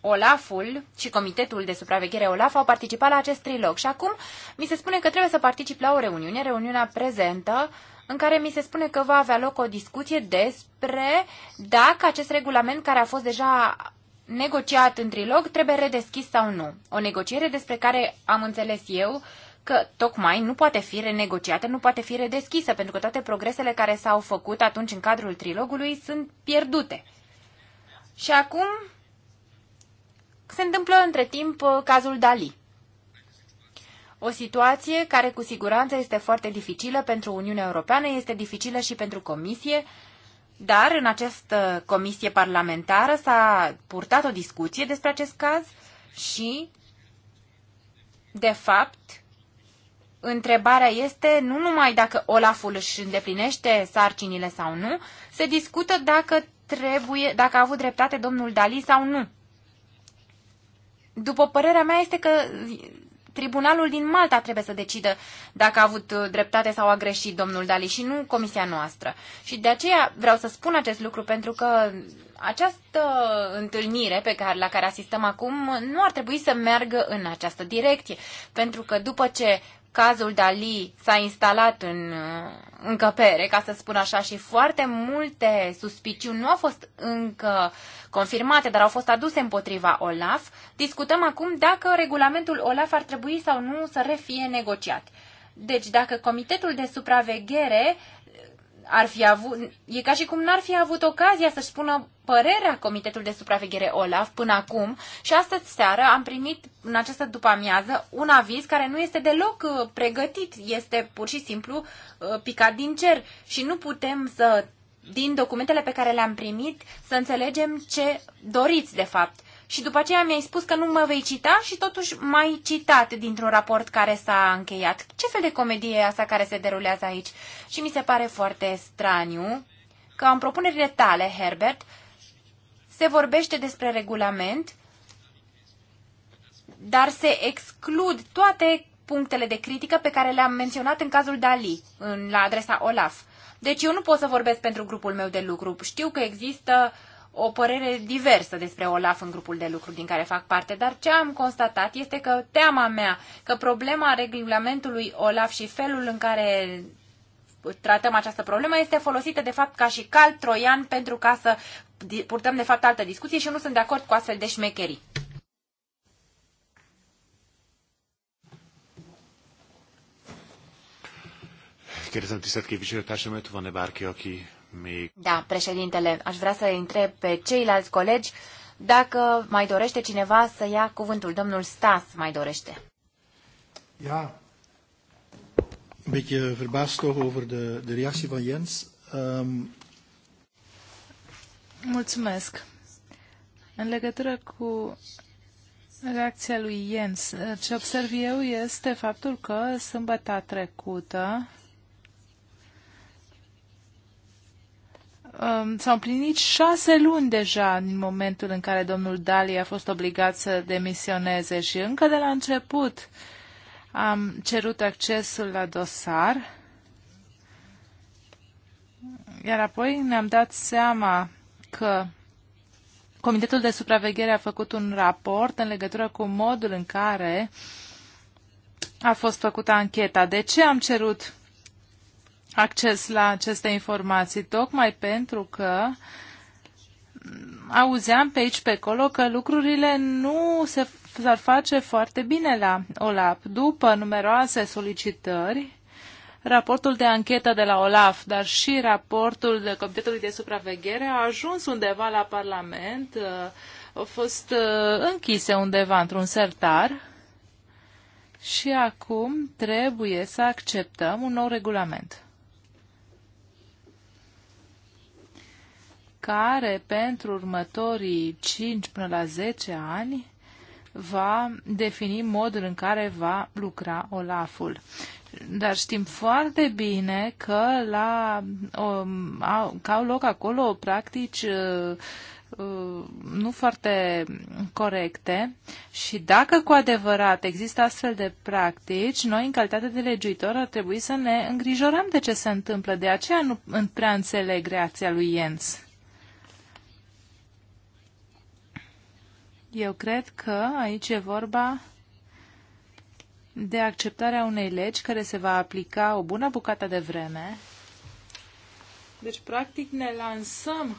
Olaful și Comitetul de Supraveghere Olaf au participat la acest trilog și acum mi se spune că trebuie să particip la o reuniune, reuniunea prezentă, uh, în care mi se spune că va avea loc o discuție despre dacă acest regulament care a fost deja negociat în trilog trebuie redeschis sau nu. O negociere despre care am înțeles eu că tocmai nu poate fi renegociată, nu poate fi redeschisă, pentru că toate progresele care s-au făcut atunci în cadrul trilogului sunt pierdute. Și acum se întâmplă între timp uh, cazul Dali. O situație care cu siguranță este foarte dificilă pentru Uniunea Europeană, este dificilă și pentru Comisie, dar în această comisie parlamentară s-a purtat o discuție despre acest caz și, de fapt, întrebarea este nu numai dacă Olaful își îndeplinește sarcinile sau nu, se discută dacă, trebuie, dacă a avut dreptate domnul Dali sau nu. După părerea mea este că tribunalul din Malta trebuie să decidă dacă a avut uh, dreptate sau a greșit domnul Dali și nu comisia noastră. Și de aceea vreau să spun acest lucru pentru că această întâlnire pe care, la care asistăm acum nu ar trebui să meargă în această direcție, pentru că după ce cazul Dali s-a instalat în uh, încăpere, ca să spun așa, și foarte multe suspiciuni nu au fost încă confirmate, dar au fost aduse împotriva OLAF, discutăm acum dacă regulamentul OLAF ar trebui sau nu să refie negociat. Deci, dacă Comitetul de Supraveghere ar fi avut, e ca și cum n-ar fi avut ocazia să-și spună părerea Comitetul de Supraveghere OLAF până acum și astăzi seară am primit în această după-amiază un aviz care nu este deloc uh, pregătit, este pur și simplu uh, picat din cer și nu putem să, din documentele pe care le-am primit, să înțelegem ce doriți de fapt și după aceea mi-ai spus că nu mă vei cita și totuși mai citat dintr-un raport care s-a încheiat. Ce fel de comedie e asta care se derulează aici? Și mi se pare foarte straniu că în propunerile tale, Herbert, se vorbește despre regulament, dar se exclud toate punctele de critică pe care le-am menționat în cazul Dali, în, la adresa Olaf. Deci eu nu pot să vorbesc pentru grupul meu de lucru. Știu că există uh, o părere diversă despre OLAF în grupul de lucru din care fac parte, dar ce am constatat este că teama mea că problema regulamentului OLAF și felul în care tratăm această problemă este folosită de fapt ca și cal troian pentru ca să purtăm de fapt altă discuție și nu sunt de acord cu astfel de șmecherii. Kérdezem tisztelt képviselőtársamat, van-e bárki, aki da, președintele, aș vrea să întreb pe ceilalți colegi dacă mai dorește cineva să ia cuvântul. Domnul Stas mai dorește. Ja, een beetje verbaasd toch over de, de reactie van Jens. Um... Mulțumesc. În legătură cu reacția lui Jens, ce observ eu este faptul că sâmbăta trecută um, s-au împlinit șase luni deja din momentul în care domnul Dali a fost obligat să demisioneze și încă de la început am cerut accesul la dosar, iar apoi ne-am dat seama că Comitetul de supraveghere a făcut un raport în legătură cu modul în care a fost făcută ancheta. De ce am cerut acces la aceste informații, tocmai pentru că auzeam pe aici, pe acolo, că lucrurile nu se s-ar face foarte bine la OLAP. După numeroase solicitări, raportul de anchetă de la OLAF, dar și raportul de Comitetului de Supraveghere a ajuns undeva la Parlament, uh, au fost uh, închise undeva într-un sertar și acum trebuie să acceptăm un nou regulament. care pentru următorii 5 până la 10 ani va defini modul în care va lucra Olaful. Dar știm foarte bine că, la, o, um, au, că au loc acolo practici uh, uh, nu foarte corecte și dacă cu adevărat există astfel de practici, noi în calitate de legiuitor ar trebui să ne îngrijorăm de ce se întâmplă. De aceea nu prea înțeleg reacția lui Jens. Eu cred că aici e vorba de acceptarea unei legi care se va aplica o bună bucată de vreme. Deci, practic, ne lansăm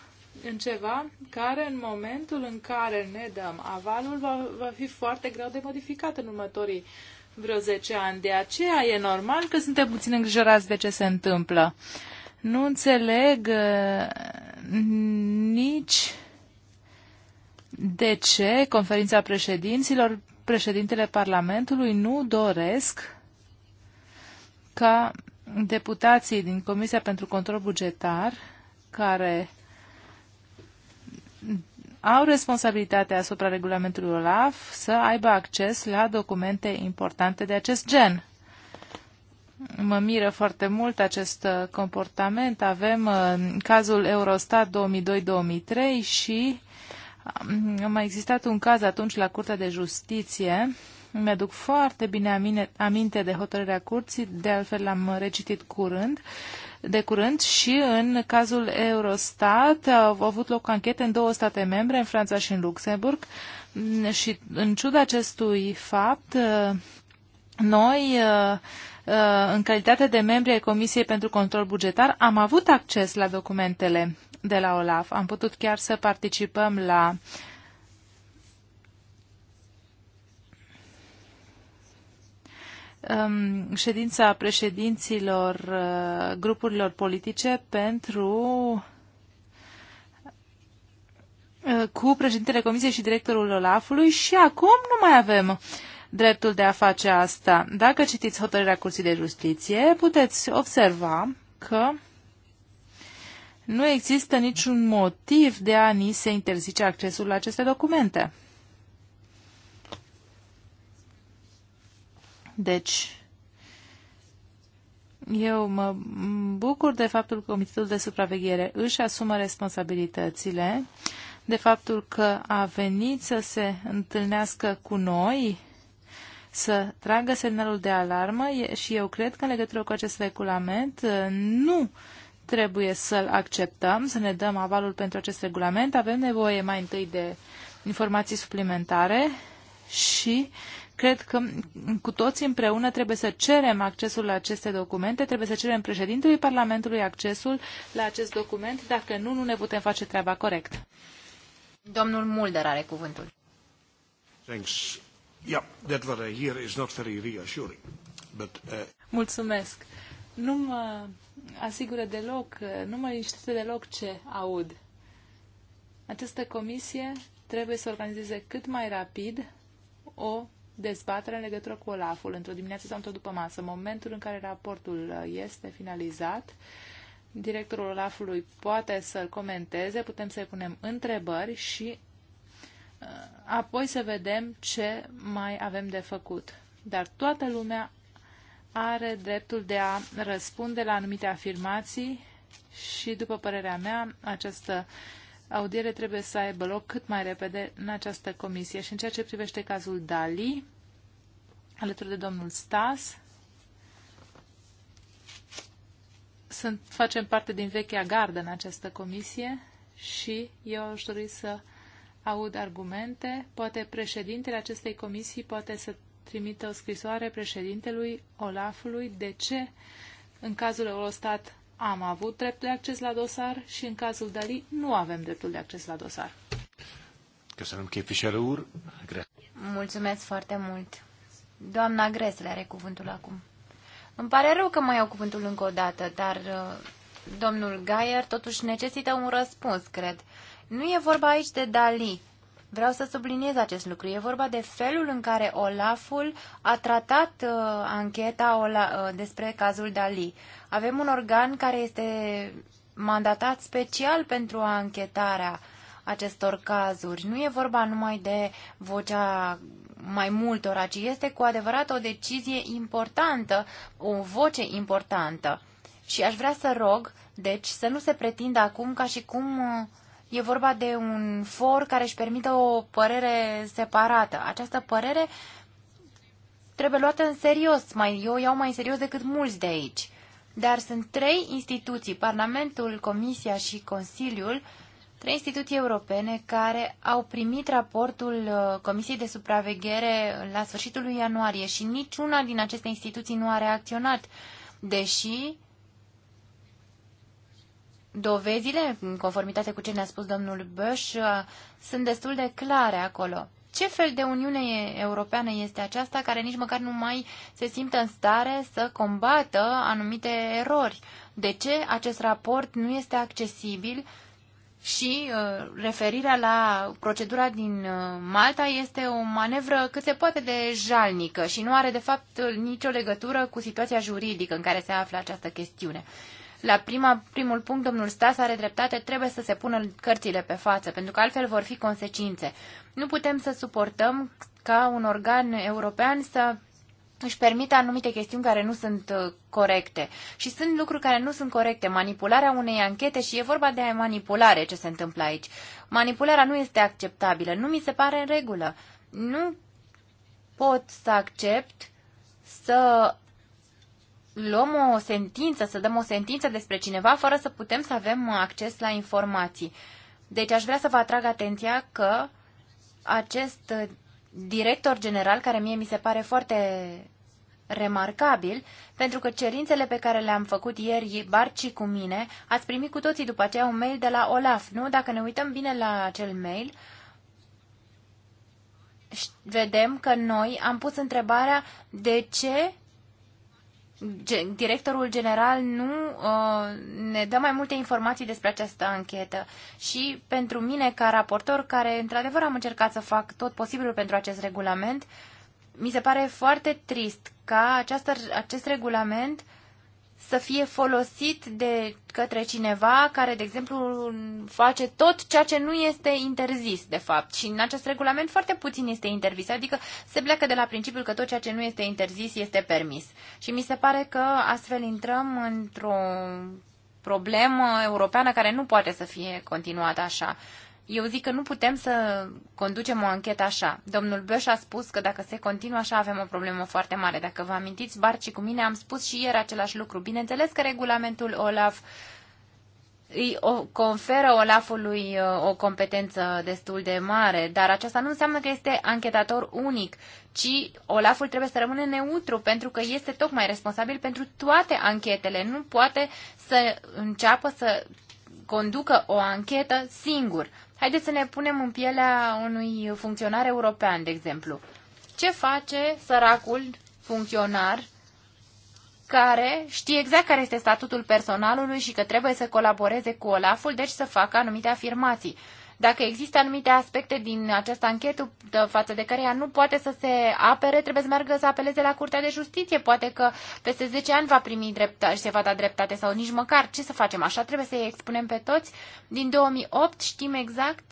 în ceva care, în momentul în care ne dăm avalul, va, va fi foarte greu de modificat în următorii vreo 10 ani. De aceea e normal că suntem puțin îngrijorați de ce se întâmplă. Nu înțeleg uh, nici de ce conferința președinților, președintele Parlamentului nu doresc ca deputații din Comisia pentru Control Bugetar, care au responsabilitatea asupra regulamentului OLAF să aibă acces la documente importante de acest gen. Mă miră foarte mult acest uh, comportament. Avem uh, cazul Eurostat 2002-2003 și a mai existat un caz atunci la Curtea de Justiție. Mi-aduc foarte bine aminte de hotărârea curții, de altfel l-am recitit curând, de curând și în cazul Eurostat au avut loc anchete în două state membre, în Franța și în Luxemburg și în ciuda acestui fapt noi uh, uh, în calitate de membri ai Comisiei pentru Control Bugetar am avut acces la documentele de la OLAF. Am putut chiar să participăm la um, ședința președinților uh, grupurilor politice pentru uh, cu președintele Comisiei și directorul Olafului și acum nu mai avem dreptul de a face asta. Dacă citiți hotărârea Curții de Justiție, puteți observa că nu există niciun motiv de a ni se interzice accesul la aceste documente. Deci, eu mă bucur de faptul că Comitetul de Supraveghere își asumă responsabilitățile, de faptul că a venit să se întâlnească cu noi, să tragă semnalul de alarmă și eu cred că în legătură cu acest regulament nu uh, trebuie să-l acceptăm, să ne dăm avalul pentru acest regulament. Avem nevoie mai întâi de informații suplimentare și cred că cu toți împreună trebuie să cerem accesul la aceste documente, trebuie să cerem președintelui Parlamentului accesul la acest document. Dacă nu, nu ne putem face treaba corect. Domnul Mulder are cuvântul. Thanks. Yeah, that what I hear is not very reassuring. But, uh... Mulțumesc. Nu mă asigură deloc, uh, nu mă liniștește deloc ce aud. Această comisie trebuie să organizeze cât mai rapid o dezbatere în legătură cu Olaful, într-o dimineață sau într-o după masă. Momentul în care raportul uh, este finalizat, directorul Olafului poate să-l comenteze, putem să-i punem întrebări și uh, apoi să vedem ce mai avem de făcut. Dar toată lumea are dreptul de a răspunde la anumite afirmații și, după părerea mea, această audiere trebuie să aibă loc cât mai repede în această comisie. Și în ceea ce privește cazul Dali, alături de domnul Stas, sunt, facem parte din vechea gardă în această comisie și eu aș dori să aud argumente. Poate președintele acestei comisii poate să trimite o scrisoare președintelui Olafului de ce în cazul Eurostat am avut drept de acces la dosar și în cazul Dali nu avem dreptul de acces la dosar. Mulțumesc foarte mult. Doamna Gresle are cuvântul acum. Îmi pare rău că mai iau cuvântul încă o dată, dar uh, domnul Gaier totuși necesită un răspuns, cred. Nu e vorba aici de Dali. Vreau să subliniez acest lucru. E vorba de felul în care Olaful a tratat uh, ancheta Ola, uh, despre cazul Dali. Avem un organ care este mandatat special pentru anchetarea acestor cazuri. Nu e vorba numai de vocea mai multora, ci este cu adevărat o decizie importantă, o voce importantă. Și aș vrea să rog, deci, să nu se pretindă acum ca și cum uh, E vorba de un for care își permite o părere separată. Această părere trebuie luată în serios. Mai, eu iau mai în serios decât mulți de aici. Dar sunt trei instituții, Parlamentul, Comisia și Consiliul, trei instituții europene care au primit raportul uh, Comisiei de Supraveghere la sfârșitul lui ianuarie și niciuna din aceste instituții nu a reacționat, deși dovezile, în conformitate cu ce ne-a spus domnul Băș, uh, sunt destul de clare acolo. Ce fel de Uniune Europeană este aceasta care nici măcar nu mai se simte în stare să combată anumite erori? De ce acest raport nu este accesibil și uh, referirea la procedura din uh, Malta este o manevră cât se poate de jalnică și nu are de fapt nicio legătură cu situația juridică în care se află această chestiune. La prima, primul punct, domnul Stas are dreptate, trebuie să se pună cărțile pe față, pentru că altfel vor fi consecințe. Nu putem să suportăm ca un organ european să își permită anumite chestiuni care nu sunt uh, corecte. Și sunt lucruri care nu sunt corecte. Manipularea unei anchete și e vorba de manipulare ce se întâmplă aici. Manipularea nu este acceptabilă. Nu mi se pare în regulă. Nu pot să accept să luăm o sentință, să dăm o sentință despre cineva fără să putem să avem acces la informații. Deci aș vrea să vă atrag atenția că acest director general, care mie mi se pare foarte remarcabil, pentru că cerințele pe care le-am făcut ieri, Barci cu mine, ați primit cu toții după aceea un mail de la Olaf, nu? Dacă ne uităm bine la acel mail, vedem că noi am pus întrebarea de ce directorul general nu uh, ne dă mai multe informații despre această anchetă și pentru mine ca raportor, care într-adevăr am încercat să fac tot posibilul pentru acest regulament, mi se pare foarte trist ca această, acest regulament uh, să fie folosit de către cineva care, de exemplu, face tot ceea ce nu este interzis, de fapt. Și în acest regulament foarte puțin este interzis, adică se pleacă de la principiul că tot ceea ce nu este interzis este permis. Și mi se pare că astfel intrăm într-o problemă europeană care nu poate să fie continuată așa. Eu zic că nu putem să conducem o anchetă așa. Domnul Băș a spus că dacă se continuă așa avem o problemă foarte mare. Dacă vă amintiți, Barci cu mine am spus și ieri același lucru. Bineînțeles că regulamentul OLAF îi conferă Olafului uh, o competență destul de mare, dar aceasta nu înseamnă că este anchetator unic, ci Olaful trebuie să rămână neutru pentru că este tocmai responsabil pentru toate anchetele. Nu poate să înceapă să conducă o anchetă singur. Haideți să ne punem în pielea unui funcționar european, de exemplu. Ce face săracul funcționar care știe exact care este statutul personalului și că trebuie să colaboreze cu Olaful, deci să facă anumite afirmații. Dacă există anumite aspecte din această anchetă față de care ea nu poate să se apere, trebuie să meargă să apeleze la Curtea de Justiție. Poate că peste 10 ani va primi dreptate și se va da dreptate sau nici măcar. Ce să facem? Așa trebuie să-i expunem pe toți. Din 2008 știm exact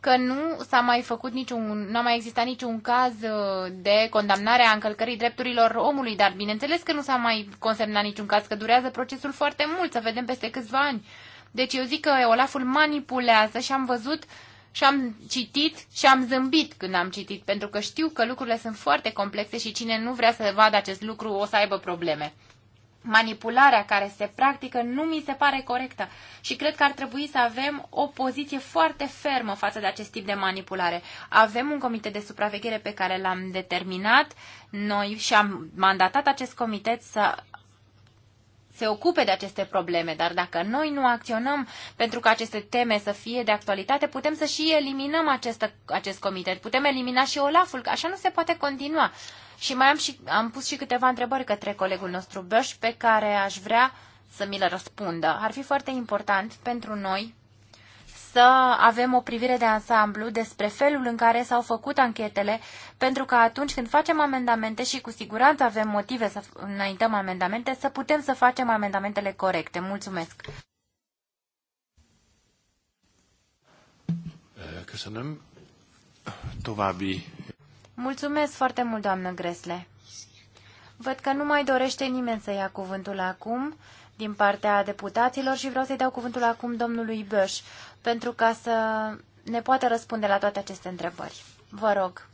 că nu s-a mai făcut niciun, nu a mai existat niciun caz uh, de condamnare a încălcării drepturilor omului, dar bineînțeles că nu s-a mai consemnat niciun caz, că durează procesul foarte mult, să vedem peste câțiva ani. Deci eu zic că Olaful manipulează și am văzut și am citit și am zâmbit când am citit, pentru că știu că lucrurile sunt foarte complexe și cine nu vrea să vadă acest lucru o să aibă probleme. Manipularea care se practică nu mi se pare corectă și cred că ar trebui să avem o poziție foarte fermă față de acest tip de manipulare. Avem un comitet de supraveghere pe care l-am determinat noi și am mandatat acest comitet să se ocupe de aceste probleme, dar dacă noi nu acționăm pentru ca aceste teme să fie de actualitate, putem să și eliminăm acest, acest comitet, putem elimina și Olaful, că așa nu se poate continua. Și mai am, și, am pus și câteva întrebări către colegul nostru Băș, pe care aș vrea să mi le răspundă. Ar fi foarte important pentru noi să avem o privire de ansamblu despre felul în care s-au făcut anchetele, pentru că atunci când facem amendamente și cu siguranță avem motive să înaintăm amendamente, să putem să facem amendamentele corecte. Mulțumesc! Köszönöm. További. Mulțumesc foarte mult, doamnă Gresle. Văd că nu mai dorește nimeni să ia cuvântul acum din partea deputaților și vreau să-i dau cuvântul acum domnului Băș pentru ca să ne poată răspunde la toate aceste întrebări. Vă rog.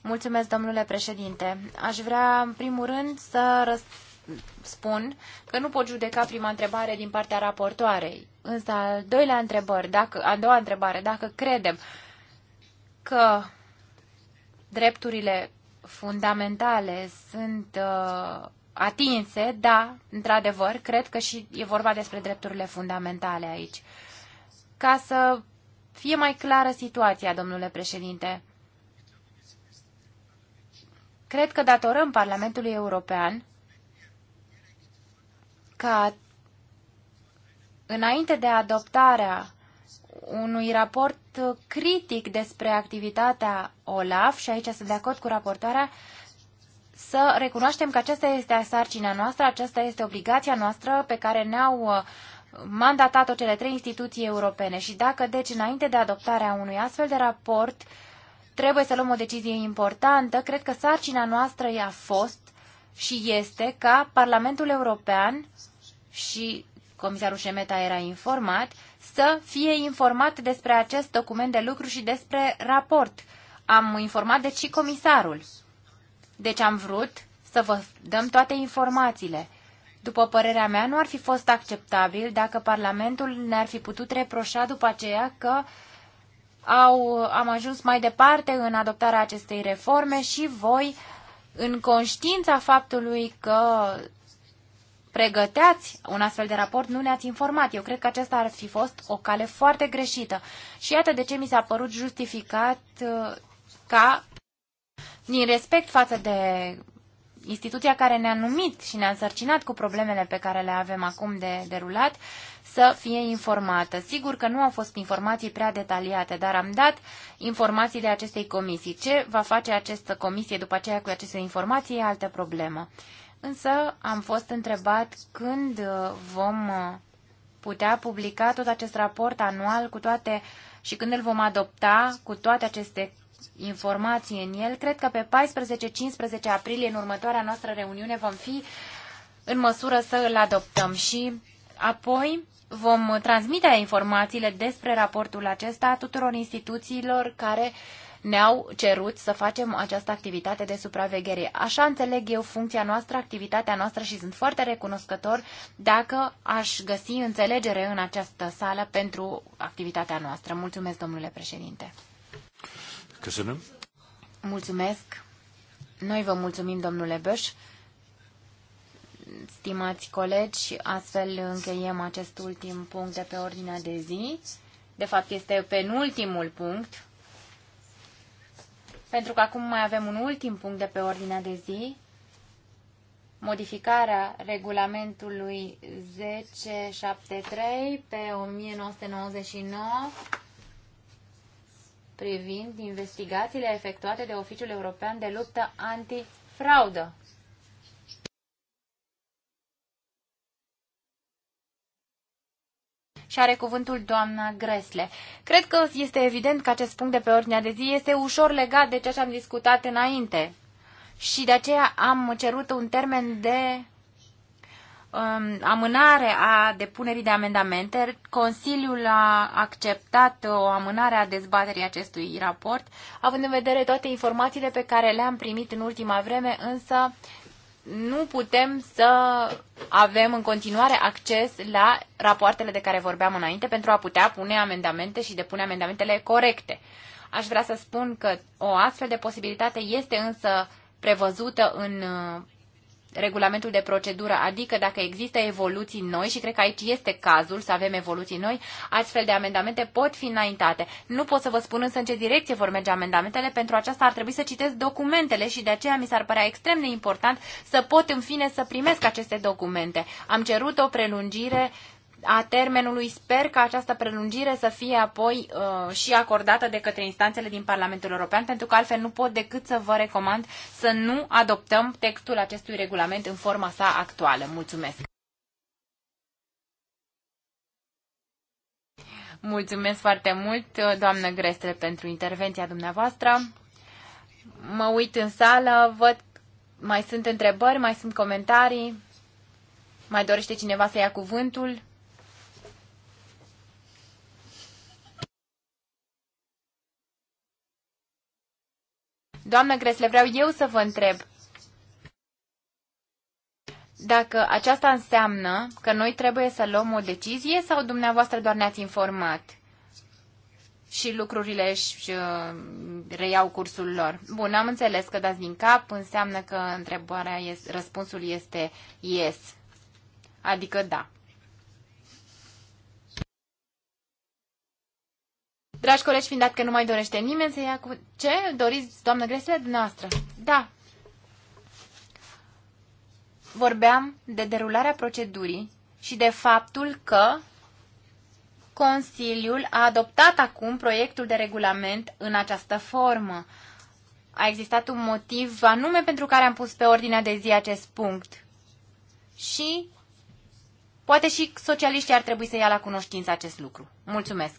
Mulțumesc, domnule președinte. Aș vrea, în primul rând, să spun că nu pot judeca prima întrebare din partea raportoarei. Însă, al doilea întrebări, dacă, a doua întrebare, dacă credem că drepturile fundamentale sunt uh, atinse, da, într-adevăr, cred că și e vorba despre drepturile fundamentale aici ca să fie mai clară situația, domnule președinte. Cred că datorăm Parlamentului European ca înainte de adoptarea unui raport critic despre activitatea OLAF, și aici sunt de acord cu raportarea, să recunoaștem că aceasta este sarcina noastră, aceasta este obligația noastră pe care ne-au mandatat-o cele trei instituții europene și dacă, deci, înainte de adoptarea unui astfel de raport, trebuie să luăm o decizie importantă, cred că sarcina noastră i-a fost și este ca Parlamentul European și comisarul Șemeta era informat, să fie informat despre acest document de lucru și despre raport. Am informat, deci, și comisarul. Deci am vrut să vă dăm toate informațiile. După părerea mea, nu ar fi fost acceptabil dacă Parlamentul ne-ar fi putut reproșa după aceea că au, am ajuns mai departe în adoptarea acestei reforme și voi, în conștiința faptului că pregăteați un astfel de raport, nu ne-ați informat. Eu cred că aceasta ar fi fost o cale foarte greșită. Și iată de ce mi s-a părut justificat uh, ca, din respect față de instituția care ne-a numit și ne-a însărcinat cu problemele pe care le avem acum de derulat să fie informată. Sigur că nu au fost informații prea detaliate, dar am dat informații de acestei comisii. Ce va face această comisie după aceea cu aceste informații e altă problemă. Însă am fost întrebat când uh, vom uh, putea publica tot acest raport anual cu toate și când îl vom adopta cu toate aceste informații în el. Cred că pe 14-15 aprilie, în următoarea noastră reuniune, vom fi în măsură să îl adoptăm și apoi vom transmite informațiile despre raportul acesta tuturor instituțiilor care ne-au cerut să facem această activitate de supraveghere. Așa înțeleg eu funcția noastră, activitatea noastră și sunt foarte recunoscător dacă aș găsi înțelegere în această sală pentru activitatea noastră. Mulțumesc, domnule președinte. Köszönöm. Mulțumesc. Noi vă mulțumim, domnule Băș. Stimați colegi, astfel încheiem acest ultim punct de pe ordinea de zi. De fapt, este penultimul punct, pentru că acum mai avem un ultim punct de pe ordinea de zi, modificarea regulamentului 1073 pe 1999 privind investigațiile efectuate de Oficiul European de Luptă Antifraudă. și are cuvântul doamna Gresle. Cred că este evident că acest punct de pe ordinea de zi este ușor legat de ceea ce am discutat înainte și de aceea am cerut un termen de um, amânare a depunerii de amendamente. Consiliul a acceptat o amânare a dezbaterii acestui raport, având în vedere toate informațiile pe care le-am primit în ultima vreme, însă nu putem să avem în continuare acces la rapoartele de care vorbeam înainte pentru a putea pune amendamente și depune amendamentele corecte. Aș vrea să spun că o astfel de posibilitate este însă prevăzută în uh, regulamentul de procedură, adică dacă există evoluții noi și cred că aici este cazul să avem evoluții noi, astfel de amendamente pot fi înaintate. Nu pot să vă spun însă în ce direcție vor merge amendamentele, pentru aceasta ar trebui să citesc documentele și de aceea mi s-ar părea extrem de important să pot în fine să primesc aceste documente. Am cerut o prelungire a termenului. Sper că această prelungire să fie apoi uh, și acordată de către instanțele din Parlamentul European, pentru că altfel nu pot decât să vă recomand să nu adoptăm textul acestui regulament în forma sa actuală. Mulțumesc! Mulțumesc foarte mult, uh, doamnă Grestre, pentru intervenția dumneavoastră. Mă uit în sală, văd mai sunt întrebări, mai sunt comentarii. Mai dorește cineva să ia cuvântul? Doamnă Gresle, vreau eu să vă întreb dacă aceasta înseamnă că noi trebuie să luăm o decizie sau dumneavoastră doar ne-ați informat și lucrurile își uh, reiau cursul lor. Bun, am înțeles că dați din cap, înseamnă că întrebarea este, răspunsul este yes, adică da. Dragi colegi, fiind dat că nu mai dorește nimeni să ia cu... Ce? Doriți, doamnă Gresle, dumneavoastră? Da. Vorbeam de derularea procedurii și de faptul că Consiliul a adoptat acum proiectul de regulament în această formă. A existat un motiv anume pentru care am pus pe ordinea de zi acest punct. Și poate și socialiștii ar trebui să ia la cunoștință acest lucru. Mulțumesc!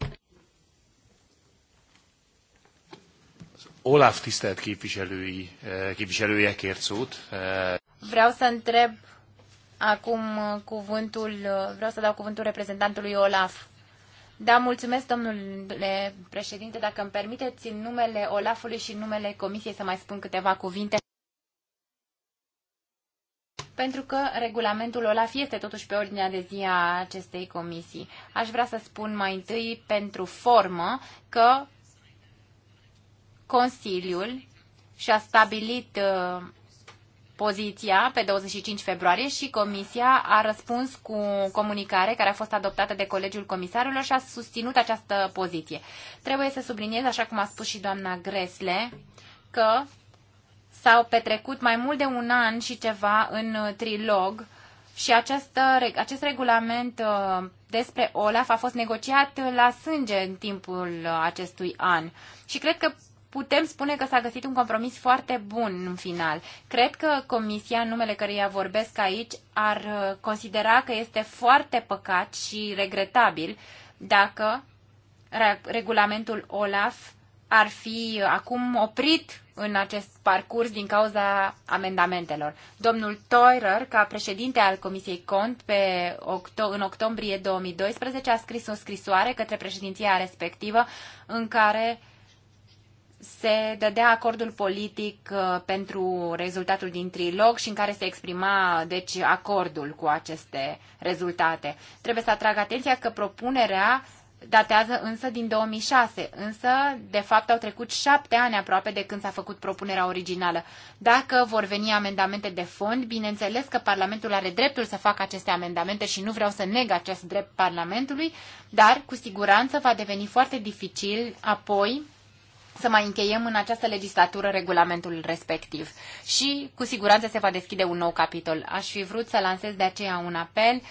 Olaf tisztelt képviselői, eh, képviselőjekért szót. Eh. Vreau să întreb acum cuvântul, vreau să dau cuvântul reprezentantului Olaf. Da, mulțumesc, domnule președinte. Dacă îmi permiteți, în numele Olafului și în numele Comisiei să mai spun câteva cuvinte. Pentru că regulamentul Olaf este totuși pe ordinea de zi a acestei comisii. Aș vrea să spun mai întâi pentru formă că Consiliul și-a stabilit uh, poziția pe 25 februarie și Comisia a răspuns cu comunicare care a fost adoptată de Colegiul Comisarilor și a susținut această poziție. Trebuie să subliniez, așa cum a spus și doamna Gresle, că s-au petrecut mai mult de un an și ceva în uh, trilog și acest, acest regulament uh, despre OLAF a fost negociat la sânge în timpul acestui an. Și cred că putem spune că s-a găsit un compromis foarte bun în final. Cred că comisia, în numele căreia vorbesc aici, ar uh, considera că este foarte păcat și regretabil dacă regulamentul OLAF ar fi uh, acum oprit în acest parcurs din cauza amendamentelor. Domnul Teurer, ca președinte al Comisiei Cont, pe octo- în octombrie 2012 a scris o scrisoare către președinția respectivă în care uh, se dădea acordul politic uh, pentru rezultatul din trilog și în care se exprima, deci, acordul cu aceste rezultate. Trebuie să atrag atenția că propunerea datează însă din 2006, însă, de fapt, au trecut șapte ani aproape de când s-a făcut propunerea originală. Dacă vor veni amendamente de fond, bineînțeles că Parlamentul are dreptul să facă aceste amendamente și nu vreau să neg acest drept Parlamentului, dar, cu siguranță, va deveni foarte dificil apoi să mai încheiem în această legislatură regulamentul respectiv. Și cu siguranță se va deschide un nou capitol. Aș fi vrut să lansez de aceea un apel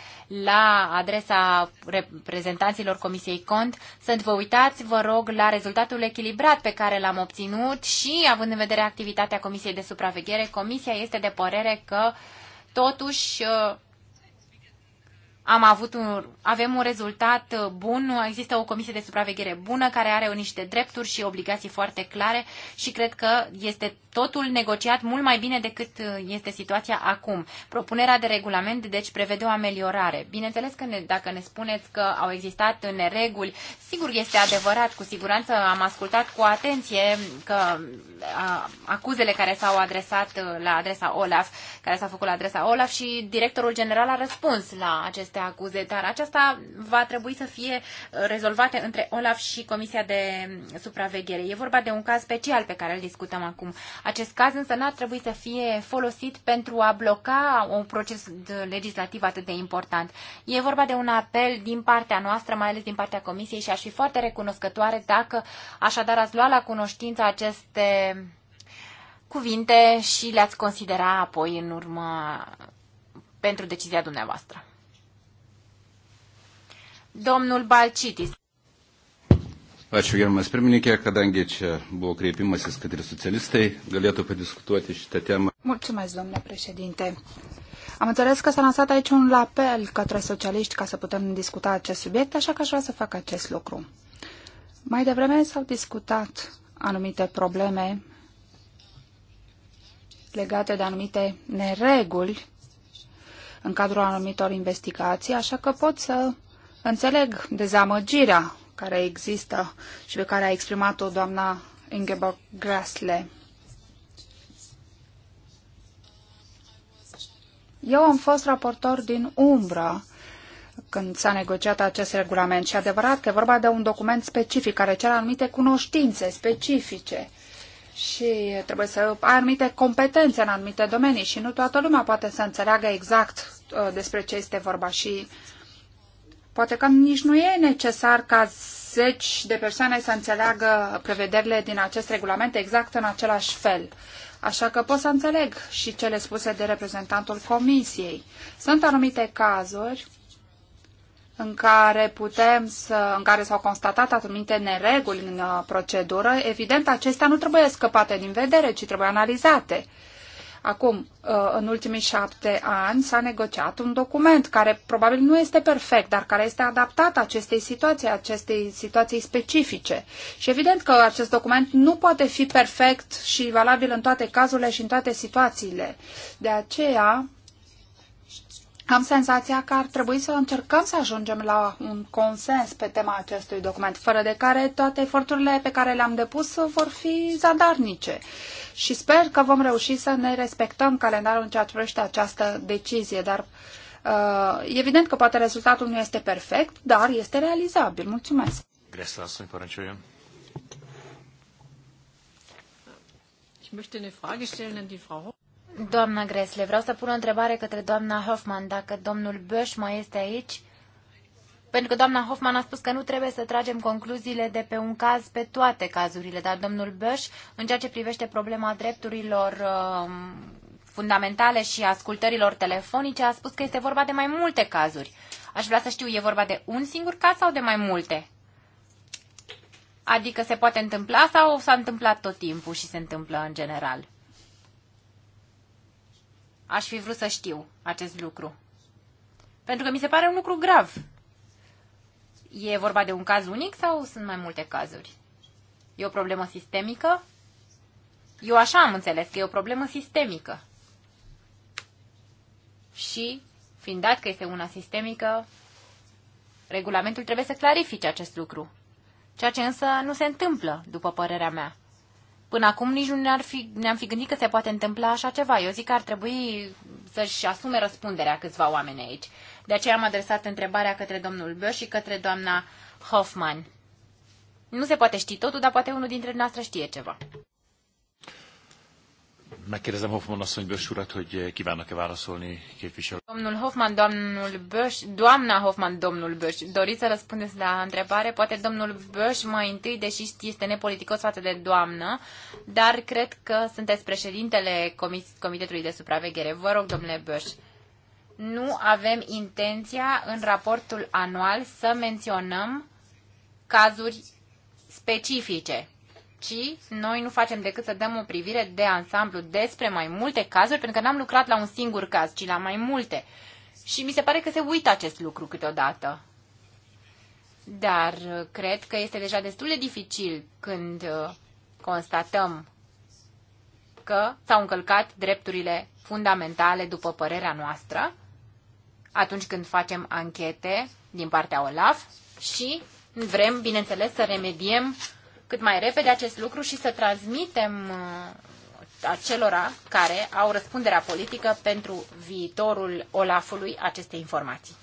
la adresa reprezentanților Comisiei Cont să vă uitați, vă rog, la rezultatul echilibrat pe care l-am obținut și, având în vedere activitatea Comisiei de Supraveghere, Comisia este de părere că totuși am avut un, avem un rezultat uh, bun, există o comisie de supraveghere bună care are niște drepturi și obligații foarte clare și cred că este totul negociat mult mai bine decât uh, este situația acum. Propunerea de regulament, deci, prevede o ameliorare. Bineînțeles că ne, dacă ne spuneți că au existat nereguli, sigur este adevărat, cu siguranță am ascultat cu atenție că a, uh, acuzele care s-au adresat la adresa Olaf, care s-au făcut la adresa Olaf și directorul general a răspuns la acest aceste acuze, dar aceasta va trebui să fie uh, rezolvată între Olaf și Comisia de Supraveghere. E vorba de un caz special pe care îl discutăm acum. Acest caz însă n-ar trebui să fie folosit pentru a bloca un proces legislativ atât de important. E vorba de un apel din partea noastră, mai ales din partea Comisiei și aș fi foarte recunoscătoare dacă așadar ați lua la cunoștință aceste cuvinte și le-ați considera apoi în urmă pentru decizia dumneavoastră. Domnul Balcitis. Ačiū gerbiamas pirmininkė, kadangi čia buvo kreipimasis, kad ir socialistai galėtų padiskutuoti šitą temą. Mulțumesc, domnule președinte. Am înțeles că s-a lansat aici un apel către socialiști ca să putem discuta acest subiect, așa că aș vrea să fac acest lucru. Mai devreme s-au discutat anumite probleme legate de anumite nereguli în cadrul anumitor investigații, așa că pot să Înțeleg dezamăgirea care există și pe care a exprimat-o doamna Ingeborg Grassle. Eu am fost raportor din umbră când s-a negociat acest regulament și adevărat că e vorba de un document specific care cere anumite cunoștințe specifice și trebuie să ai anumite competențe în anumite domenii și nu toată lumea poate să înțeleagă exact uh, despre ce este vorba și uh, Poate că nici nu e necesar ca zeci de persoane să înțeleagă prevederile din acest regulament exact în același fel. Așa că pot să înțeleg și cele spuse de reprezentantul Comisiei. Sunt anumite cazuri în care putem să, în care s-au constatat anumite nereguli în uh, procedură, evident acestea nu trebuie scăpate din vedere, ci trebuie analizate. Acum, uh, în ultimii șapte ani s-a negociat un document care probabil nu este perfect, dar care este adaptat acestei situații, acestei situații specifice. Și evident că acest document nu poate fi perfect și valabil în toate cazurile și în toate situațiile. De aceea, am senzația că ar trebui să încercăm să ajungem la un consens pe tema acestui document, fără de care toate eforturile pe care le-am depus vor fi zadarnice. Și sper că vom reuși să ne respectăm calendarul în ceea ce privește această decizie, dar uh, evident că poate rezultatul nu este perfect, dar este realizabil. Mulțumesc! Ich möchte eine Frage stellen an die Frau Doamna Gresle, vreau să pun o întrebare către doamna Hoffman, dacă domnul Bösch mai este aici. Pentru că doamna Hoffman a spus că nu trebuie să tragem concluziile de pe un caz pe toate cazurile, dar domnul Bösch, în ceea ce privește problema drepturilor uh, fundamentale și ascultărilor telefonice, a spus că este vorba de mai multe cazuri. Aș vrea să știu, e vorba de un singur caz sau de mai multe? Adică se poate întâmpla sau s-a întâmplat tot timpul și se întâmplă în general? Aș fi vrut să știu acest lucru. Pentru că mi se pare un lucru grav. E vorba de un caz unic sau sunt mai multe cazuri? E o problemă sistemică? Eu așa am înțeles că e o problemă sistemică. Și, fiind dat că este una sistemică, regulamentul trebuie să clarifice acest lucru. Ceea ce însă nu se întâmplă, după părerea mea. Până acum nici nu ne-ar fi, ne fi gândit că se poate întâmpla așa ceva. Eu zic că ar trebui să-și asume răspunderea câțiva oameni aici. De aceea am adresat întrebarea către domnul Bă și către doamna Hoffman. Nu se poate ști totul, dar poate unul dintre noastre știe ceva. Megkérdezem Hoffman asszony Bös urat, hogy eh, kívánnak-e válaszolni képviselő. Domnul Hoffman, domnul Bös, doamna Hoffman, domnul Bös, doriți să răspundeți la întrebare? Poate domnul Bös mai întâi, deși este nepoliticos față de doamnă, dar cred că sunteți președintele Comitetului de Supraveghere. Vă rog, domnule Bös nu avem intenția în raportul anual să menționăm cazuri specifice ci noi nu facem decât să dăm o privire de ansamblu despre mai multe cazuri, pentru că n-am lucrat la un singur caz, ci la mai multe. Și mi se pare că se uită acest lucru câteodată. Dar uh, cred că este deja destul de dificil când uh, constatăm că s-au încălcat drepturile fundamentale, după părerea noastră, atunci când facem anchete din partea OLAF și vrem, bineînțeles, să remediem uh, cât mai repede acest lucru și să transmitem uh, acelora care au răspunderea politică pentru viitorul Olafului aceste informații.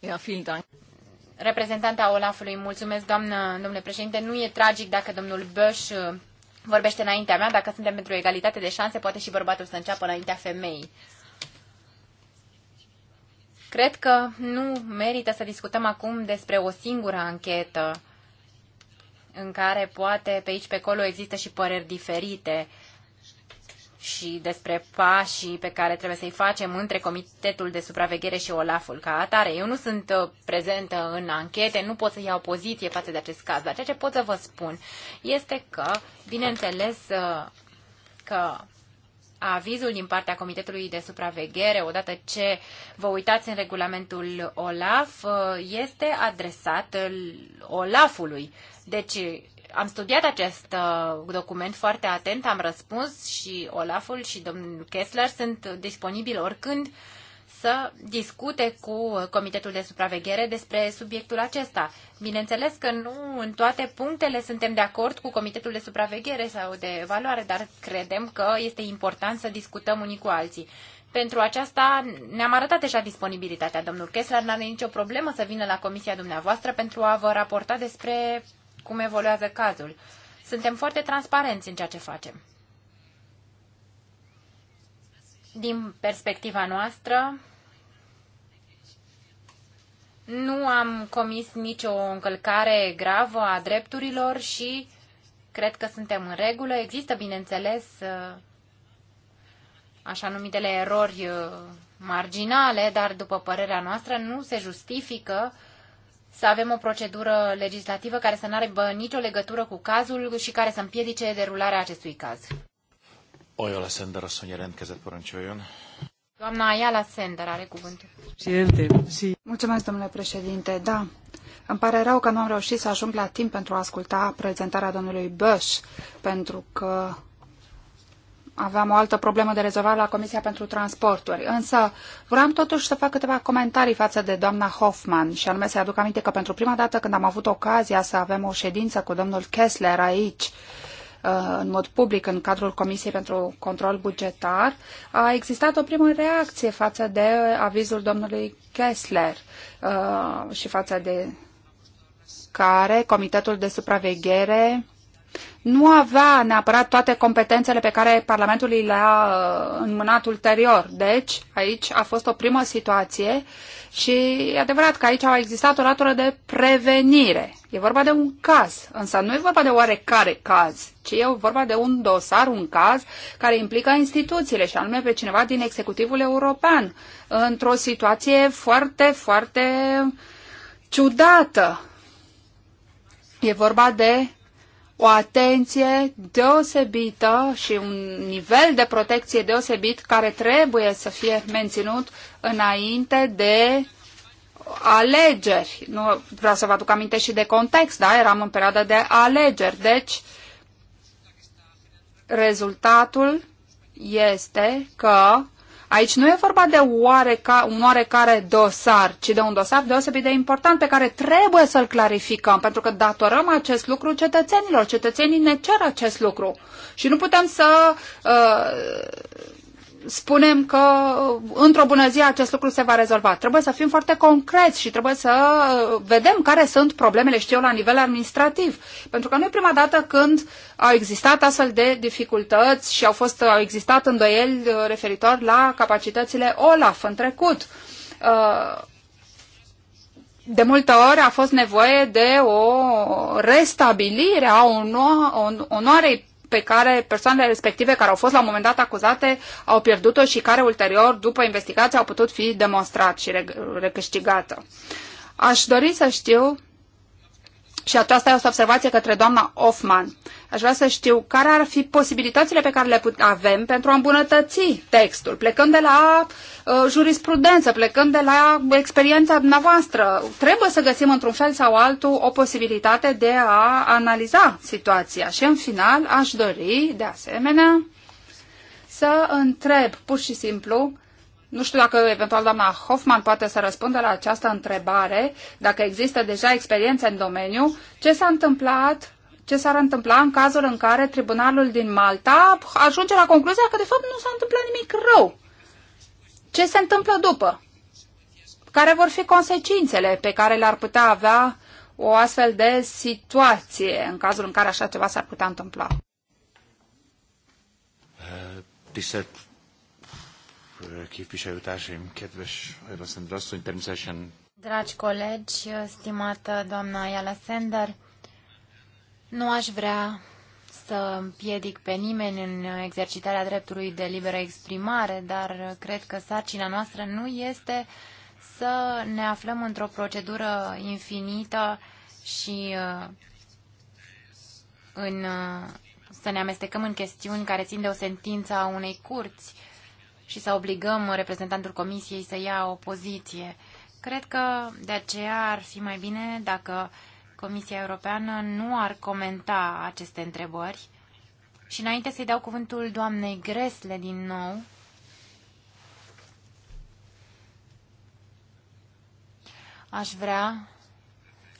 Ja, vielen Dank. Reprezentanta Olafului, mulțumesc, doamnă, domnule președinte. Nu e tragic dacă domnul Băș uh, vorbește înaintea mea, dacă suntem pentru egalitate de șanse, poate și bărbatul să înceapă înaintea femeii. Cred că nu merită să discutăm acum despre o singură anchetă în care poate pe aici pe acolo există și păreri diferite și despre pașii pe care trebuie să-i facem între Comitetul de Supraveghere și Olaful ca atare. Eu nu sunt uh, prezentă în anchete, nu pot să iau poziție față de acest caz, dar ceea ce pot să vă spun este că, bineînțeles, uh, că avizul din partea Comitetului de Supraveghere, odată ce vă uitați în regulamentul OLAF, uh, este adresat uh, OLAF-ului. Deci am studiat acest uh, document foarte atent, am răspuns și OLAF-ul și domnul Kessler sunt disponibili oricând uh, să discute cu Comitetul de Supraveghere despre subiectul acesta. Bineînțeles că nu în toate punctele suntem de acord cu Comitetul de Supraveghere sau de Evaluare, dar credem că este important să discutăm unii cu alții. Pentru aceasta ne-am arătat deja disponibilitatea. Domnul Kessler n-are nicio problemă să vină la comisia dumneavoastră pentru a vă raporta despre cum evoluează cazul. Suntem foarte transparenți în ceea ce facem. Din perspectiva noastră, nu am comis nicio încălcare gravă a drepturilor și cred că suntem în regulă. Există, bineînțeles, uh, așa numitele erori uh, marginale, dar după părerea noastră nu se justifică să avem o procedură legislativă care să nu aibă nicio legătură cu cazul și care să împiedice derularea acestui caz. Ajala Szender asszony jelentkezett, parancsoljon. Doamna Ayala Sender are cuvântul. Mulțumesc, domnule președinte. Da, îmi pare rău că nu am reușit să ajung la timp pentru a asculta prezentarea domnului Băș, pentru că aveam o altă problemă de rezolvat la Comisia pentru Transporturi. Însă vreau totuși să fac câteva comentarii față de doamna Hoffman și anume să-i aduc aminte că pentru prima dată când am avut ocazia să avem o ședință cu domnul Kessler aici, în mod public în cadrul Comisiei pentru Control Bugetar, a existat o primă reacție față de avizul domnului Kessler uh, și față de care Comitetul de Supraveghere nu avea neapărat toate competențele pe care Parlamentul le-a uh, înmânat ulterior. Deci, aici a fost o primă situație și e adevărat că aici a existat o latură de prevenire. E vorba de un caz, însă nu e vorba de oarecare caz, ci e vorba de un dosar, un caz care implică instituțiile și anume pe cineva din executivul european într-o situație foarte, foarte ciudată. E vorba de o atenție deosebită și un nivel de protecție deosebit care trebuie să fie menținut înainte de alegeri. Nu vreau să vă aduc aminte și de context, da? Eram în perioada de alegeri. Deci, rezultatul este că Aici nu e vorba de oareca, un oarecare dosar, ci de un dosar deosebit de important pe care trebuie să-l clarificăm, pentru că datorăm acest lucru cetățenilor. Cetățenii ne cer acest lucru și nu putem să uh, spunem că într-o bună zi acest lucru se va rezolva. Trebuie să fim foarte concreți și trebuie să uh, vedem care sunt problemele, știu eu, la nivel administrativ. Pentru că nu e prima dată când au existat astfel de dificultăți și au, fost, uh, au existat îndoieli uh, referitor la capacitățile OLAF în trecut. De multe ori a fost nevoie de o restabilire a onoarei pe care persoanele respective care au fost la un moment dat acuzate au pierdut-o și care ulterior, după investigație, au putut fi demonstrat și recâștigată. Aș dori să știu, și aceasta este o observație către doamna Hoffman, aș vrea să știu care ar fi posibilitățile pe care le avem pentru a îmbunătăți textul, plecând de la Uh, jurisprudență, plecând de la experiența dumneavoastră. Trebuie să găsim într-un fel sau altul o posibilitate de a analiza situația. Și în final aș dori, de asemenea, să întreb pur și simplu, nu știu dacă eventual doamna Hoffman poate să răspundă la această întrebare, dacă există deja experiență în domeniu, ce s-a întâmplat ce s-ar întâmpla în cazul în care tribunalul din Malta ajunge la concluzia că de fapt nu s-a întâmplat nimic rău ce se întâmplă după? Care vor fi consecințele pe care le-ar putea avea o astfel de situație în cazul în care așa ceva s-ar putea întâmpla? Eh, tisztelt eh, képviselőtársaim, kedves Ajla asszony, természetesen... Dragi colegi, stimată doamna Ayala Sender, nu aș vrea să împiedic pe nimeni în exercitarea dreptului de liberă exprimare, dar cred că sarcina noastră nu este să ne aflăm într-o procedură infinită și uh, în, uh, să ne amestecăm în chestiuni care țin de o sentință a unei curți și să obligăm reprezentantul comisiei să ia o poziție. Cred că de aceea ar fi mai bine dacă uh, Comisia Europeană nu ar comenta aceste întrebări. Și înainte să-i dau cuvântul doamnei Gresle din nou, aș vrea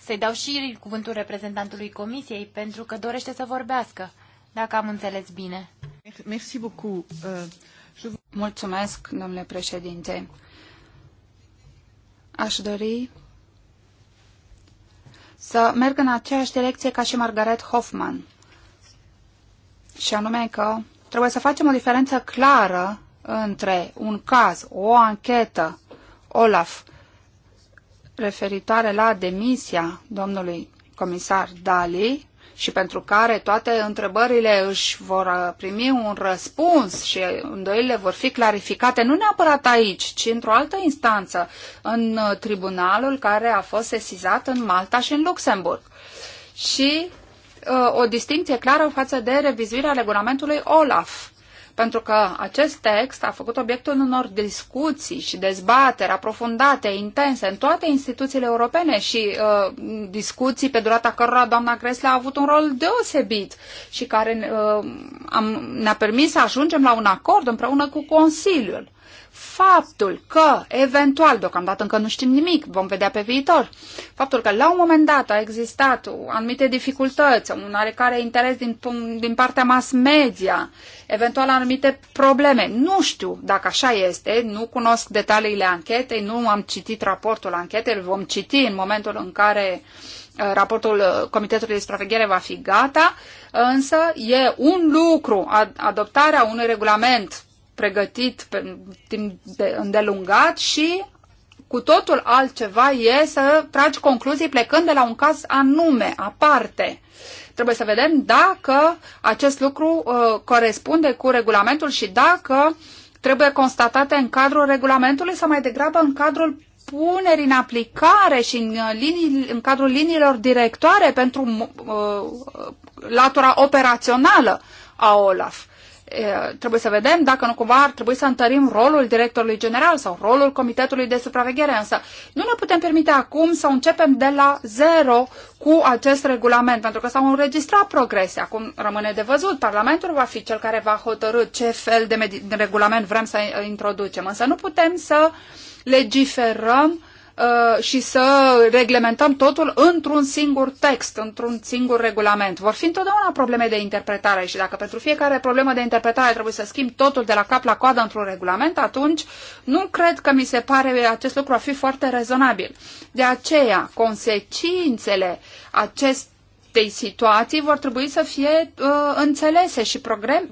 să-i dau și cuvântul reprezentantului Comisiei, pentru că dorește să vorbească, dacă am înțeles bine. Merci beaucoup. Euh, Mulțumesc, domnule președinte. Aș dori să merg în aceeași direcție ca și Margaret Hoffman. Și anume că trebuie să facem o diferență clară între un caz, o anchetă, Olaf, referitoare la demisia domnului comisar Dali și pentru care toate întrebările își vor uh, primi un răspuns și îndoielile vor fi clarificate, nu neapărat aici, ci într-o altă instanță, în uh, tribunalul care a fost sesizat în Malta și în Luxemburg. Și uh, o distinție clară față de revizuirea regulamentului OLAF pentru că acest text a făcut obiectul unor discuții și dezbateri aprofundate, intense, în toate instituțiile europene și uh, discuții pe durata cărora doamna Gresle a avut un rol deosebit și care uh, am, ne-a permis să ajungem la un acord împreună cu Consiliul faptul că, eventual, deocamdată încă nu știm nimic, vom vedea pe viitor, faptul că la un moment dat a existat anumite dificultăți, un oarecare interes din, din partea mass media, eventual anumite probleme. Nu știu dacă așa este, nu cunosc detaliile anchetei, nu am citit raportul anchetei, îl vom citi în momentul în care uh, raportul uh, Comitetului de Supraveghere va fi gata, însă e un lucru, adoptarea unui regulament pregătit pe timp de îndelungat și cu totul altceva e să tragi concluzii plecând de la un caz anume, aparte. Trebuie să vedem dacă acest lucru uh, corespunde cu regulamentul și dacă trebuie constatate în cadrul regulamentului sau mai degrabă în cadrul punerii în aplicare și în, uh, linii, în cadrul liniilor directoare pentru uh, latura operațională a OLAF trebuie să vedem dacă nu cumva ar trebui să întărim rolul directorului general sau rolul comitetului de supraveghere, însă nu ne putem permite acum să începem de la zero cu acest regulament, pentru că s-au înregistrat progrese. Acum rămâne de văzut. Parlamentul va fi cel care va hotărâ ce fel de, de regulament vrem să introducem, însă nu putem să legiferăm Uh, și să reglementăm totul într-un singur text, într-un singur regulament. Vor fi întotdeauna probleme de interpretare și dacă pentru fiecare problemă de interpretare trebuie să schimb totul de la cap la coadă într-un regulament, atunci nu cred că mi se pare acest lucru a fi foarte rezonabil. De aceea, consecințele acest acestei situații vor trebui să fie uh, înțelese și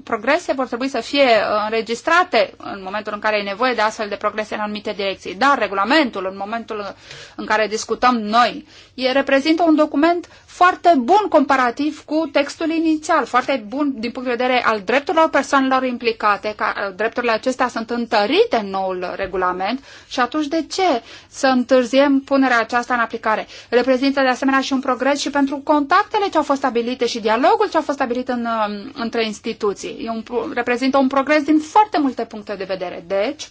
progrese vor trebui să fie uh, înregistrate în momentul în care e nevoie de astfel de progrese în anumite direcții. Dar regulamentul, în momentul în care discutăm noi, e, reprezintă un document foarte bun comparativ cu textul inițial, foarte bun din punct de vedere al drepturilor persoanelor implicate, că uh, drepturile acestea sunt întărite în noul regulament și atunci de ce să întârziem punerea aceasta în aplicare? Reprezintă de asemenea și un progres și pentru contactele ce au fost stabilite și dialogul ce a fost stabilit în, uh, între instituții. E un, reprezintă un progres din foarte multe puncte de vedere. Deci,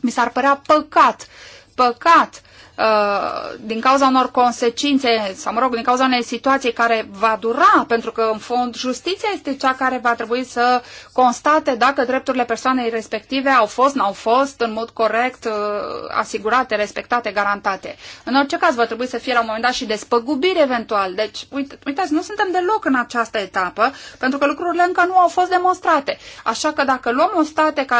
mi s-ar părea păcat, păcat Uh, din cauza unor consecințe, sau mă rog, din cauza unei situații care va dura, pentru că în fond justiția este cea care va trebui să constate dacă drepturile persoanei respective au fost, n-au fost în mod corect uh, asigurate, respectate, garantate. În orice caz va trebui să fie la un moment dat și despăgubiri eventual. Deci, uite, uitați, nu suntem deloc în această etapă, pentru că lucrurile încă nu au fost demonstrate. Așa că dacă luăm în state ca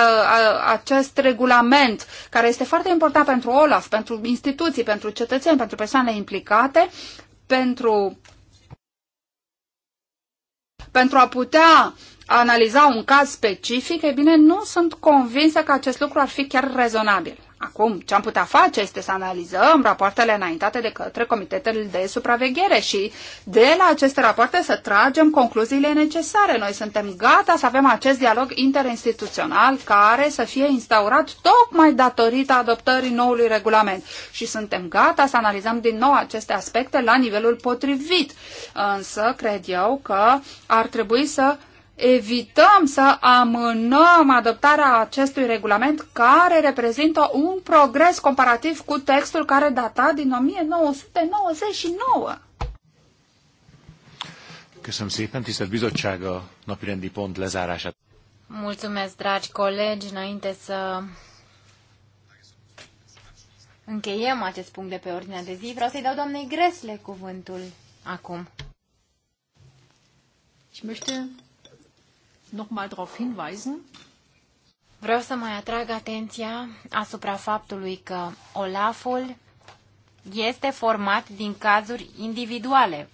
acest regulament, care este foarte important pentru OLAF, pentru instituții, instituții, pentru cetățeni, pentru persoanele implicate, pentru, pentru a putea analiza un caz specific, e bine, nu sunt convinsă că acest lucru ar fi chiar rezonabil. Acum, ce am putea face este să analizăm rapoartele înaintate de către comitetele de supraveghere și de la aceste rapoarte să tragem concluziile necesare. Noi suntem gata să avem acest dialog interinstituțional care să fie instaurat tocmai datorită adoptării noului regulament și suntem gata să analizăm din nou aceste aspecte la nivelul potrivit. Însă, cred eu că ar trebui să evităm să amânăm adoptarea acestui regulament care reprezintă un progres comparativ cu textul care data din 1999. Köszönöm szépen, tisztelt bizottság, a napirendi pont lezárását. Mulțumesc, dragi colegi, înainte să încheiem acest punct de pe ordinea de zi, vreau să-i dau doamnei Gresle cuvântul acum. Și mă știu. Vreau să mai atrag atenția asupra faptului că OLAF-ul este format din cazuri individuale.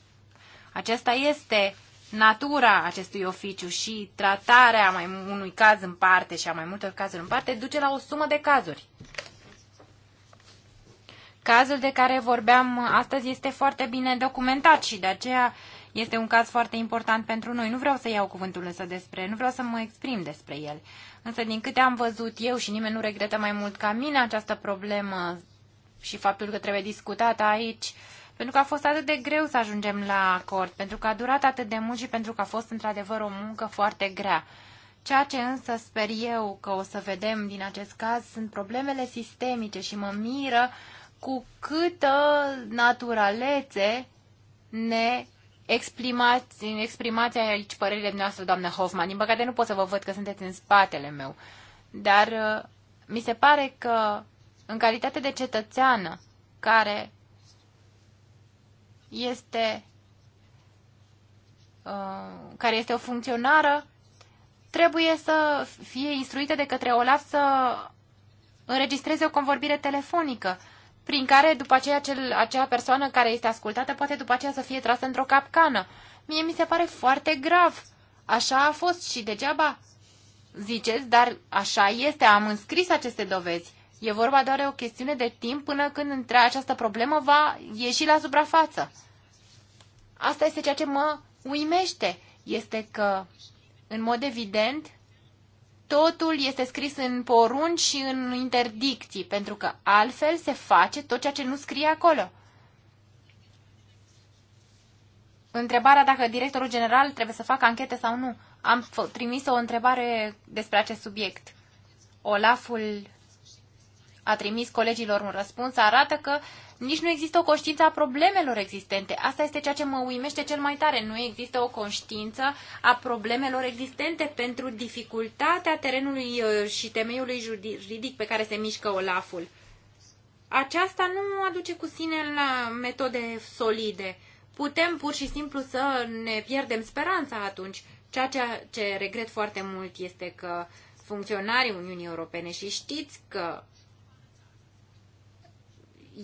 Aceasta este natura acestui oficiu și tratarea mai unui caz în parte și a mai multor cazuri în parte duce la o sumă de cazuri. Cazul de care vorbeam astăzi este foarte bine documentat și de aceea uh, este un caz foarte important pentru noi. Nu vreau să iau cuvântul însă despre, nu vreau să mă exprim despre el. Însă din câte am văzut eu și nimeni nu regretă mai mult ca mine această problemă și faptul că trebuie discutată aici, pentru că a fost atât de greu să ajungem la acord, pentru că a durat atât de mult și pentru că a fost într-adevăr o muncă foarte grea. Ceea ce însă sper eu că o să vedem din acest caz sunt problemele sistemice și mă miră cu câtă naturalețe ne exprimați, exprimați aici părerile noastre, doamnă Hoffman. Din păcate nu pot să vă văd că sunteți în spatele meu, dar uh, mi se pare că în calitate de cetățeană care este uh, care este o funcționară, trebuie să fie instruită de către OLAF să înregistreze o convorbire telefonică prin care după aceea cel, acea persoană care este ascultată poate după aceea să fie trasă într-o capcană. Mie mi se pare foarte grav. Așa a fost și degeaba ziceți, dar așa este, am înscris aceste dovezi. E vorba doar de o chestiune de timp până când între această problemă va ieși la suprafață. Asta este ceea ce mă uimește, este că, în mod evident, totul este scris în porunci și în interdicții, pentru că altfel se face tot ceea ce nu scrie acolo. Întrebarea dacă directorul general trebuie să facă anchete sau nu. Am trimis o întrebare despre acest subiect. Olaful a trimis colegilor un răspuns, arată că uh, nici nu există o conștiință a problemelor existente. Asta este ceea ce mă uimește cel mai tare. Nu există o conștiință a problemelor existente pentru dificultatea terenului uh, și temeiului juridic pe care se mișcă Olaful. Aceasta nu aduce cu sine la metode solide. Putem pur și simplu să ne pierdem speranța atunci. Ceea ce regret foarte mult este că funcționarii Uniunii Europene și știți că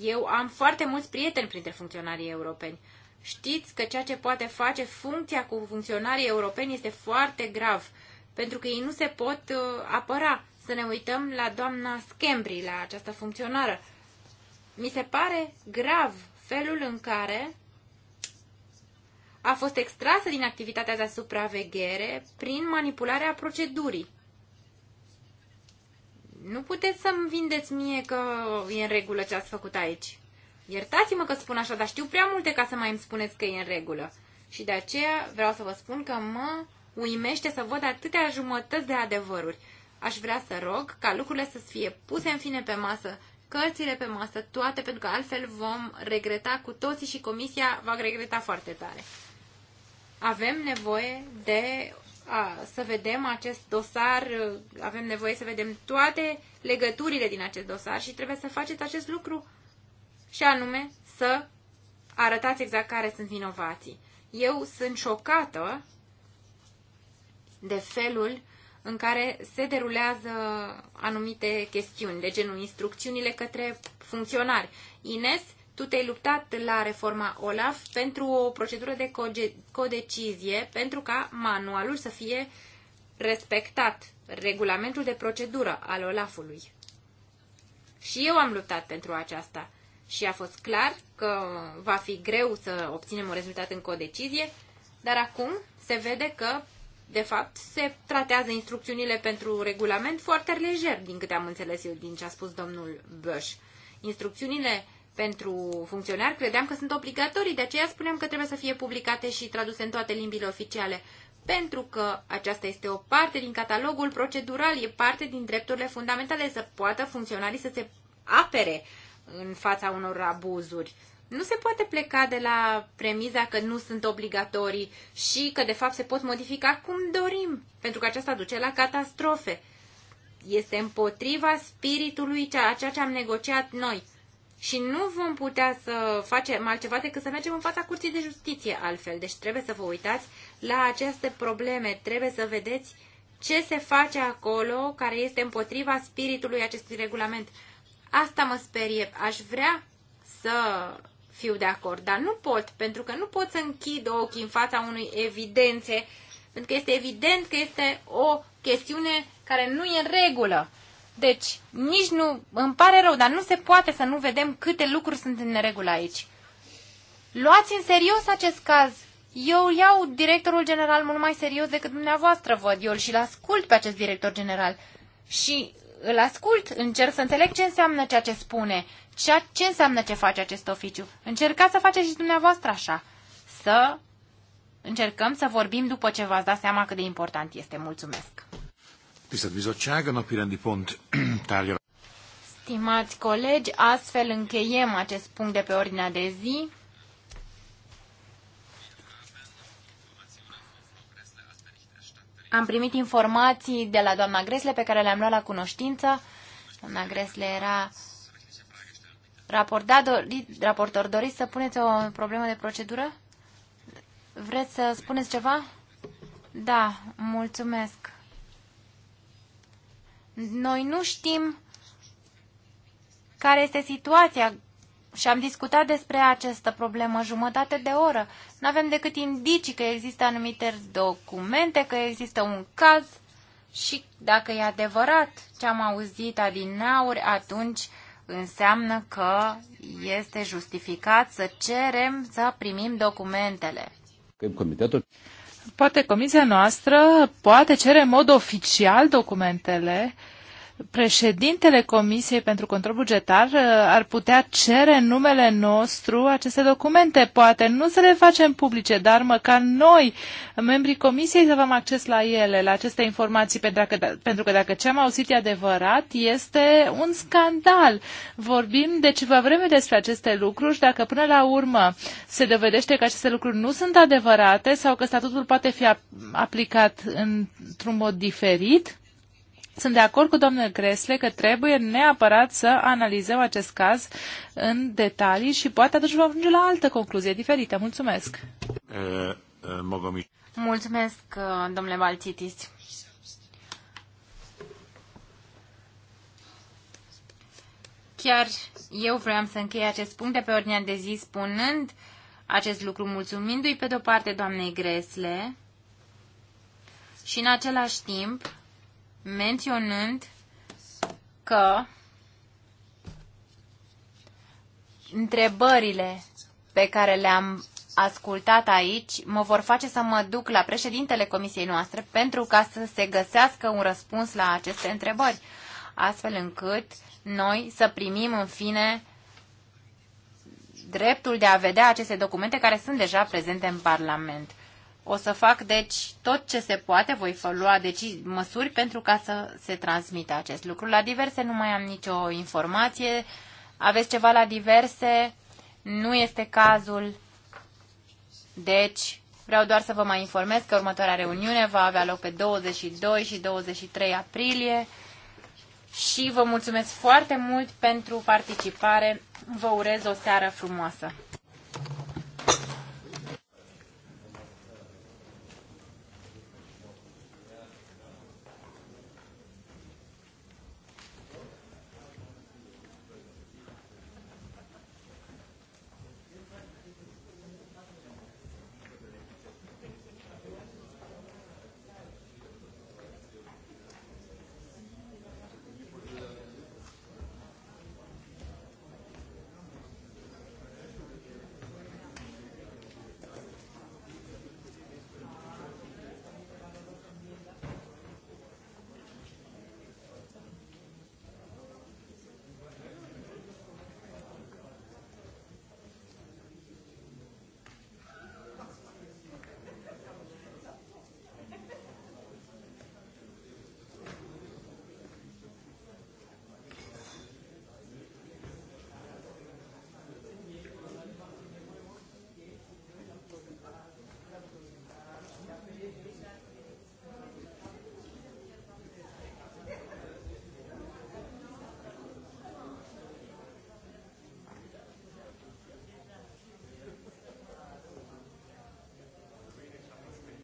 eu am foarte mulți prieteni printre funcționarii europeni. Știți că ceea ce poate face funcția cu funcționarii europeni este foarte grav, pentru că ei nu se pot uh, apăra. Să ne uităm la doamna Schembri, la această funcționară. Mi se pare grav felul în care a fost extrasă din activitatea de supraveghere prin manipularea procedurii. Nu puteți să-mi vindeți mie că e în regulă ce ați făcut aici. Iertați-mă că spun așa, dar știu prea multe ca să mai îmi spuneți că e în regulă. Și de aceea vreau să vă spun că mă uimește să văd atâtea jumătăți de adevăruri. Aș vrea să rog ca lucrurile să fie puse în fine pe masă, cărțile pe masă, toate, pentru că altfel vom regreta cu toții și comisia va regreta foarte tare. Avem nevoie de a, să vedem acest dosar, avem nevoie să vedem toate legăturile din acest dosar și trebuie să faceți acest lucru și anume să arătați exact care sunt vinovații. Eu sunt șocată de felul în care se derulează anumite chestiuni, de genul instrucțiunile către funcționari. Ines tu te-ai luptat la reforma OLAF pentru o procedură de codecizie, pentru ca manualul să fie respectat, regulamentul de procedură al OLAF-ului. Și eu am luptat pentru aceasta. Și a fost clar că va fi greu să obținem un rezultat în codecizie, dar acum se vede că, de fapt, se tratează instrucțiunile pentru regulament foarte lejer, din câte am înțeles eu din ce a spus domnul Băș. Instrucțiunile pentru funcționari, credeam că sunt obligatorii, de aceea spuneam că trebuie să fie publicate și traduse în toate limbile oficiale, pentru că aceasta este o parte din catalogul procedural, e parte din drepturile fundamentale, să poată funcționarii să se apere în fața unor abuzuri. Nu se poate pleca de la premiza că nu sunt obligatorii și că, de fapt, se pot modifica cum dorim, pentru că aceasta duce la catastrofe. Este împotriva spiritului a ceea ce am negociat noi și nu vom putea să facem altceva decât să mergem în fața curții de justiție altfel. Deci trebuie să vă uitați la aceste probleme, trebuie să vedeți ce se face acolo care este împotriva spiritului acestui regulament. Asta mă sperie. Aș vrea să fiu de acord, dar nu pot, pentru că nu pot să închid ochii în fața unui evidențe, pentru că este evident că este o chestiune care nu e în regulă. Deci, nici nu, îmi pare rău, dar nu se poate să nu vedem câte lucruri sunt în neregulă aici. Luați în serios acest caz. Eu iau directorul general mult mai serios decât dumneavoastră văd. Eu și-l ascult pe acest director general. Și îl ascult, încerc să înțeleg ce înseamnă ceea ce spune, ceea ce înseamnă ce face acest oficiu. Încercați să faceți și dumneavoastră așa. Să încercăm să vorbim după ce v-ați dat seama cât de important este. Mulțumesc! Tisztelt a napirendi pont tárgyal. Stimați colegi, astfel încheiem acest punct de pe ordinea de zi. Am primit informații de la doamna Gresle pe care le-am luat la cunoștință. Doamna Gresle era dori, raportor. Doriți să puneți o problemă de procedură? Vreți să spuneți ceva? Da, mulțumesc. Noi nu știm care este situația și am discutat despre această problemă jumătate de oră. Nu avem decât indicii că există anumite documente, că există un caz și dacă e adevărat ce am auzit adinauri, atunci înseamnă că este justificat să cerem să primim documentele. Comitetul Poate comisia noastră poate cere în mod oficial documentele președintele Comisiei pentru Control Bugetar uh, ar putea cere în numele nostru aceste documente. Poate nu să le facem publice, dar măcar noi, membrii Comisiei, să avem acces la ele, la aceste informații, pentru că, da- pentru că dacă ce am auzit e adevărat, este un scandal. Vorbim de ceva vreme despre aceste lucruri și dacă până la urmă se dovedește că aceste lucruri nu sunt adevărate sau că statutul poate fi aplicat într-un mod diferit, sunt de acord cu domnul Gresle că trebuie neapărat să analizăm acest caz în detalii și poate atunci vom ajunge la altă concluzie diferită. Mulțumesc! Mulțumesc, uh, domnule Baltitis. Chiar eu vreau să închei acest punct de pe ordinea de zi spunând acest lucru, mulțumindu-i pe de-o parte doamnei Gresle și în același timp menționând că întrebările pe care le-am ascultat aici mă vor face să mă duc la președintele comisiei noastre pentru ca să se găsească un răspuns la aceste întrebări, astfel încât noi să primim în fine dreptul de a vedea aceste documente care sunt deja prezente în Parlament. O să fac, deci, tot ce se poate, voi lua deci, măsuri pentru ca să se transmită acest lucru. La diverse nu mai am nicio informație. Aveți ceva la diverse? Nu este cazul. Deci, vreau doar să vă mai informez că următoarea reuniune va avea loc pe 22 și 23 aprilie. Și vă mulțumesc foarte mult pentru participare. Vă urez o seară frumoasă.